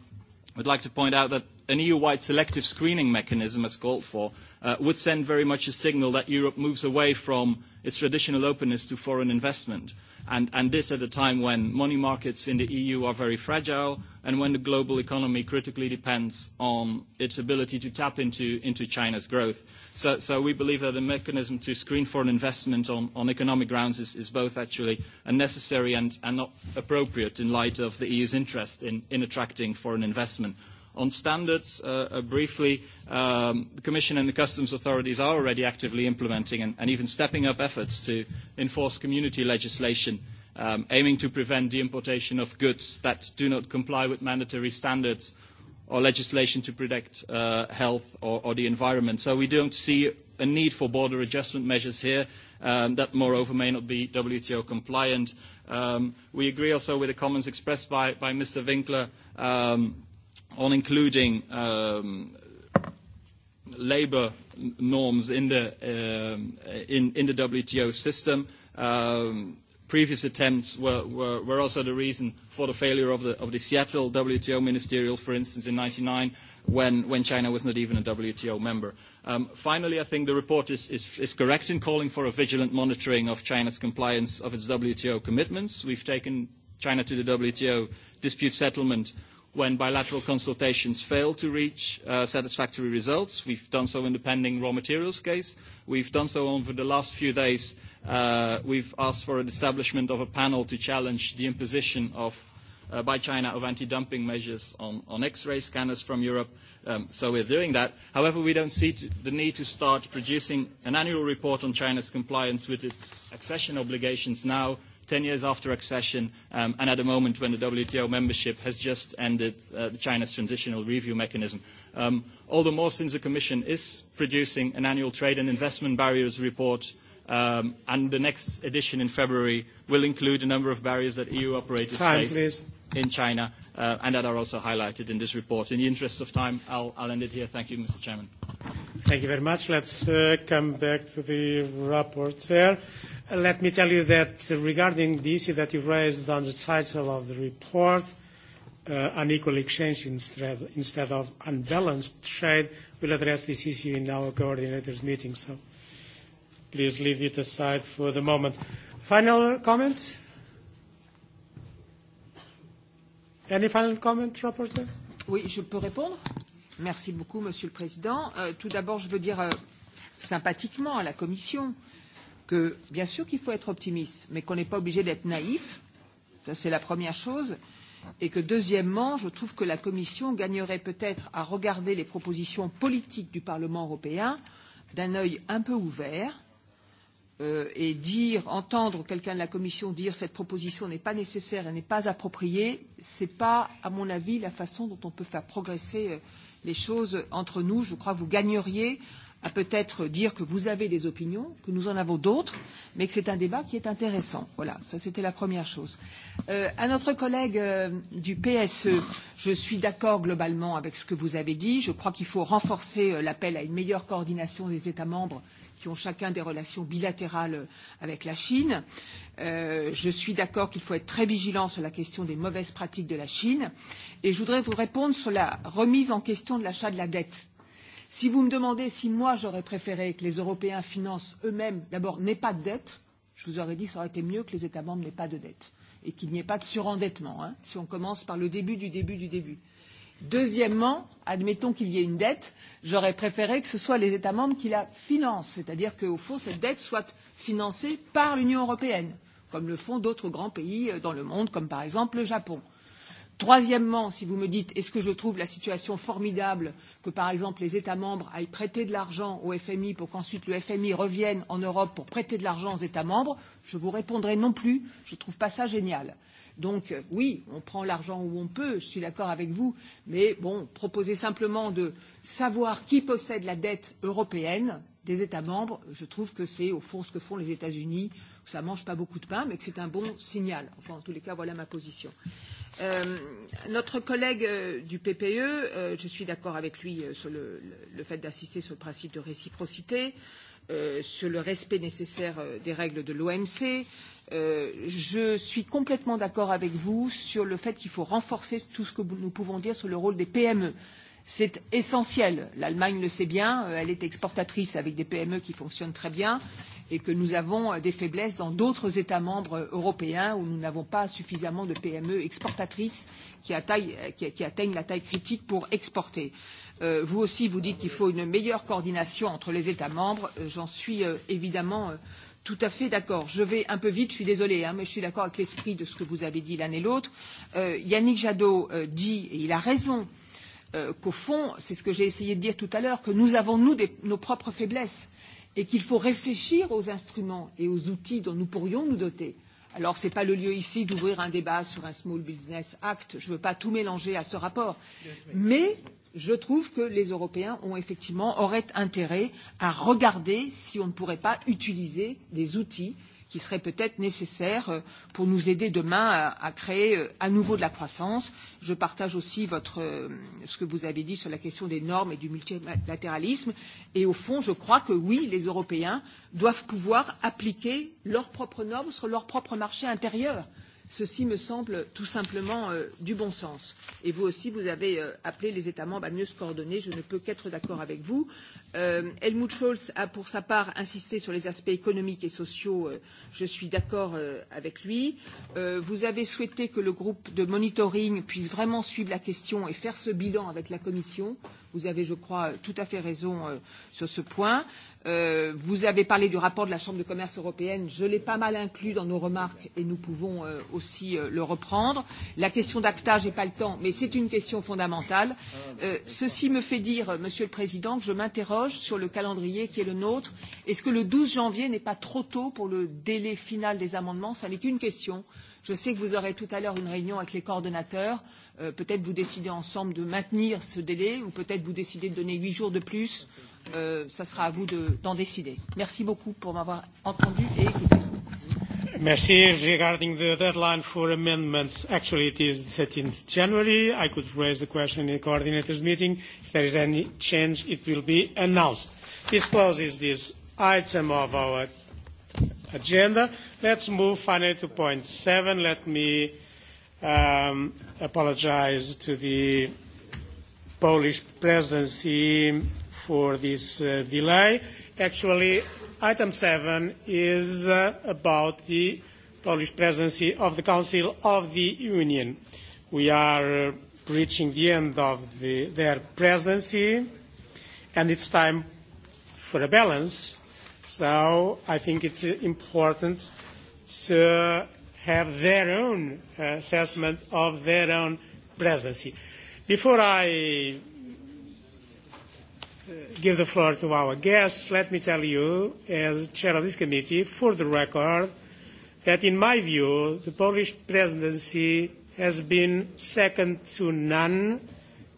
would like to point out that an EU-wide selective screening mechanism, as called for, would send very much a signal that Europe moves away from its traditional openness to foreign investment. And, and this at a time when money markets in the EU are very fragile and when the global economy critically depends on its ability to tap into, into China's growth. So, so we believe that a mechanism to screen foreign investment on, on economic grounds is, is both actually unnecessary and, and not appropriate in light of the EU's interest in, in attracting foreign investment On standards, briefly, the Commission and the customs authorities are already actively implementing and, even stepping up efforts to enforce community legislation aiming to prevent the importation of goods that do not comply with mandatory standards or legislation to protect health or, the environment. So we don't see a need for border adjustment measures here. that, moreover, may not be WTO compliant. we agree also with the comments expressed by, Mr. Winkler on including um, labour norms in the, uh in, in the WTO system. Um, previous attempts were, were, were also the reason for the failure of the, of the Seattle WTO ministerial, for instance, in 1999 when, when China was not even a WTO member. Um, finally, I think the report is, is, is correct in calling for a vigilant monitoring of China's compliance of its WTO commitments. We've taken China to the WTO dispute settlement uh, when bilateral consultations fail to reach satisfactory results. We've done so in the pending raw materials case. We've done so over the last few days. We've asked for an establishment of a panel to challenge the imposition by China of anti-dumping measures on X-ray scanners from Europe. So we're doing that. However, we don't see the need to start producing an annual report on China's compliance with its accession obligations now 10 years after accession, um, and at a moment when the WTO membership has just ended uh, China's transitional review mechanism. Um, all the more since the Commission is producing an annual trade and investment barriers report, um, and the next edition in February will include a number of barriers that EU operators Time, face please. in China, uh, and that are also highlighted in this report. In the interest of time, I'll, I'll end it here. Thank you, Mr. Chairman. Thank you very much. Let's uh, come back to the rapporteur. Let me tell you that regarding the issue that you raised on the title of the report, unequal exchange instead, instead of unbalanced trade, we'll address this issue in our coordinators meeting. So please leave it aside for the moment. Final comments? Any final comments, rapporteur? Oui, je peux répondre Merci beaucoup, Monsieur le Président. tout d'abord, je veux dire sympathiquement à la Commission que, bien sûr qu'il faut être optimiste, mais qu'on n'est pas obligé d'être naïf. Ça, c'est la première chose. Et que, deuxièmement, je trouve que la Commission gagnerait peut-être à regarder les propositions politiques du Parlement européen d'un œil un peu ouvert et dire, entendre quelqu'un de la Commission dire cette proposition n'est pas nécessaire, elle n'est pas appropriée, ce n'est pas, à mon avis, la façon dont on peut faire progresser les choses entre nous. Je crois que vous gagneriez à peut-être dire que vous avez des opinions, que nous en avons d'autres, mais que c'est un débat qui est intéressant. Voilà, ça c'était la première chose. Euh, à notre collègue euh, du PSE, je suis d'accord globalement avec ce que vous avez dit. Je crois qu'il faut renforcer euh, l'appel à une meilleure coordination des États membres qui ont chacun des relations bilatérales avec la Chine. je suis d'accord qu'il faut être très vigilant sur la question des mauvaises pratiques de la Chine. Et je voudrais vous répondre sur la remise en question de l'achat de la dette. Si vous me demandez si moi j'aurais préféré que les Européens financent eux-mêmes, d'abord, n'aient pas de dette, je vous aurais dit que ça aurait été mieux que les États membres n'aient pas de dette et qu'il n'y ait pas de surendettement, hein, si on commence par le début du début du début. Deuxièmement, admettons qu'il y ait une dette, J'aurais préféré que ce soit les États membres qui la financent, c'est-à-dire qu'au fond, cette dette soit financée par l'Union européenne, comme le font d'autres grands pays dans le monde, comme par exemple le Japon. Troisièmement, si vous me dites est-ce que je trouve la situation formidable que, par exemple, les États membres aillent prêter de l'argent au FMI pour qu'ensuite le FMI revienne en Europe pour prêter de l'argent aux États membres, je vous répondrai non plus, je ne trouve pas ça génial. Donc oui, on prend l'argent où on peut, je suis d'accord avec vous, mais bon, proposer simplement de savoir qui possède la dette européenne des États membres, je trouve que c'est au fond ce que font les États-Unis, où ça ne mange pas beaucoup de pain, mais que c'est un bon signal. Enfin, en tous les cas, voilà ma position. Euh, notre collègue euh, du PPE, euh, je suis d'accord avec lui euh, sur le, le, le fait d'assister sur le principe de réciprocité, euh, sur le respect nécessaire euh, des règles de l'OMC, euh, je suis complètement d'accord avec vous sur le fait qu'il faut renforcer tout ce que nous pouvons dire sur le rôle des PME. C'est essentiel. L'Allemagne le sait bien, elle est exportatrice avec des PME qui fonctionnent très bien et que nous avons des faiblesses dans d'autres États membres européens où nous n'avons pas suffisamment de PME exportatrices qui, atteignent la taille critique pour exporter. vous aussi, vous dites qu'il faut une meilleure coordination entre les États membres. J'en suis évidemment Tout à fait d'accord. Je vais un peu vite, je suis désolée, hein, mais je suis d'accord avec l'esprit de ce que vous avez dit l'un et l'autre. Euh, Yannick Jadot euh, dit, et il a raison, euh, qu'au fond, c'est ce que j'ai essayé de dire tout à l'heure, que nous avons, nous, des, nos propres faiblesses et qu'il faut réfléchir aux instruments et aux outils dont nous pourrions nous doter. Alors, ce n'est pas le lieu ici d'ouvrir un débat sur un Small Business Act. Je ne veux pas tout mélanger à ce rapport. Mais je trouve que les Européens ont effectivement auraient intérêt à regarder si on ne pourrait pas utiliser des outils qui seraient peut-être nécessaires pour nous aider demain à, à créer à nouveau de la croissance. Je partage aussi votre, ce que vous avez dit sur la question des normes et du multilatéralisme. Et au fond, je crois que oui, les Européens doivent pouvoir appliquer leurs propres normes sur leur propre marché intérieur. Ceci me semble tout simplement du bon sens. Et vous aussi, vous avez appelé les États membres à mieux se coordonner. Je ne peux qu'être d'accord avec vous. Helmut Scholz a pour sa part insisté sur les aspects économiques et sociaux. je suis d'accord avec lui. vous avez souhaité que le groupe de monitoring puisse vraiment suivre la question et faire ce bilan avec la Commission. Vous avez, je crois, tout à fait raison sur ce point vous avez parlé du rapport de la Chambre de commerce européenne, je l'ai pas mal inclus dans nos remarques et nous pouvons aussi le reprendre. La question d'ACTA, je n'ai pas le temps, mais c'est une question fondamentale. ceci me fait dire, Monsieur le Président, que je m'interroge sur le calendrier qui est le nôtre. Est-ce que le douze janvier n'est pas trop tôt pour le délai final des amendements Ce n'est qu'une question. Je sais que vous aurez tout à l'heure une réunion avec les coordonnateurs. peut-être vous décidez ensemble de maintenir ce délai ou peut-être vous décidez de donner huit jours de plus ça sera à vous d'en décider. Merci beaucoup pour m'avoir entendu et écouté. Merci. Regarding the deadline for amendments, actually it is the 13th January. I could raise the question in the coordinators meeting. If there is any change, it will be announced. This closes this item of our agenda. Let's move finally to point seven. Let me um, apologize to the Polish presidency for this uh, delay. Actually, item seven is uh, about the Polish presidency of the Council of the Union. We are uh, reaching the end of the, their presidency, and it's time for a balance. So I think it's important to have their own assessment of their own presidency. Before I give the floor to our guests, let me tell you, as chair of this committee, for the record, that in my view, the Polish presidency has been second to none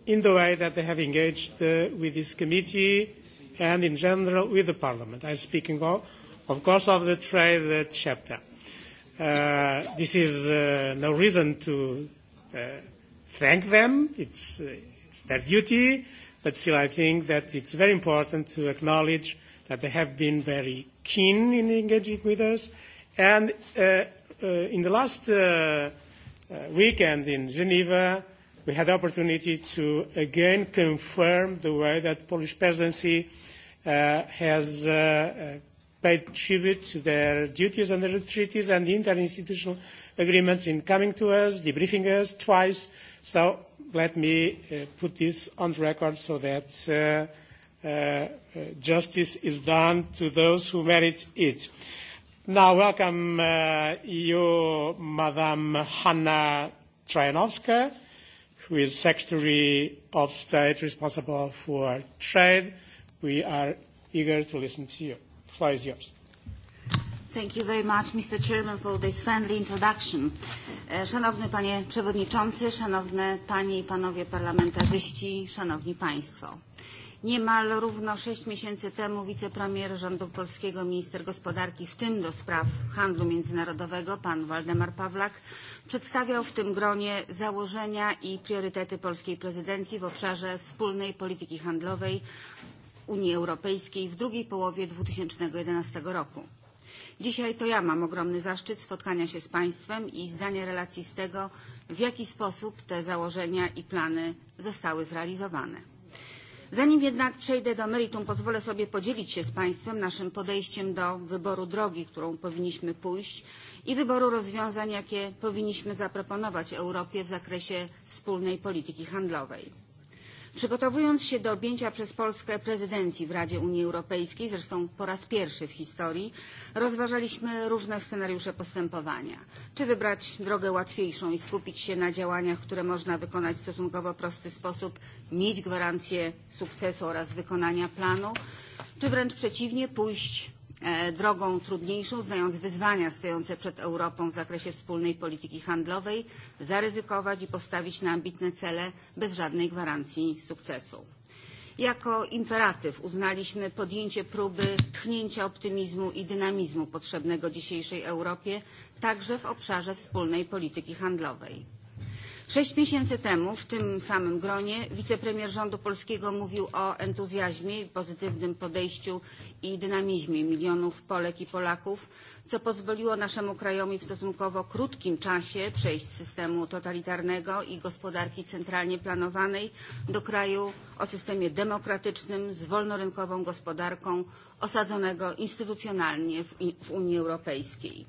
in the way that they have engaged with this committee and in general with the parliament. I'm speaking, of, of course, of the trade chapter. this is no reason to thank them. It's, uh, it's their duty But still, I think that it's very important to acknowledge that they have been very keen in engaging with us. And uh, uh, in the last uh, uh, weekend in Geneva, we had the opportunity to again confirm the way that the Polish presidency uh, has uh, paid tribute to their duties under the treaties and the interinstitutional agreements in coming to us, debriefing us twice. So let me put this on record so that justice is done to those who merit it. Now, welcome you, Madam Hanna Trajanovska, who is Secretary of State responsible for trade. We are eager to listen to you. The floor is yours. Thank you very much, Mr. Chairman, for this friendly introduction. Szanowny Panie Przewodniczący, Szanowne Panie i Panowie Parlamentarzyści, Szanowni Państwo. Niemal równo sześć miesięcy temu wicepremier rządu polskiego, minister gospodarki, w tym do spraw handlu międzynarodowego, pan Waldemar Pawlak, przedstawiał w tym gronie założenia i priorytety polskiej prezydencji w obszarze wspólnej polityki handlowej Unii Europejskiej w drugiej połowie 2011 roku. Dzisiaj to ja mam ogromny zaszczyt spotkania się z Państwem i zdania relacji z tego, w jaki sposób te założenia i plany zostały zrealizowane. Zanim jednak przejdę do meritum, pozwolę sobie podzielić się z Państwem naszym podejściem do wyboru drogi, którą powinniśmy pójść i wyboru rozwiązań, jakie powinniśmy zaproponować Europie w zakresie wspólnej polityki handlowej. Przygotowując się do objęcia przez Polskę prezydencji w Radzie Unii Europejskiej, zresztą po raz pierwszy w historii, rozważaliśmy różne scenariusze postępowania. Czy wybrać drogę łatwiejszą i skupić się na działaniach, które można wykonać w stosunkowo prosty sposób, mieć gwarancję sukcesu oraz wykonania planu, czy wręcz przeciwnie, pójść drogą trudniejszą, znając wyzwania stojące przed Europą w zakresie wspólnej polityki handlowej, zaryzykować i postawić na ambitne cele bez żadnej gwarancji sukcesu. Jako imperatyw uznaliśmy podjęcie próby tchnięcia optymizmu i dynamizmu potrzebnego dzisiejszej Europie, także w obszarze wspólnej polityki handlowej Sześć miesięcy temu w tym samym gronie wicepremier rządu polskiego mówił o entuzjazmie i pozytywnym podejściu i dynamizmie milionów Polek i Polaków, co pozwoliło naszemu krajowi w stosunkowo krótkim czasie przejść z systemu totalitarnego i gospodarki centralnie planowanej do kraju o systemie demokratycznym z wolnorynkową gospodarką osadzonego instytucjonalnie w Unii Europejskiej.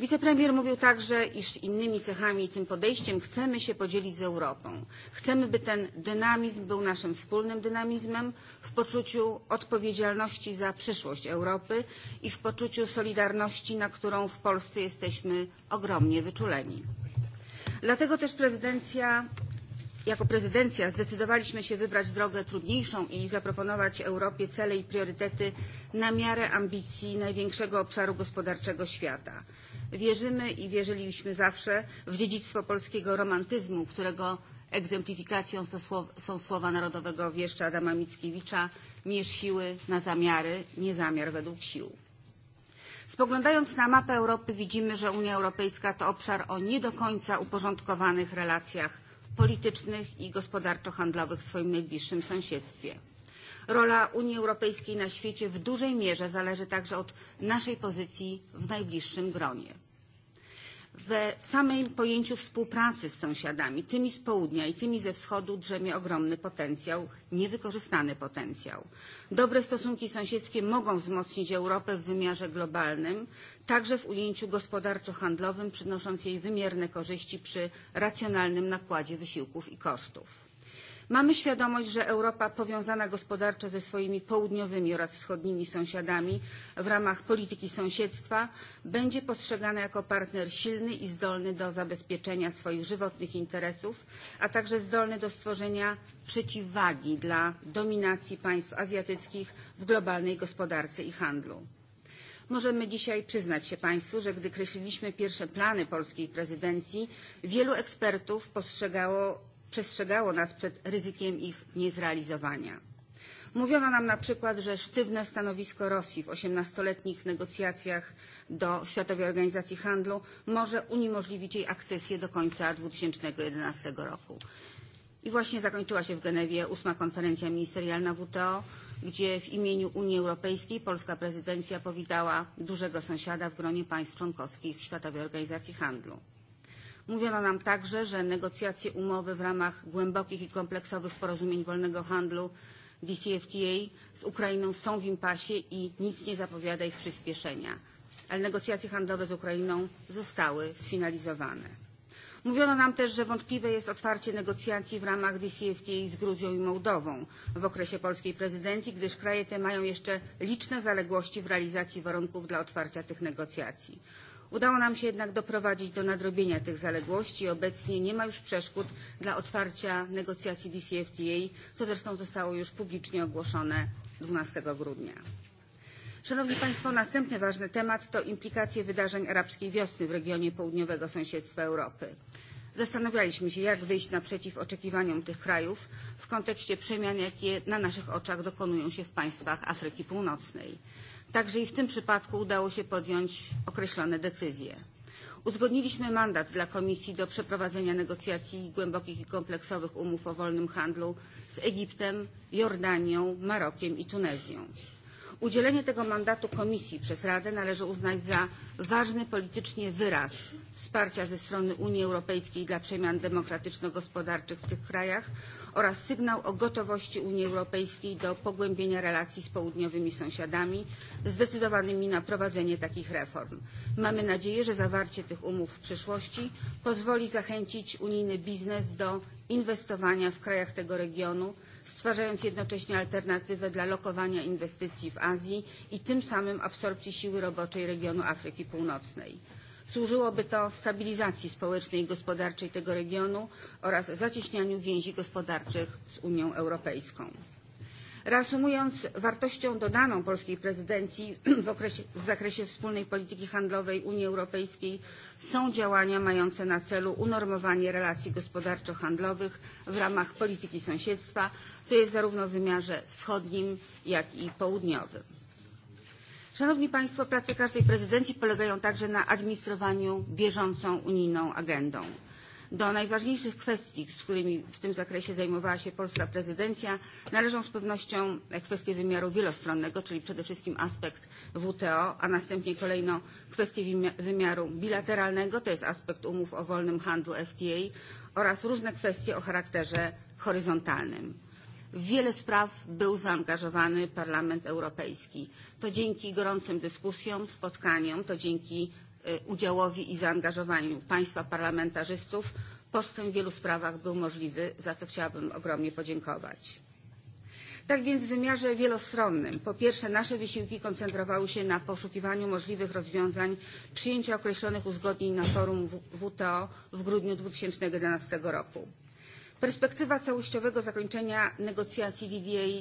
Wicepremier mówił także, iż innymi cechami i tym podejściem chcemy się podzielić z Europą. Chcemy, by ten dynamizm był naszym wspólnym dynamizmem w poczuciu odpowiedzialności za przyszłość Europy i w poczuciu solidarności, na którą w Polsce jesteśmy ogromnie wyczuleni. Dlatego też prezydencja jako prezydencja zdecydowaliśmy się wybrać drogę trudniejszą i zaproponować Europie cele i priorytety na miarę ambicji największego obszaru gospodarczego świata. Wierzymy i wierzyliśmy zawsze w dziedzictwo polskiego romantyzmu, którego egzemplifikacją są słowa narodowego wieszcza Adama Mickiewicza Mierz siły na zamiary, nie zamiar według sił. Spoglądając na mapę Europy widzimy, że Unia Europejska to obszar o nie do końca uporządkowanych relacjach politycznych i gospodarczo-handlowych w swoim najbliższym sąsiedztwie. Rola Unii Europejskiej na świecie w dużej mierze zależy także od naszej pozycji w najbliższym gronie w samym pojęciu współpracy z sąsiadami, tymi z południa i tymi ze wschodu, drzemie ogromny potencjał, niewykorzystany potencjał. Dobre stosunki sąsiedzkie mogą wzmocnić Europę w wymiarze globalnym, także w ujęciu gospodarczo-handlowym, przynosząc jej wymierne korzyści przy racjonalnym nakładzie wysiłków i kosztów. Mamy świadomość, że Europa powiązana gospodarczo ze swoimi południowymi oraz wschodnimi sąsiadami w ramach polityki sąsiedztwa będzie postrzegana jako partner silny i zdolny do zabezpieczenia swoich żywotnych interesów, a także zdolny do stworzenia przeciwwagi dla dominacji państw azjatyckich w globalnej gospodarce i handlu. Możemy dzisiaj przyznać się Państwu, że gdy kreśliliśmy pierwsze plany polskiej prezydencji, wielu ekspertów postrzegało przestrzegało nas przed ryzykiem ich niezrealizowania. Mówiono nam na przykład, że sztywne stanowisko Rosji w osiemnastoletnich negocjacjach do Światowej Organizacji Handlu może uniemożliwić jej akcesję do końca 2011 roku. I właśnie zakończyła się w Genewie ósma konferencja ministerialna WTO, gdzie w imieniu Unii Europejskiej polska prezydencja powitała dużego sąsiada w gronie państw członkowskich Światowej Organizacji Handlu. Mówiono nam także, że negocjacje umowy w ramach głębokich i kompleksowych porozumień wolnego handlu DCFTA z Ukrainą są w impasie i nic nie zapowiada ich przyspieszenia. Ale negocjacje handlowe z Ukrainą zostały sfinalizowane. Mówiono nam też, że wątpliwe jest otwarcie negocjacji w ramach DCFTA z Gruzją i Mołdową w okresie polskiej prezydencji, gdyż kraje te mają jeszcze liczne zaległości w realizacji warunków dla otwarcia tych negocjacji. Udało nam się jednak doprowadzić do nadrobienia tych zaległości i obecnie nie ma już przeszkód dla otwarcia negocjacji DCFTA, co zresztą zostało już publicznie ogłoszone 12 grudnia. Szanowni Państwo, następny ważny temat to implikacje wydarzeń arabskiej wiosny w regionie południowego sąsiedztwa Europy. Zastanawialiśmy się, jak wyjść naprzeciw oczekiwaniom tych krajów w kontekście przemian, jakie na naszych oczach dokonują się w państwach Afryki Północnej. Także i w tym przypadku udało się podjąć określone decyzje. Uzgodniliśmy mandat dla Komisji do przeprowadzenia negocjacji głębokich i kompleksowych umów o wolnym handlu z Egiptem, Jordanią, Marokiem i Tunezją. Udzielenie tego mandatu Komisji przez Radę należy uznać za ważny politycznie wyraz wsparcia ze strony Unii Europejskiej dla przemian demokratyczno-gospodarczych w tych krajach oraz sygnał o gotowości Unii Europejskiej do pogłębienia relacji z południowymi sąsiadami zdecydowanymi na prowadzenie takich reform. Mamy nadzieję, że zawarcie tych umów w przyszłości pozwoli zachęcić unijny biznes do inwestowania w krajach tego regionu, stwarzając jednocześnie alternatywę dla lokowania inwestycji w Azji i tym samym absorpcji siły roboczej regionu Afryki Północnej. Służyłoby to stabilizacji społecznej i gospodarczej tego regionu oraz zacieśnianiu więzi gospodarczych z Unią Europejską. Reasumując, wartością dodaną polskiej prezydencji w, zakresie wspólnej polityki handlowej Unii Europejskiej są działania mające na celu unormowanie relacji gospodarczo-handlowych w ramach polityki sąsiedztwa, to jest zarówno w wymiarze wschodnim, jak i południowym. Szanowni Państwo, prace każdej prezydencji polegają także na administrowaniu bieżącą unijną agendą. Do najważniejszych kwestii, z którymi w tym zakresie zajmowała się polska prezydencja, należą z pewnością kwestie wymiaru wielostronnego, czyli przede wszystkim aspekt WTO, a następnie kolejno kwestie wymiaru bilateralnego, to jest aspekt umów o wolnym handlu FTA oraz różne kwestie o charakterze horyzontalnym. W wiele spraw był zaangażowany Parlament Europejski. To dzięki gorącym dyskusjom, spotkaniom, to dzięki udziałowi i zaangażowaniu Państwa parlamentarzystów postęp w wielu sprawach był możliwy, za co chciałabym ogromnie podziękować. Tak więc w wymiarze wielostronnym po pierwsze nasze wysiłki koncentrowały się na poszukiwaniu możliwych rozwiązań przyjęcia określonych uzgodnień na forum WTO w grudniu 2011 roku. Perspektywa całościowego zakończenia negocjacji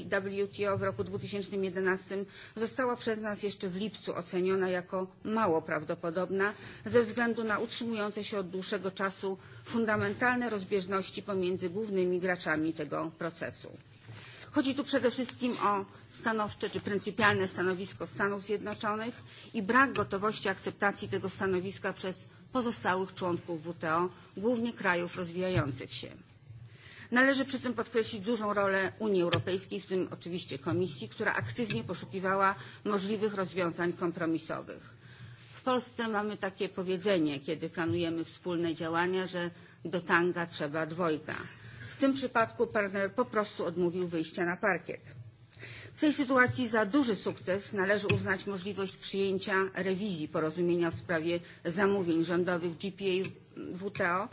DDA WTO w roku 2011 została przez nas jeszcze w lipcu oceniona jako mało prawdopodobna ze względu na utrzymujące się od dłuższego czasu fundamentalne rozbieżności pomiędzy głównymi graczami tego procesu. Chodzi tu przede wszystkim o stanowcze czy pryncypialne stanowisko Stanów Zjednoczonych i brak gotowości akceptacji tego stanowiska przez pozostałych członków WTO, głównie krajów rozwijających się. Należy przy tym podkreślić dużą rolę Unii Europejskiej, w tym oczywiście Komisji, która aktywnie poszukiwała możliwych rozwiązań kompromisowych. W Polsce mamy takie powiedzenie, kiedy planujemy wspólne działania, że do tanga trzeba dwojga. W tym przypadku partner po prostu odmówił wyjścia na parkiet. W tej sytuacji za duży sukces należy uznać możliwość przyjęcia rewizji porozumienia w sprawie zamówień rządowych GPA WTO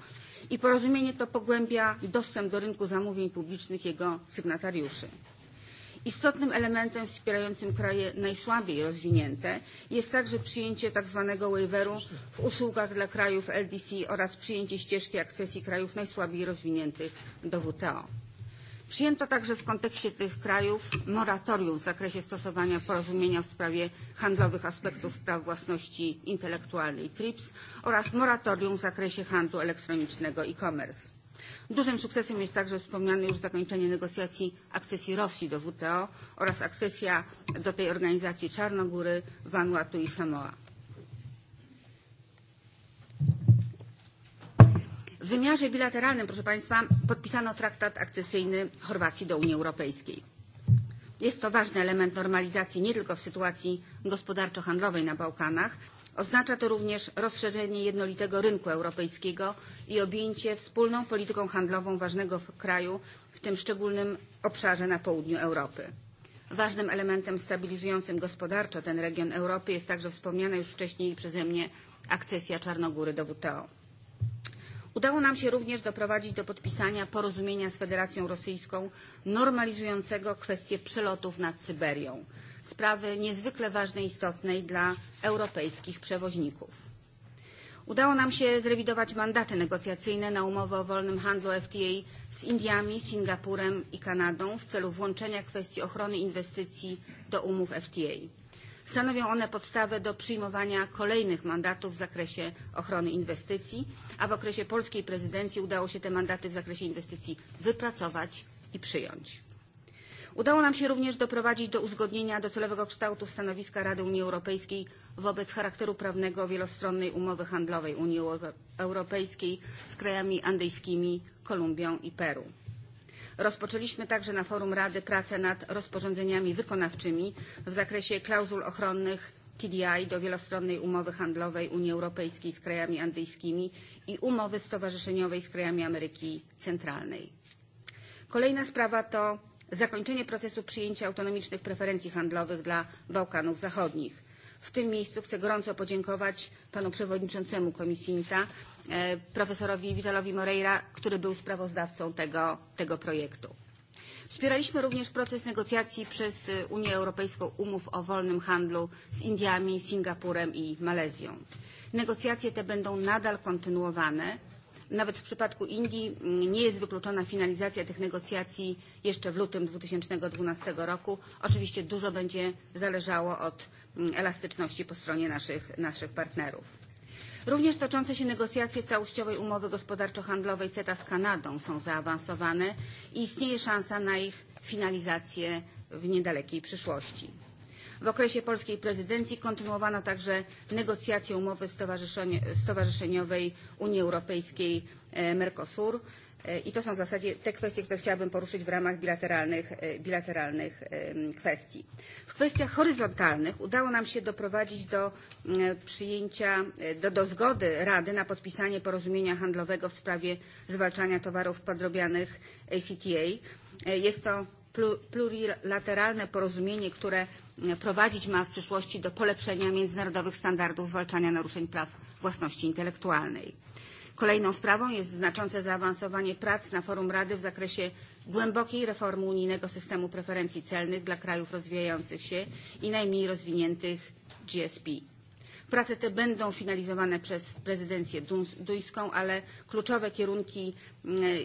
i porozumienie to pogłębia dostęp do rynku zamówień publicznych jego sygnatariuszy. Istotnym elementem wspierającym kraje najsłabiej rozwinięte jest także przyjęcie tzw. waiveru w usługach dla krajów LDC oraz przyjęcie ścieżki akcesji krajów najsłabiej rozwiniętych do WTO. Przyjęto także w kontekście tych krajów moratorium w zakresie stosowania porozumienia w sprawie handlowych aspektów praw własności intelektualnej TRIPS oraz moratorium w zakresie handlu elektronicznego e-commerce. Dużym sukcesem jest także wspomniane już zakończenie negocjacji akcesji Rosji do WTO oraz akcesja do tej organizacji Czarnogóry, Vanuatu i Samoa. W wymiarze bilateralnym, proszę Państwa, podpisano traktat akcesyjny Chorwacji do Unii Europejskiej. Jest to ważny element normalizacji nie tylko w sytuacji gospodarczo-handlowej na Bałkanach, Oznacza to również rozszerzenie jednolitego rynku europejskiego i objęcie wspólną polityką handlową ważnego kraju w tym szczególnym obszarze na południu Europy. Ważnym elementem stabilizującym gospodarczo ten region Europy jest także wspomniana już wcześniej przeze mnie akcesja Czarnogóry do WTO. Udało nam się również doprowadzić do podpisania porozumienia z Federacją Rosyjską normalizującego kwestię przelotów nad Syberią, sprawy niezwykle ważnej i istotnej dla europejskich przewoźników. Udało nam się zrewidować mandaty negocjacyjne na umowę o wolnym handlu FTA z Indiami, Singapurem i Kanadą w celu włączenia kwestii ochrony inwestycji do umów FTA. Stanowią one podstawę do przyjmowania kolejnych mandatów w zakresie ochrony inwestycji, a w okresie polskiej prezydencji udało się te mandaty w zakresie inwestycji wypracować i przyjąć. Udało nam się również doprowadzić do uzgodnienia docelowego kształtu stanowiska Rady Unii Europejskiej wobec charakteru prawnego wielostronnej umowy handlowej Unii Europejskiej z krajami andyjskimi, Kolumbią i Peru. Rozpoczęliśmy także na forum Rady pracę nad rozporządzeniami wykonawczymi w zakresie klauzul ochronnych TDI do wielostronnej umowy handlowej Unii Europejskiej z krajami andyjskimi i umowy stowarzyszeniowej z krajami Ameryki Centralnej. Kolejna sprawa to zakończenie procesu przyjęcia autonomicznych preferencji handlowych dla Bałkanów Zachodnich. W tym miejscu chcę gorąco podziękować panu przewodniczącemu Komisji INTA profesorowi Witalowi Moreira, który był sprawozdawcą tego, tego projektu. Wspieraliśmy również proces negocjacji przez Unię Europejską umów o wolnym handlu z Indiami, Singapurem i Malezją. Negocjacje te będą nadal kontynuowane. Nawet w przypadku Indii nie jest wykluczona finalizacja tych negocjacji jeszcze w lutym 2012 roku. Oczywiście dużo będzie zależało od elastyczności po stronie naszych, naszych partnerów. Również toczące się negocjacje całościowej umowy gospodarczo-handlowej CETA z Kanadą są zaawansowane i istnieje szansa na ich finalizację w niedalekiej przyszłości. W okresie polskiej prezydencji kontynuowano także negocjacje umowy stowarzyszeniowej Unii Europejskiej Mercosur. I to są w zasadzie te kwestie, które chciałabym poruszyć w ramach bilateralnych, bilateralnych kwestii. W kwestiach horyzontalnych udało nam się doprowadzić do przyjęcia, do, do zgody Rady na podpisanie porozumienia handlowego w sprawie zwalczania towarów podrobianych ACTA. Jest to plurilateralne porozumienie, które prowadzić ma w przyszłości do polepszenia międzynarodowych standardów zwalczania naruszeń praw własności intelektualnej. Kolejną sprawą jest znaczące zaawansowanie prac na forum Rady w zakresie głębokiej reformy unijnego systemu preferencji celnych dla krajów rozwijających się i najmniej rozwiniętych GSP. Prace te będą finalizowane przez prezydencję duńską, ale kluczowe kierunki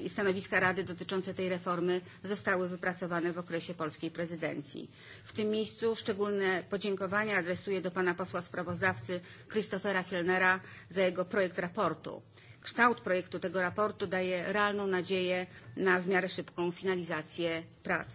i stanowiska Rady dotyczące tej reformy zostały wypracowane w okresie polskiej prezydencji. W tym miejscu szczególne podziękowania adresuję do pana posła sprawozdawcy Christophera Fjellnera za jego projekt raportu kształt projektu tego raportu daje realną nadzieję na w miarę szybką finalizację prac.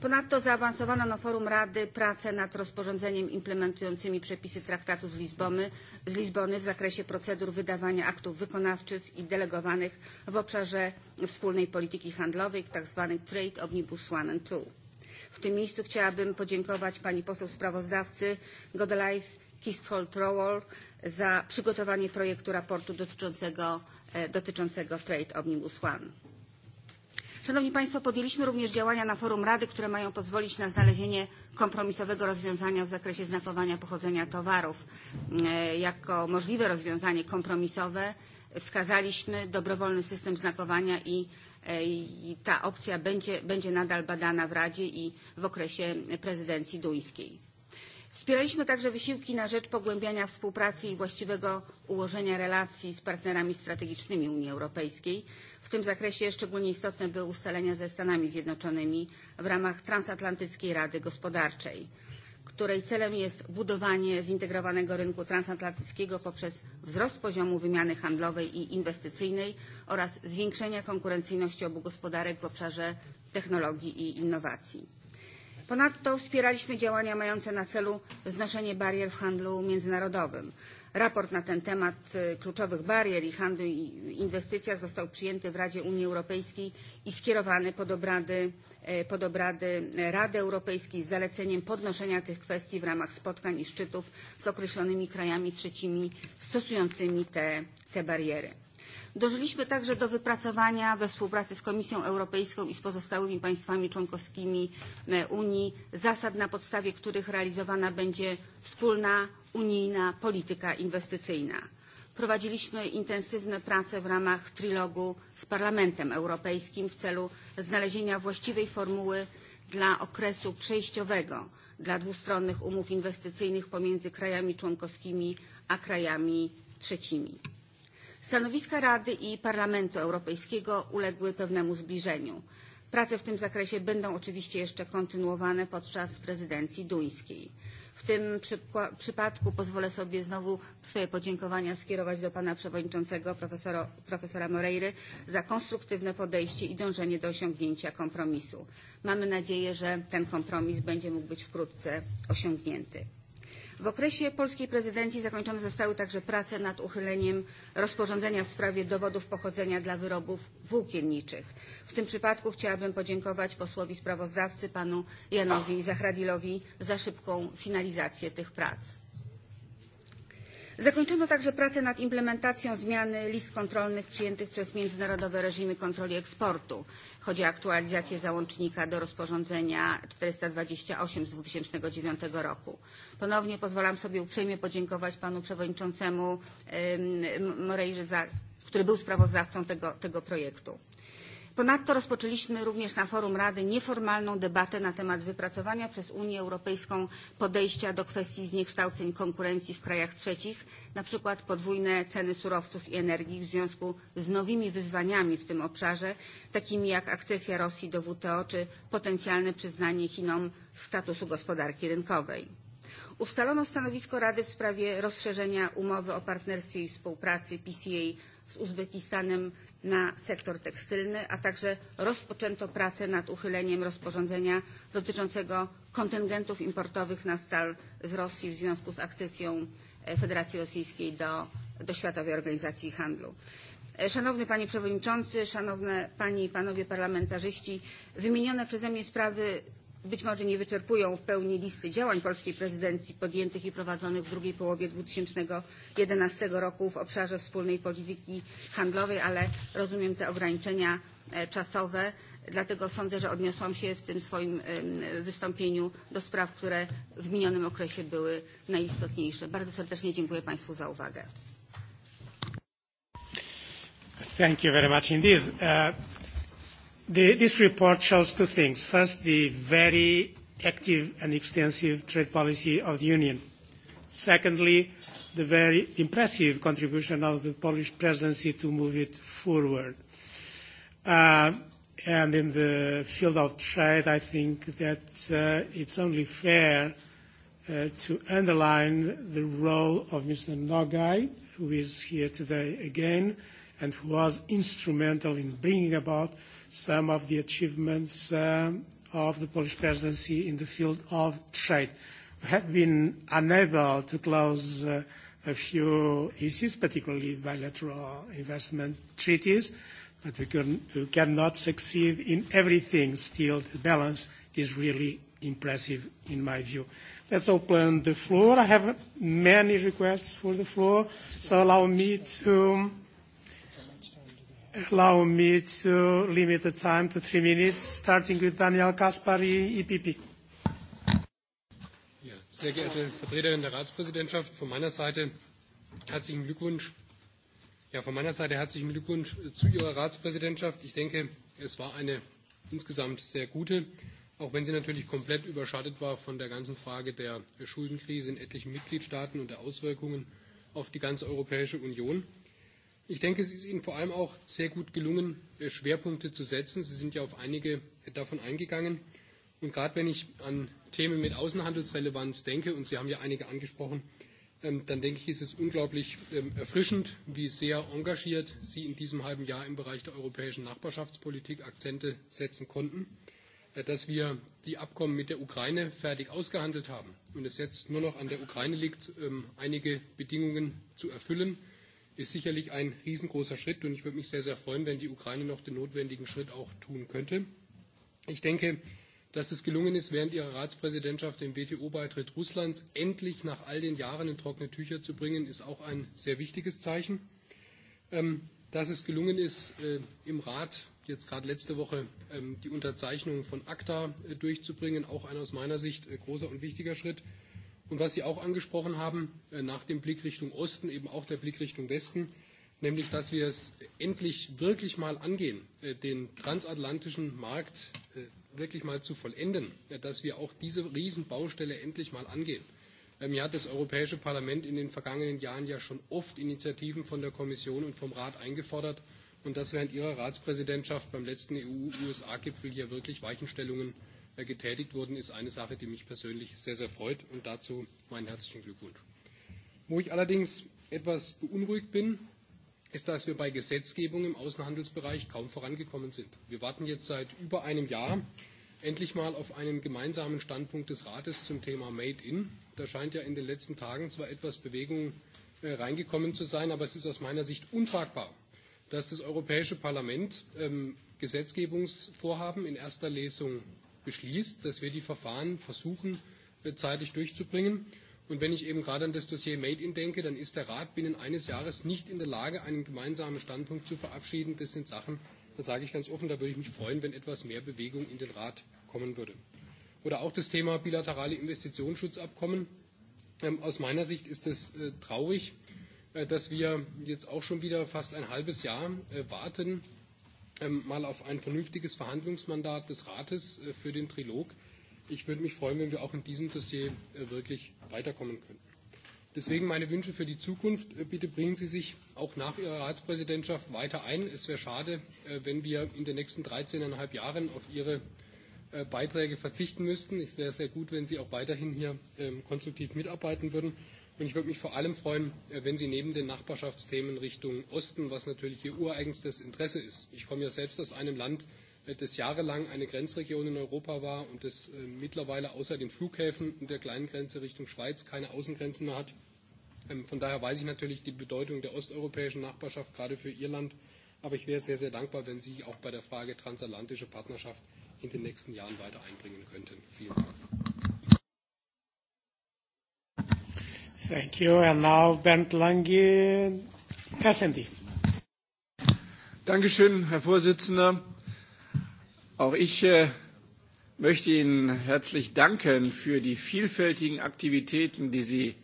Ponadto zaawansowano na forum Rady pracę nad rozporządzeniem implementującymi przepisy traktatu z Lizbony, z Lizbony w zakresie procedur wydawania aktów wykonawczych i delegowanych w obszarze wspólnej polityki handlowej, tzw. Trade Omnibus One and Two. W tym miejscu chciałabym podziękować pani poseł sprawozdawcy Godelive Kistholt Rowell za przygotowanie projektu raportu dotyczącego, dotyczącego Trade Omnibus One. Szanowni Państwo, podjęliśmy również działania na forum Rady, które mają pozwolić na znalezienie kompromisowego rozwiązania w zakresie znakowania pochodzenia towarów. Jako możliwe rozwiązanie kompromisowe wskazaliśmy dobrowolny system znakowania i ta opcja będzie, nadal badana w Radzie i w okresie prezydencji duńskiej. Wspieraliśmy także wysiłki na rzecz pogłębiania współpracy i właściwego ułożenia relacji z partnerami strategicznymi Unii Europejskiej. W tym zakresie szczególnie istotne były ustalenia ze Stanami Zjednoczonymi w ramach Transatlantyckiej Rady Gospodarczej, której celem jest budowanie zintegrowanego rynku transatlantyckiego poprzez wzrost poziomu wymiany handlowej i inwestycyjnej oraz zwiększenia konkurencyjności obu gospodarek w obszarze technologii i innowacji. Ponadto wspieraliśmy działania mające na celu znoszenie barier w handlu międzynarodowym. Raport na ten temat kluczowych barier i handlu i inwestycjach został przyjęty w Radzie Unii Europejskiej i skierowany pod obrady, pod obrady Rady Europejskiej z zaleceniem podnoszenia tych kwestii w ramach spotkań i szczytów z określonymi krajami trzecimi stosującymi te, te bariery. Dążyliśmy także do wypracowania we współpracy z Komisją Europejską i z pozostałymi państwami członkowskimi Unii zasad, na podstawie których realizowana będzie wspólna unijna polityka inwestycyjna. Prowadziliśmy intensywne prace w ramach trilogu z Parlamentem Europejskim w celu znalezienia właściwej formuły dla okresu przejściowego dla dwustronnych umów inwestycyjnych pomiędzy krajami członkowskimi a krajami trzecimi. Stanowiska Rady i Parlamentu Europejskiego uległy pewnemu zbliżeniu. Prace w tym zakresie będą oczywiście jeszcze kontynuowane podczas prezydencji duńskiej. W tym przypadku pozwolę sobie znowu swoje podziękowania skierować do pana przewodniczącego profesora Moreiry za konstruktywne podejście i dążenie do osiągnięcia kompromisu. Mamy nadzieję, że ten kompromis będzie mógł być wkrótce osiągnięty. W okresie polskiej prezydencji zakończone zostały także prace nad uchyleniem rozporządzenia w sprawie dowodów pochodzenia dla wyrobów włókienniczych. W tym przypadku chciałabym podziękować posłowi sprawozdawcy panu Janowi Zahradilowi za szybką finalizację tych prac. Zakończono także pracę nad implementacją zmiany list kontrolnych przyjętych przez międzynarodowe reżimy kontroli eksportu. Chodzi o aktualizację załącznika do rozporządzenia 428 z 2009 roku. Ponownie pozwalam sobie uprzejmie podziękować panu przewodniczącemu Moreirze, który był sprawozdawcą tego, tego projektu. Ponadto rozpoczęliśmy również na forum Rady nieformalną debatę na temat wypracowania przez Unię Europejską podejścia do kwestii zniekształceń konkurencji w krajach trzecich, na przykład podwójne ceny surowców i energii w związku z nowymi wyzwaniami w tym obszarze, takimi jak akcesja Rosji do WTO czy potencjalne przyznanie Chinom statusu gospodarki rynkowej. Ustalono stanowisko Rady w sprawie rozszerzenia umowy o partnerstwie i współpracy PCA z Uzbekistanem na sektor tekstylny, a także rozpoczęto pracę nad uchyleniem rozporządzenia dotyczącego kontyngentów importowych na stal z Rosji w związku z akcesją Federacji Rosyjskiej do, do Światowej Organizacji Handlu. Szanowny Panie Przewodniczący, Szanowne Panie i Panowie Parlamentarzyści, wymienione przeze mnie sprawy być może nie wyczerpują w pełni listy działań polskiej prezydencji podjętych i prowadzonych w drugiej połowie 2011 roku w obszarze wspólnej polityki handlowej, ale rozumiem te ograniczenia czasowe. Dlatego sądzę, że odniosłam się w tym swoim wystąpieniu do spraw, które w minionym okresie były najistotniejsze. Bardzo serdecznie dziękuję Państwu za uwagę. Thank you very much indeed. Uh, The, this report shows two things. First, the very active and extensive trade policy of the Union. Secondly, the very impressive contribution of the Polish presidency to move it forward. and in the field of trade, I think that uh, it's only fair to underline the role of Mr. Nogai, who is here today again, and who was instrumental in bringing about some of the achievements of the Polish presidency in the field of trade. We have been unable to close a few issues, particularly bilateral investment treaties, but we, can, we cannot succeed in everything. Still, the balance is really impressive in my view. Let's open the floor. I have many requests for the floor, so allow me to allow me to limit the time to three minutes, starting with Daniel Kaspari, EPP. Ja, sehr geehrte Vertreterin der Ratspräsidentschaft, von meiner Seite herzlichen Glückwunsch. Ja, von meiner Seite herzlichen Glückwunsch zu Ihrer Ratspräsidentschaft. Ich denke, es war eine insgesamt sehr gute, auch wenn sie natürlich komplett überschattet war von der ganzen Frage der Schuldenkrise in etlichen Mitgliedstaaten und der Auswirkungen auf die ganze Europäische Union. Ich denke, es ist Ihnen vor allem auch sehr gut gelungen, Schwerpunkte zu setzen. Sie sind ja auf einige davon eingegangen. Und gerade wenn ich an Themen mit Außenhandelsrelevanz denke, und Sie haben ja einige angesprochen, dann denke ich, ist es unglaublich erfrischend, wie sehr engagiert Sie in diesem halben Jahr im Bereich der europäischen Nachbarschaftspolitik Akzente setzen konnten, dass wir die Abkommen mit der Ukraine fertig ausgehandelt haben und es jetzt nur noch an der Ukraine liegt, einige Bedingungen zu erfüllen ist sicherlich ein riesengroßer Schritt und ich würde mich sehr, sehr freuen, wenn die Ukraine noch den notwendigen Schritt auch tun könnte. Ich denke, dass es gelungen ist, während ihrer Ratspräsidentschaft den WTO-Beitritt Russlands endlich nach all den Jahren in trockene Tücher zu bringen, ist auch ein sehr wichtiges Zeichen. dass es gelungen ist, im Rat jetzt gerade letzte Woche die Unterzeichnung von ACTA durchzubringen, auch ein aus meiner Sicht großer und wichtiger Schritt. Und was Sie auch angesprochen haben, nach dem Blick Richtung Osten eben auch der Blick Richtung Westen, nämlich dass wir es endlich wirklich mal angehen, den transatlantischen Markt wirklich mal zu vollenden, dass wir auch diese Riesenbaustelle endlich mal angehen. Mir hat das Europäische Parlament in den vergangenen Jahren ja schon oft Initiativen von der Kommission und vom Rat eingefordert und dass während Ihrer Ratspräsidentschaft beim letzten EU-USA-Gipfel hier wirklich Weichenstellungen getätigt wurden, ist eine Sache, die mich persönlich sehr, sehr freut. Und dazu meinen herzlichen Glückwunsch. Wo ich allerdings etwas beunruhigt bin, ist, dass wir bei Gesetzgebung im Außenhandelsbereich kaum vorangekommen sind. Wir warten jetzt seit über einem Jahr endlich mal auf einen gemeinsamen Standpunkt des Rates zum Thema Made in. Da scheint ja in den letzten Tagen zwar etwas Bewegung reingekommen zu sein, aber es ist aus meiner Sicht untragbar, dass das Europäische Parlament Gesetzgebungsvorhaben in erster Lesung beschließt, dass wir die Verfahren versuchen, zeitig durchzubringen. Und wenn ich eben gerade an das Dossier Made in denke, dann ist der Rat binnen eines Jahres nicht in der Lage, einen gemeinsamen Standpunkt zu verabschieden. Das sind Sachen, da sage ich ganz offen, da würde ich mich freuen, wenn etwas mehr Bewegung in den Rat kommen würde. Oder auch das Thema bilaterale Investitionsschutzabkommen. Aus meiner Sicht ist es traurig, dass wir jetzt auch schon wieder fast ein halbes Jahr warten mal auf ein vernünftiges Verhandlungsmandat des Rates für den Trilog. Ich würde mich freuen, wenn wir auch in diesem Dossier wirklich weiterkommen könnten. Deswegen meine Wünsche für die Zukunft. Bitte bringen Sie sich auch nach Ihrer Ratspräsidentschaft weiter ein. Es wäre schade, wenn wir in den nächsten 13,5 Jahren auf Ihre Beiträge verzichten müssten. Es wäre sehr gut, wenn Sie auch weiterhin hier konstruktiv mitarbeiten würden. Und ich würde mich vor allem freuen, wenn Sie neben den Nachbarschaftsthemen Richtung Osten, was natürlich Ihr ureigenstes Interesse ist, ich komme ja selbst aus einem Land, das jahrelang eine Grenzregion in Europa war und das mittlerweile außer den Flughäfen und der kleinen Grenze Richtung Schweiz keine Außengrenzen mehr hat. Von daher weiß ich natürlich die Bedeutung der osteuropäischen Nachbarschaft gerade für Ihr Land. Aber ich wäre sehr, sehr dankbar, wenn Sie auch bei der Frage transatlantische Partnerschaft in den nächsten Jahren weiter einbringen könnten. Vielen Dank. Thank you. And now Bernd Lange, SND. Dankeschön, Herr Vorsitzender. Auch ich möchte Ihnen herzlich danken für die vielfältigen Aktivitäten, die Sie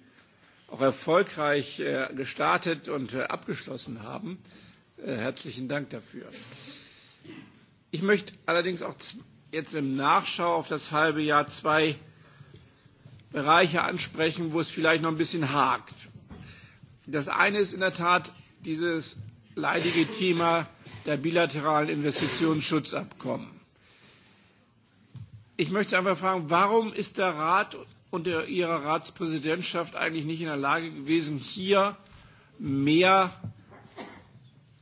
auch erfolgreich gestartet und abgeschlossen haben. Herzlichen Dank dafür. Ich möchte allerdings auch jetzt im Nachschau auf das halbe Jahr zwei Bereiche ansprechen, wo es vielleicht noch ein bisschen hakt. Das eine ist in der Tat dieses leidige Thema der bilateralen Investitionsschutzabkommen. Ich möchte einfach fragen, warum ist der Rat unter Ihrer Ratspräsidentschaft eigentlich nicht in der Lage gewesen, hier mehr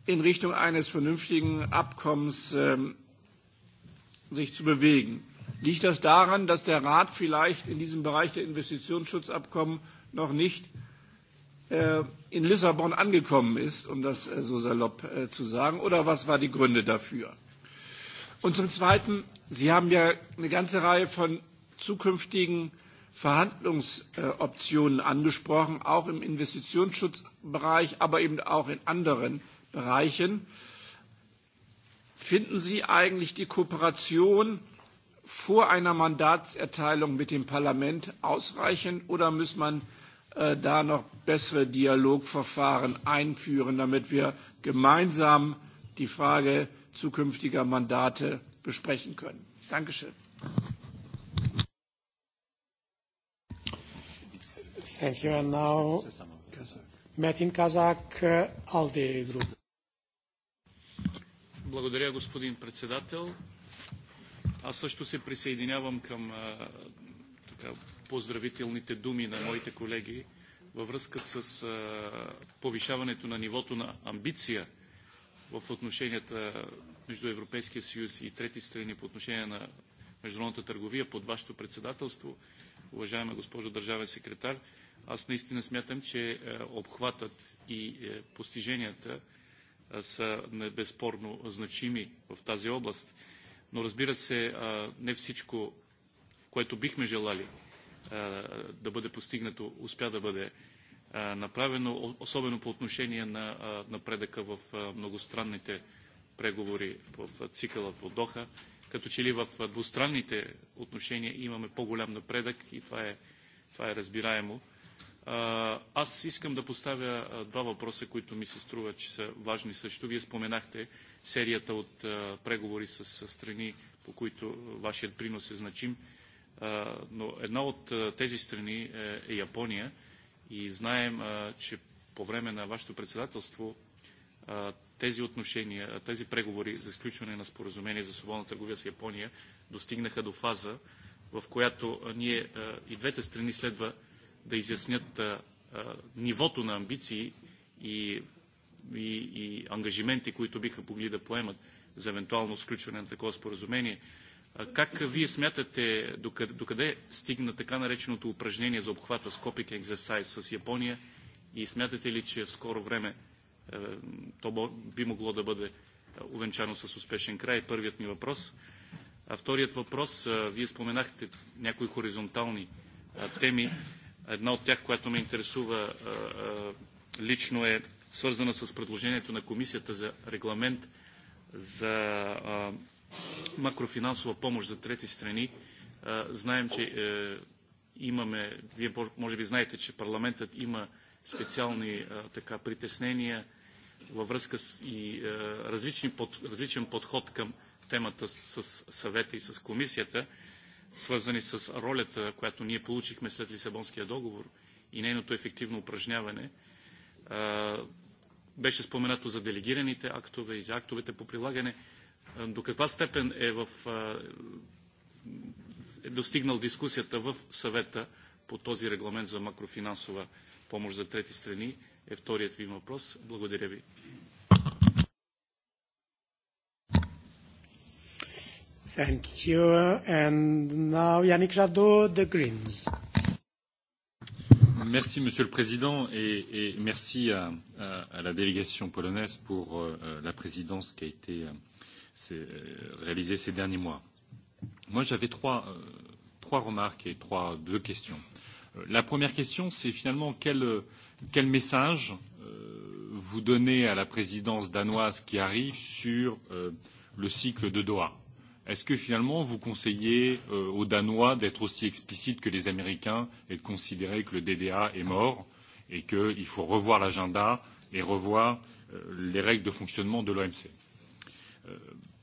in Richtung eines vernünftigen Abkommens sich zu bewegen? Liegt das daran, dass der Rat vielleicht in diesem Bereich der Investitionsschutzabkommen noch nicht in Lissabon angekommen ist, um das so salopp zu sagen? Oder was waren die Gründe dafür? Und zum Zweiten, Sie haben ja eine ganze Reihe von zukünftigen Verhandlungsoptionen angesprochen, auch im Investitionsschutzbereich, aber eben auch in anderen Bereichen. Finden Sie eigentlich die Kooperation vor einer Mandatserteilung mit dem Parlament ausreichen oder muss man da noch bessere Dialogverfahren einführen, damit wir gemeinsam die Frage zukünftiger Mandate besprechen können? Dankeschön. Thank you. And now, Kazak, Group. Благодаря, господин председател. Аз също се присъединявам към така, поздравителните думи на моите колеги във връзка с повишаването на нивото на амбиция в отношенията между Европейския съюз и трети страни по отношение на международната търговия под вашето председателство, уважаема госпожо държавен секретар. Аз наистина смятам, че е, обхватът и е, постиженията са е, безспорно значими в тази област. Но разбира се, не всичко, което бихме желали да бъде постигнато, успя да бъде направено, особено по отношение на напредъка в многостранните преговори в цикъла по Доха. Като че ли в двустранните отношения имаме по-голям напредък и това е, това е разбираемо. Аз искам да поставя два въпроса, които ми се струва, че са важни също. Вие споменахте серията от преговори с страни, по които вашият принос е значим. Но една от тези страни е, е Япония и знаем, че по време на вашето председателство тези отношения, тези преговори за сключване на споразумение за свободна търговия с Япония достигнаха до фаза, в която ние и двете страни следва да изяснят нивото на амбиции и и, и ангажименти, които биха могли да поемат за евентуално сключване на такова споразумение. Как вие смятате, докъде, докъде стигна така нареченото упражнение за обхвата копик Exercise с Япония и смятате ли, че в скоро време е, то би могло да бъде е, увенчано с успешен край? Първият ми въпрос. А вторият въпрос, е, вие споменахте някои хоризонтални е, теми. Една от тях, която ме интересува лично е свързана с предложението на Комисията за регламент за макрофинансова помощ за трети страни. Знаем, че е, имаме, вие може би знаете, че парламентът има специални така притеснения във връзка с и е, а, под, различен подход към темата с съвета и с комисията, свързани с ролята, която ние получихме след Лисабонския договор и нейното ефективно упражняване. Беше споменато за делегираните актове и за актовете по прилагане. До каква степен е, в, е достигнал дискусията в съвета по този регламент за макрофинансова помощ за трети страни е вторият ви въпрос. Благодаря ви. Thank you. And now Yannick Jadot, The Greens. Merci, Monsieur le Président, et, merci à, la délégation polonaise pour la présidence qui a été réalisée ces derniers mois. Moi, j'avais trois, remarques et deux questions. La première question, c'est finalement quel, message vous donnez à la présidence danoise qui arrive sur le cycle de Doha Est-ce que finalement vous conseillez aux Danois d'être aussi explicites que les Américains et de considérer que le DDA est mort et qu'il faut revoir l'agenda et revoir les règles de fonctionnement de l'OMC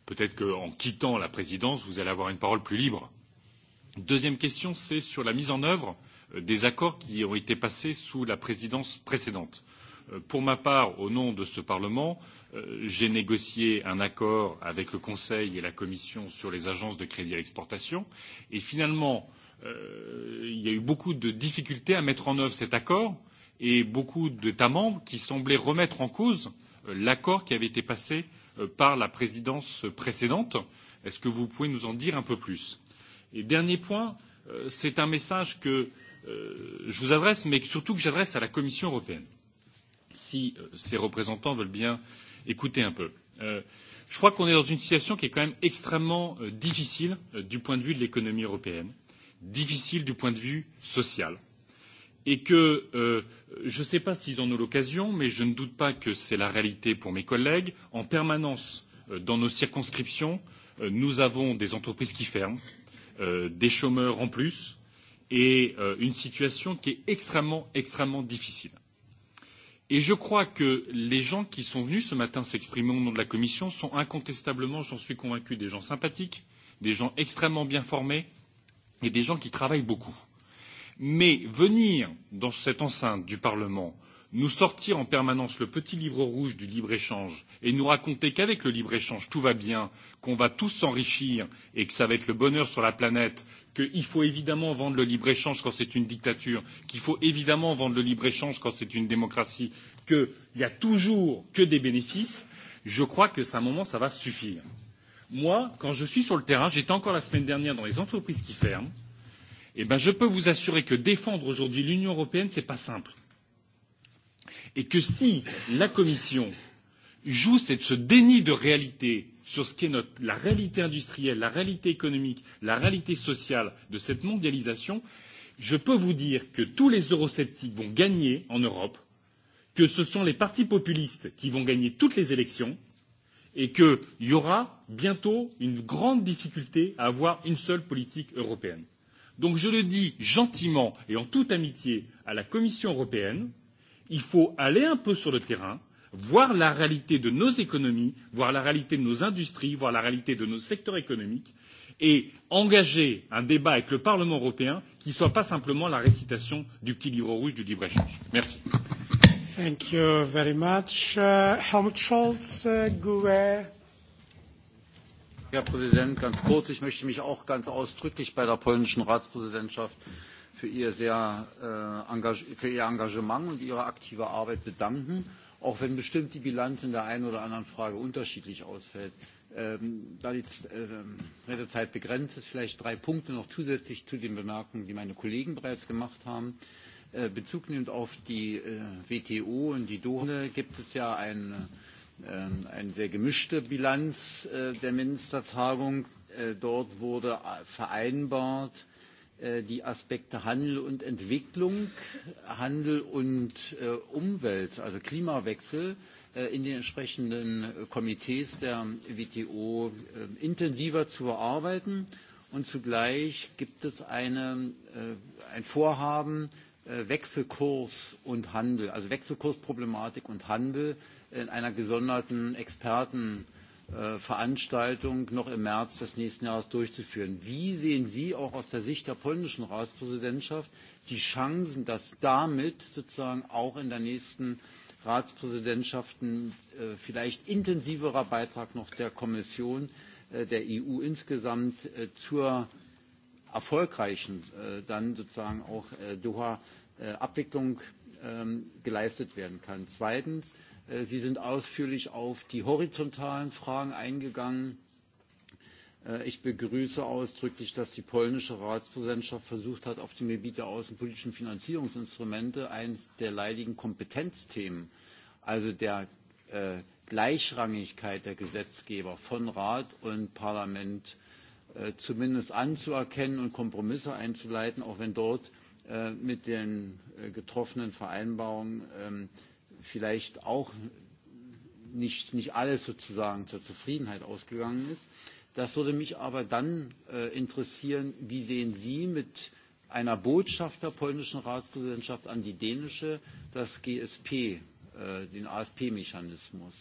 Peut-être qu'en quittant la présidence, vous allez avoir une parole plus libre. Deuxième question, c'est sur la mise en œuvre des accords qui ont été passés sous la présidence précédente. Pour ma part, au nom de ce Parlement, euh, j'ai négocié un accord avec le Conseil et la Commission sur les agences de crédit à l'exportation. Et finalement, il y a eu beaucoup de difficultés à mettre en œuvre cet accord et beaucoup d'États membres qui semblaient remettre en cause l'accord qui avait été passé par la présidence précédente. Est-ce que vous pouvez nous en dire un peu plus Et dernier point, c'est un message que je vous adresse, mais surtout que j'adresse à la Commission européenne. Si ses représentants veulent bien écoutez un peu. je crois qu'on est dans une situation qui est quand même extrêmement difficile du point de vue de l'économie européenne, difficile du point de vue social, et que je ne sais pas s'ils en ont l'occasion, mais je ne doute pas que c'est la réalité pour mes collègues. En permanence, dans nos circonscriptions, nous avons des entreprises qui ferment, des chômeurs en plus, et une situation qui est extrêmement, extrêmement difficile. Et je crois que les gens qui sont venus ce matin s'exprimer au nom de la Commission sont incontestablement, j'en suis convaincu, des gens sympathiques, des gens extrêmement bien formés et des gens qui travaillent beaucoup. Mais venir dans cette enceinte du Parlement, nous sortir en permanence le petit livre rouge du libre-échange et nous raconter qu'avec le libre-échange tout va bien, qu'on va tous s'enrichir et que ça va être le bonheur sur la planète, qu'il faut évidemment vendre le libre-échange quand c'est une dictature, qu'il faut évidemment vendre le libre-échange quand c'est une démocratie, qu'il n'y a toujours que des bénéfices, je crois que c'est un moment, ça va suffire. Moi, quand je suis sur le terrain, j'étais encore la semaine dernière dans les entreprises qui ferment, eh ben, je peux vous assurer que défendre aujourd'hui l'Union européenne, ce n'est pas simple. Et que si la Commission joue ce déni de réalité sur ce qu'est la réalité industrielle, la réalité économique, la réalité sociale de cette mondialisation, je peux vous dire que tous les eurosceptiques vont gagner en Europe, que ce sont les partis populistes qui vont gagner toutes les élections et qu'il y aura bientôt une grande difficulté à avoir une seule politique européenne. Donc je le dis gentiment et en toute amitié à la Commission européenne, il faut aller un peu sur le terrain, voir la réalité de nos économies, voir la réalité de nos industries, voir la réalité de nos secteurs économiques et engager un débat avec le Parlement européen qui ne soit pas simplement la récitation du petit livre rouge du libre échange. Merci. Thank you very much. Uh, Helmut Scholz, uh, Herr Präsident, ganz kurz, ich möchte mich auch ganz ausdrücklich bei der polnischen Ratspräsidentschaft für ihr, sehr, äh, für ihr Engagement und ihre aktive Arbeit bedanken auch wenn bestimmt die Bilanz in der einen oder anderen Frage unterschiedlich ausfällt. Da die Redezeit begrenzt ist, vielleicht drei Punkte noch zusätzlich zu den Bemerkungen, die meine Kollegen bereits gemacht haben. Bezug nimmt auf die WTO und die Doha gibt es ja eine, sehr gemischte Bilanz der Ministertagung. Dort wurde vereinbart, die Aspekte Handel und Entwicklung, Handel und Umwelt, also Klimawechsel, in den entsprechenden Komitees der WTO intensiver zu bearbeiten. Und zugleich gibt es ein Vorhaben, Wechselkurs und Handel, also Wechselkursproblematik und Handel in einer gesonderten Experten Veranstaltung noch im März des nächsten Jahres durchzuführen. Wie sehen Sie auch aus der Sicht der polnischen Ratspräsidentschaft die Chancen, dass damit sozusagen auch in der nächsten Ratspräsidentschaften vielleicht intensiverer Beitrag noch der Kommission, der EU insgesamt zur erfolgreichen dann sozusagen auch Doha Abwicklung geleistet werden kann. Zweitens Sie sind ausführlich auf die horizontalen Fragen eingegangen. Ich begrüße ausdrücklich, dass die polnische Ratspräsidentschaft versucht hat, auf dem Gebiet der außenpolitischen Finanzierungsinstrumente eines der leidigen Kompetenzthemen, also der Gleichrangigkeit der Gesetzgeber von Rat und Parlament zumindest anzuerkennen und Kompromisse einzuleiten, auch wenn dort mit den getroffenen Vereinbarungen vielleicht auch nicht, nicht alles sozusagen zur Zufriedenheit ausgegangen ist. Das würde mich aber dann interessieren, wie sehen Sie mit einer Botschaft der polnischen Ratspräsidentschaft an die dänische, das GSP, den ASP-Mechanismus.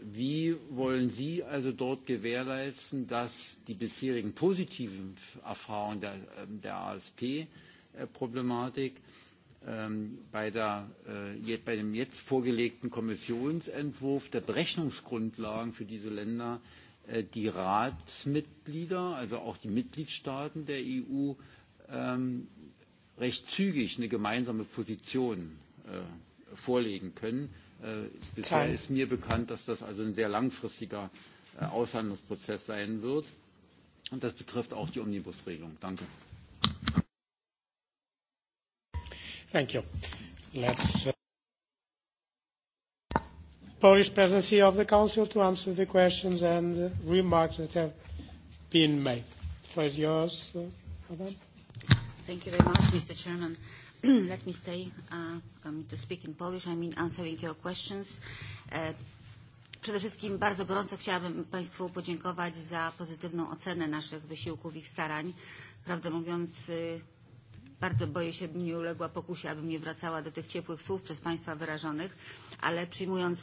Wie wollen Sie also dort gewährleisten, dass die bisherigen positiven Erfahrungen der, ASP-Problematik bei, dem jetzt vorgelegten Kommissionsentwurf der Berechnungsgrundlagen für diese Länder die Ratsmitglieder, also auch die Mitgliedstaaten der EU, recht zügig eine gemeinsame Position vorlegen können. Bisher ist mir bekannt, dass das also ein sehr langfristiger Aushandlungsprozess sein wird. Und das betrifft auch die Omnibusregelung. Danke. Thank you. Let's Polish presidency of the Council to answer the questions and remarks that have been made. The floor is yours, Madam. Thank you very much, Mr. Chairman. Let me say, stay um, to speak in Polish, I mean answering your questions. Przede wszystkim bardzo gorąco chciałabym Państwu podziękować za pozytywną ocenę naszych wysiłków, i starań. Prawdę mówiąc, Bardzo boję się, bym nie uległa pokusie, abym nie wracała do tych ciepłych słów przez Państwa wyrażonych, ale przyjmując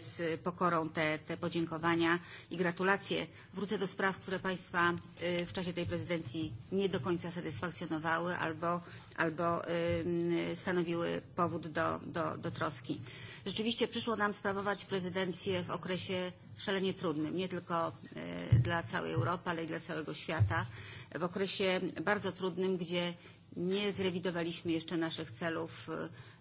z pokorą te, te podziękowania i gratulacje, wrócę do spraw, które Państwa w czasie tej prezydencji nie do końca satysfakcjonowały albo, albo stanowiły powód do, do, do troski. Rzeczywiście przyszło nam sprawować prezydencję w okresie szalenie trudnym, nie tylko dla całej Europy, ale i dla całego świata w okresie bardzo trudnym, gdzie nie zrewidowaliśmy jeszcze naszych celów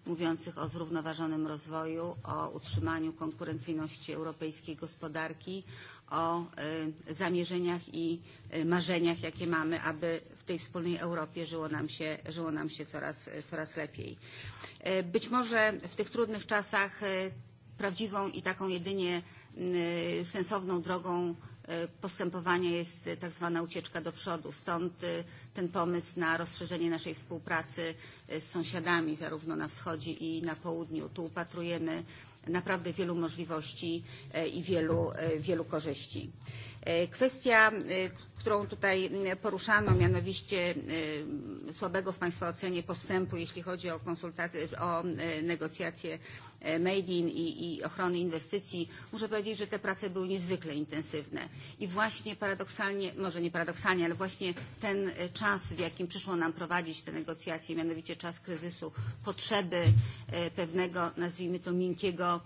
mówiących o zrównoważonym rozwoju, o utrzymaniu konkurencyjności europejskiej gospodarki, o zamierzeniach i marzeniach, jakie mamy, aby w tej wspólnej Europie żyło nam się, żyło nam się coraz, coraz lepiej. Być może w tych trudnych czasach prawdziwą i taką jedynie sensowną drogą postępowania jest tak zwana ucieczka do przodu. Stąd ten pomysł na rozszerzenie naszej współpracy z sąsiadami zarówno na wschodzie i na południu. Tu upatrujemy naprawdę wielu możliwości i wielu, wielu korzyści. Kwestia którą tutaj poruszano, mianowicie słabego w Państwa ocenie postępu, jeśli chodzi o, konsultacje, o negocjacje made in i, i ochrony inwestycji, muszę powiedzieć, że te prace były niezwykle intensywne. I właśnie paradoksalnie, może nie paradoksalnie, ale właśnie ten czas, w jakim przyszło nam prowadzić te negocjacje, mianowicie czas kryzysu, potrzeby pewnego, nazwijmy to, miękkiego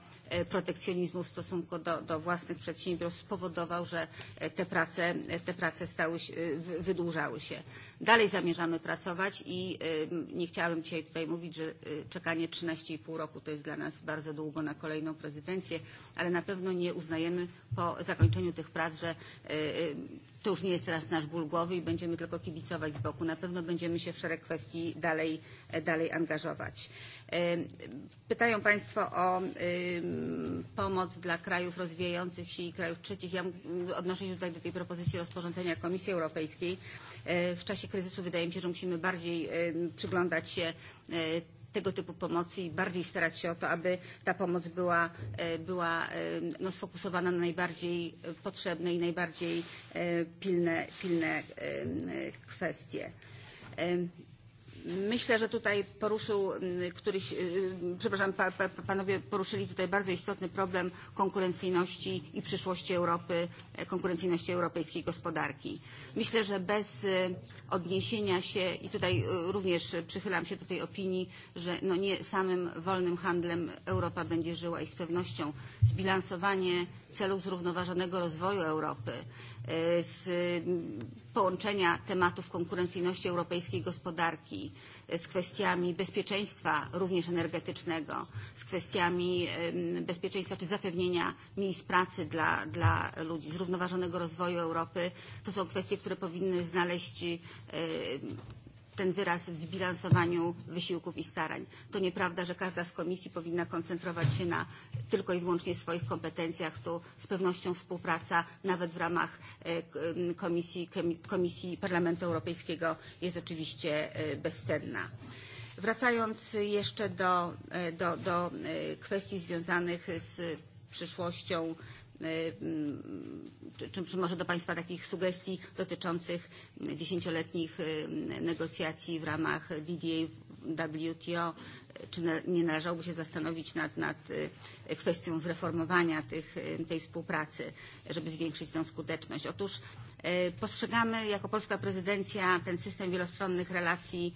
protekcjonizmu w stosunku do, do własnych przedsiębiorstw spowodował, że te prace, te prace prace stały się, wydłużały się. Dalej zamierzamy pracować i nie chciałabym dzisiaj tutaj mówić, że czekanie 13,5 roku to jest dla nas bardzo długo na kolejną prezydencję, ale na pewno nie uznajemy po zakończeniu tych prac, że to już nie jest teraz nasz ból głowy i będziemy tylko kibicować z boku. Na pewno będziemy się w szereg kwestii dalej, dalej angażować. Pytają Państwo o pomoc dla krajów rozwijających się i krajów trzecich. Ja odnoszę się tutaj do tej propozycji rozporządzenia Komisji Europejskiej. W czasie kryzysu wydaje mi się, że musimy bardziej przyglądać się tego typu pomocy i bardziej starać się o to, aby ta pomoc była, była no, sfokusowana na najbardziej potrzebne i najbardziej pilne, pilne kwestie. Myślę, że tutaj poruszył któryś, przepraszam, panowie poruszyli tutaj bardzo istotny problem konkurencyjności i przyszłości Europy, konkurencyjności europejskiej gospodarki. Myślę, że bez odniesienia się i tutaj również przychylam się do tej opinii, że no nie samym wolnym handlem Europa będzie żyła i z pewnością zbilansowanie celów zrównoważonego rozwoju Europy, z połączenia tematów konkurencyjności europejskiej gospodarki z kwestiami bezpieczeństwa również energetycznego, z kwestiami bezpieczeństwa czy zapewnienia miejsc pracy dla, dla ludzi, zrównoważonego rozwoju Europy. To są kwestie, które powinny znaleźć ten wyraz w zbilansowaniu wysiłków i starań. To nieprawda, że każda z komisji powinna koncentrować się na tylko i wyłącznie swoich kompetencjach. Tu z pewnością współpraca nawet w ramach Komisji, Komisji Parlamentu Europejskiego jest oczywiście bezcenna. Wracając jeszcze do, do, do kwestii związanych z przyszłością czy może do Państwa takich sugestii dotyczących dziesięcioletnich negocjacji w ramach DDA, WTO, czy nie należałoby się zastanowić nad, nad kwestią zreformowania tych, tej współpracy, żeby zwiększyć tę skuteczność? Otóż postrzegamy jako polska prezydencja ten system wielostronnych relacji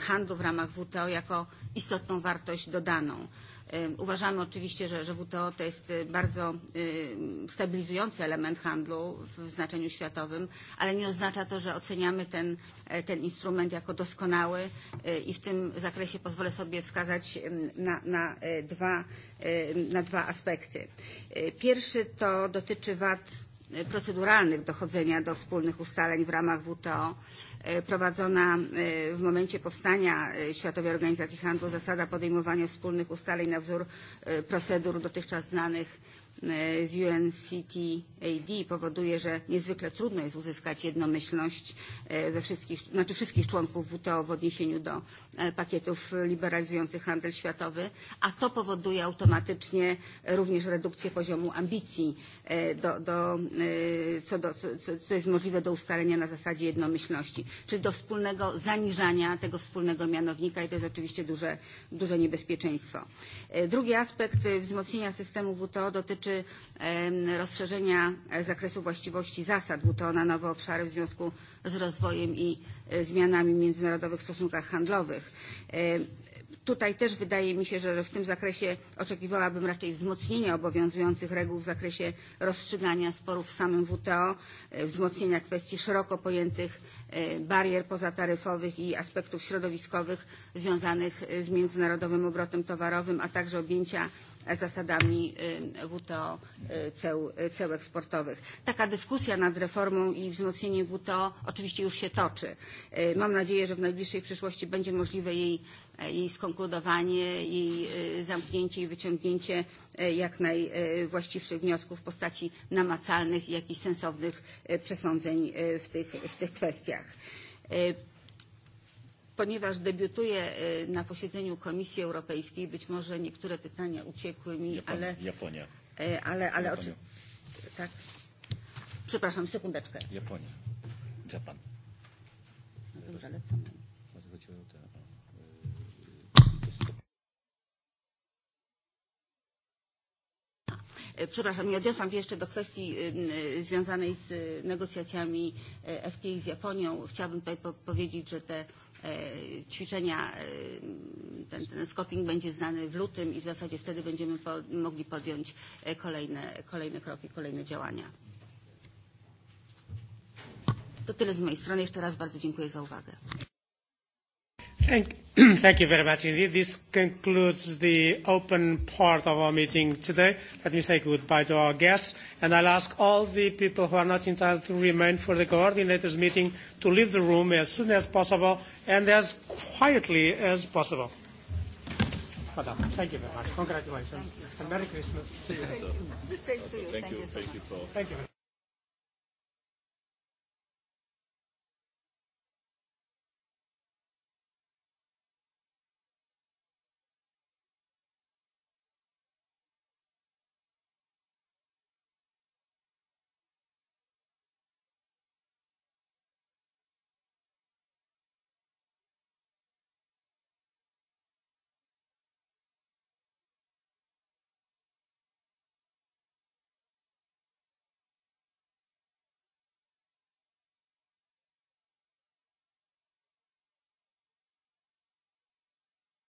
handlu w ramach WTO jako istotną wartość dodaną. Uważamy oczywiście, że, że WTO to jest bardzo stabilizujący element handlu w znaczeniu światowym, ale nie oznacza to, że oceniamy ten, ten instrument jako doskonały i w tym zakresie pozwolę sobie wskazać na, na, dwa, na dwa aspekty. Pierwszy to dotyczy wad proceduralnych dochodzenia do wspólnych ustaleń w ramach WTO prowadzona w momencie powstania Światowej Organizacji Handlu zasada podejmowania wspólnych ustaleń na wzór procedur dotychczas znanych z UNCTAD powoduje, że niezwykle trudno jest uzyskać jednomyślność we wszystkich, znaczy wszystkich członków WTO w odniesieniu do pakietów liberalizujących handel światowy, a to powoduje automatycznie również redukcję poziomu ambicji, do, do, co, do, co, co jest możliwe do ustalenia na zasadzie jednomyślności, czy do wspólnego zaniżania tego wspólnego mianownika i to jest oczywiście duże, duże niebezpieczeństwo. Drugi aspekt wzmocnienia systemu WTO dotyczy dotyczy rozszerzenia zakresu właściwości zasad WTO na nowe obszary w związku z rozwojem i zmianami w międzynarodowych stosunkach handlowych. Tutaj też wydaje mi się, że w tym zakresie oczekiwałabym raczej wzmocnienia obowiązujących reguł w zakresie rozstrzygania sporów w samym WTO, wzmocnienia kwestii szeroko pojętych barier pozataryfowych i aspektów środowiskowych związanych z międzynarodowym obrotem towarowym, a także objęcia zasadami WTO ceł, ceł eksportowych. Taka dyskusja nad reformą i wzmocnieniem WTO oczywiście już się toczy. Mam nadzieję, że w najbliższej przyszłości będzie możliwe jej, jej skonkludowanie, jej zamknięcie i wyciągnięcie jak najwłaściwszych wniosków w postaci namacalnych i jakichś sensownych przesądzeń w tych, w tych kwestiach ponieważ debiutuję na posiedzeniu Komisji Europejskiej, być może niektóre pytania uciekły mi, ale... Japonia. Ale, ale oczy... tak. Przepraszam, sekundeczkę. Japonia. Japan. No dobrze, ale co przepraszam, nie odniosłam się jeszcze do kwestii związanej z negocjacjami FTI z Japonią. Chciałabym tutaj powiedzieć, że te ćwiczenia, ten, ten scoping będzie znany w lutym i w zasadzie wtedy będziemy po, mogli podjąć kolejne, kolejne kroki, kolejne działania. To tyle z mojej strony. Jeszcze raz bardzo dziękuję za uwagę. Thank, thank you very much indeed. This concludes the open part of our meeting today. Let me say goodbye to our guests, and I'll ask all the people who are not entitled to remain for the coordinators' meeting to leave the room as soon as possible and as quietly as possible. Madam, thank you very much. Congratulations. And Merry Christmas to you. The same to you. Thank you. Thank you. Thank you.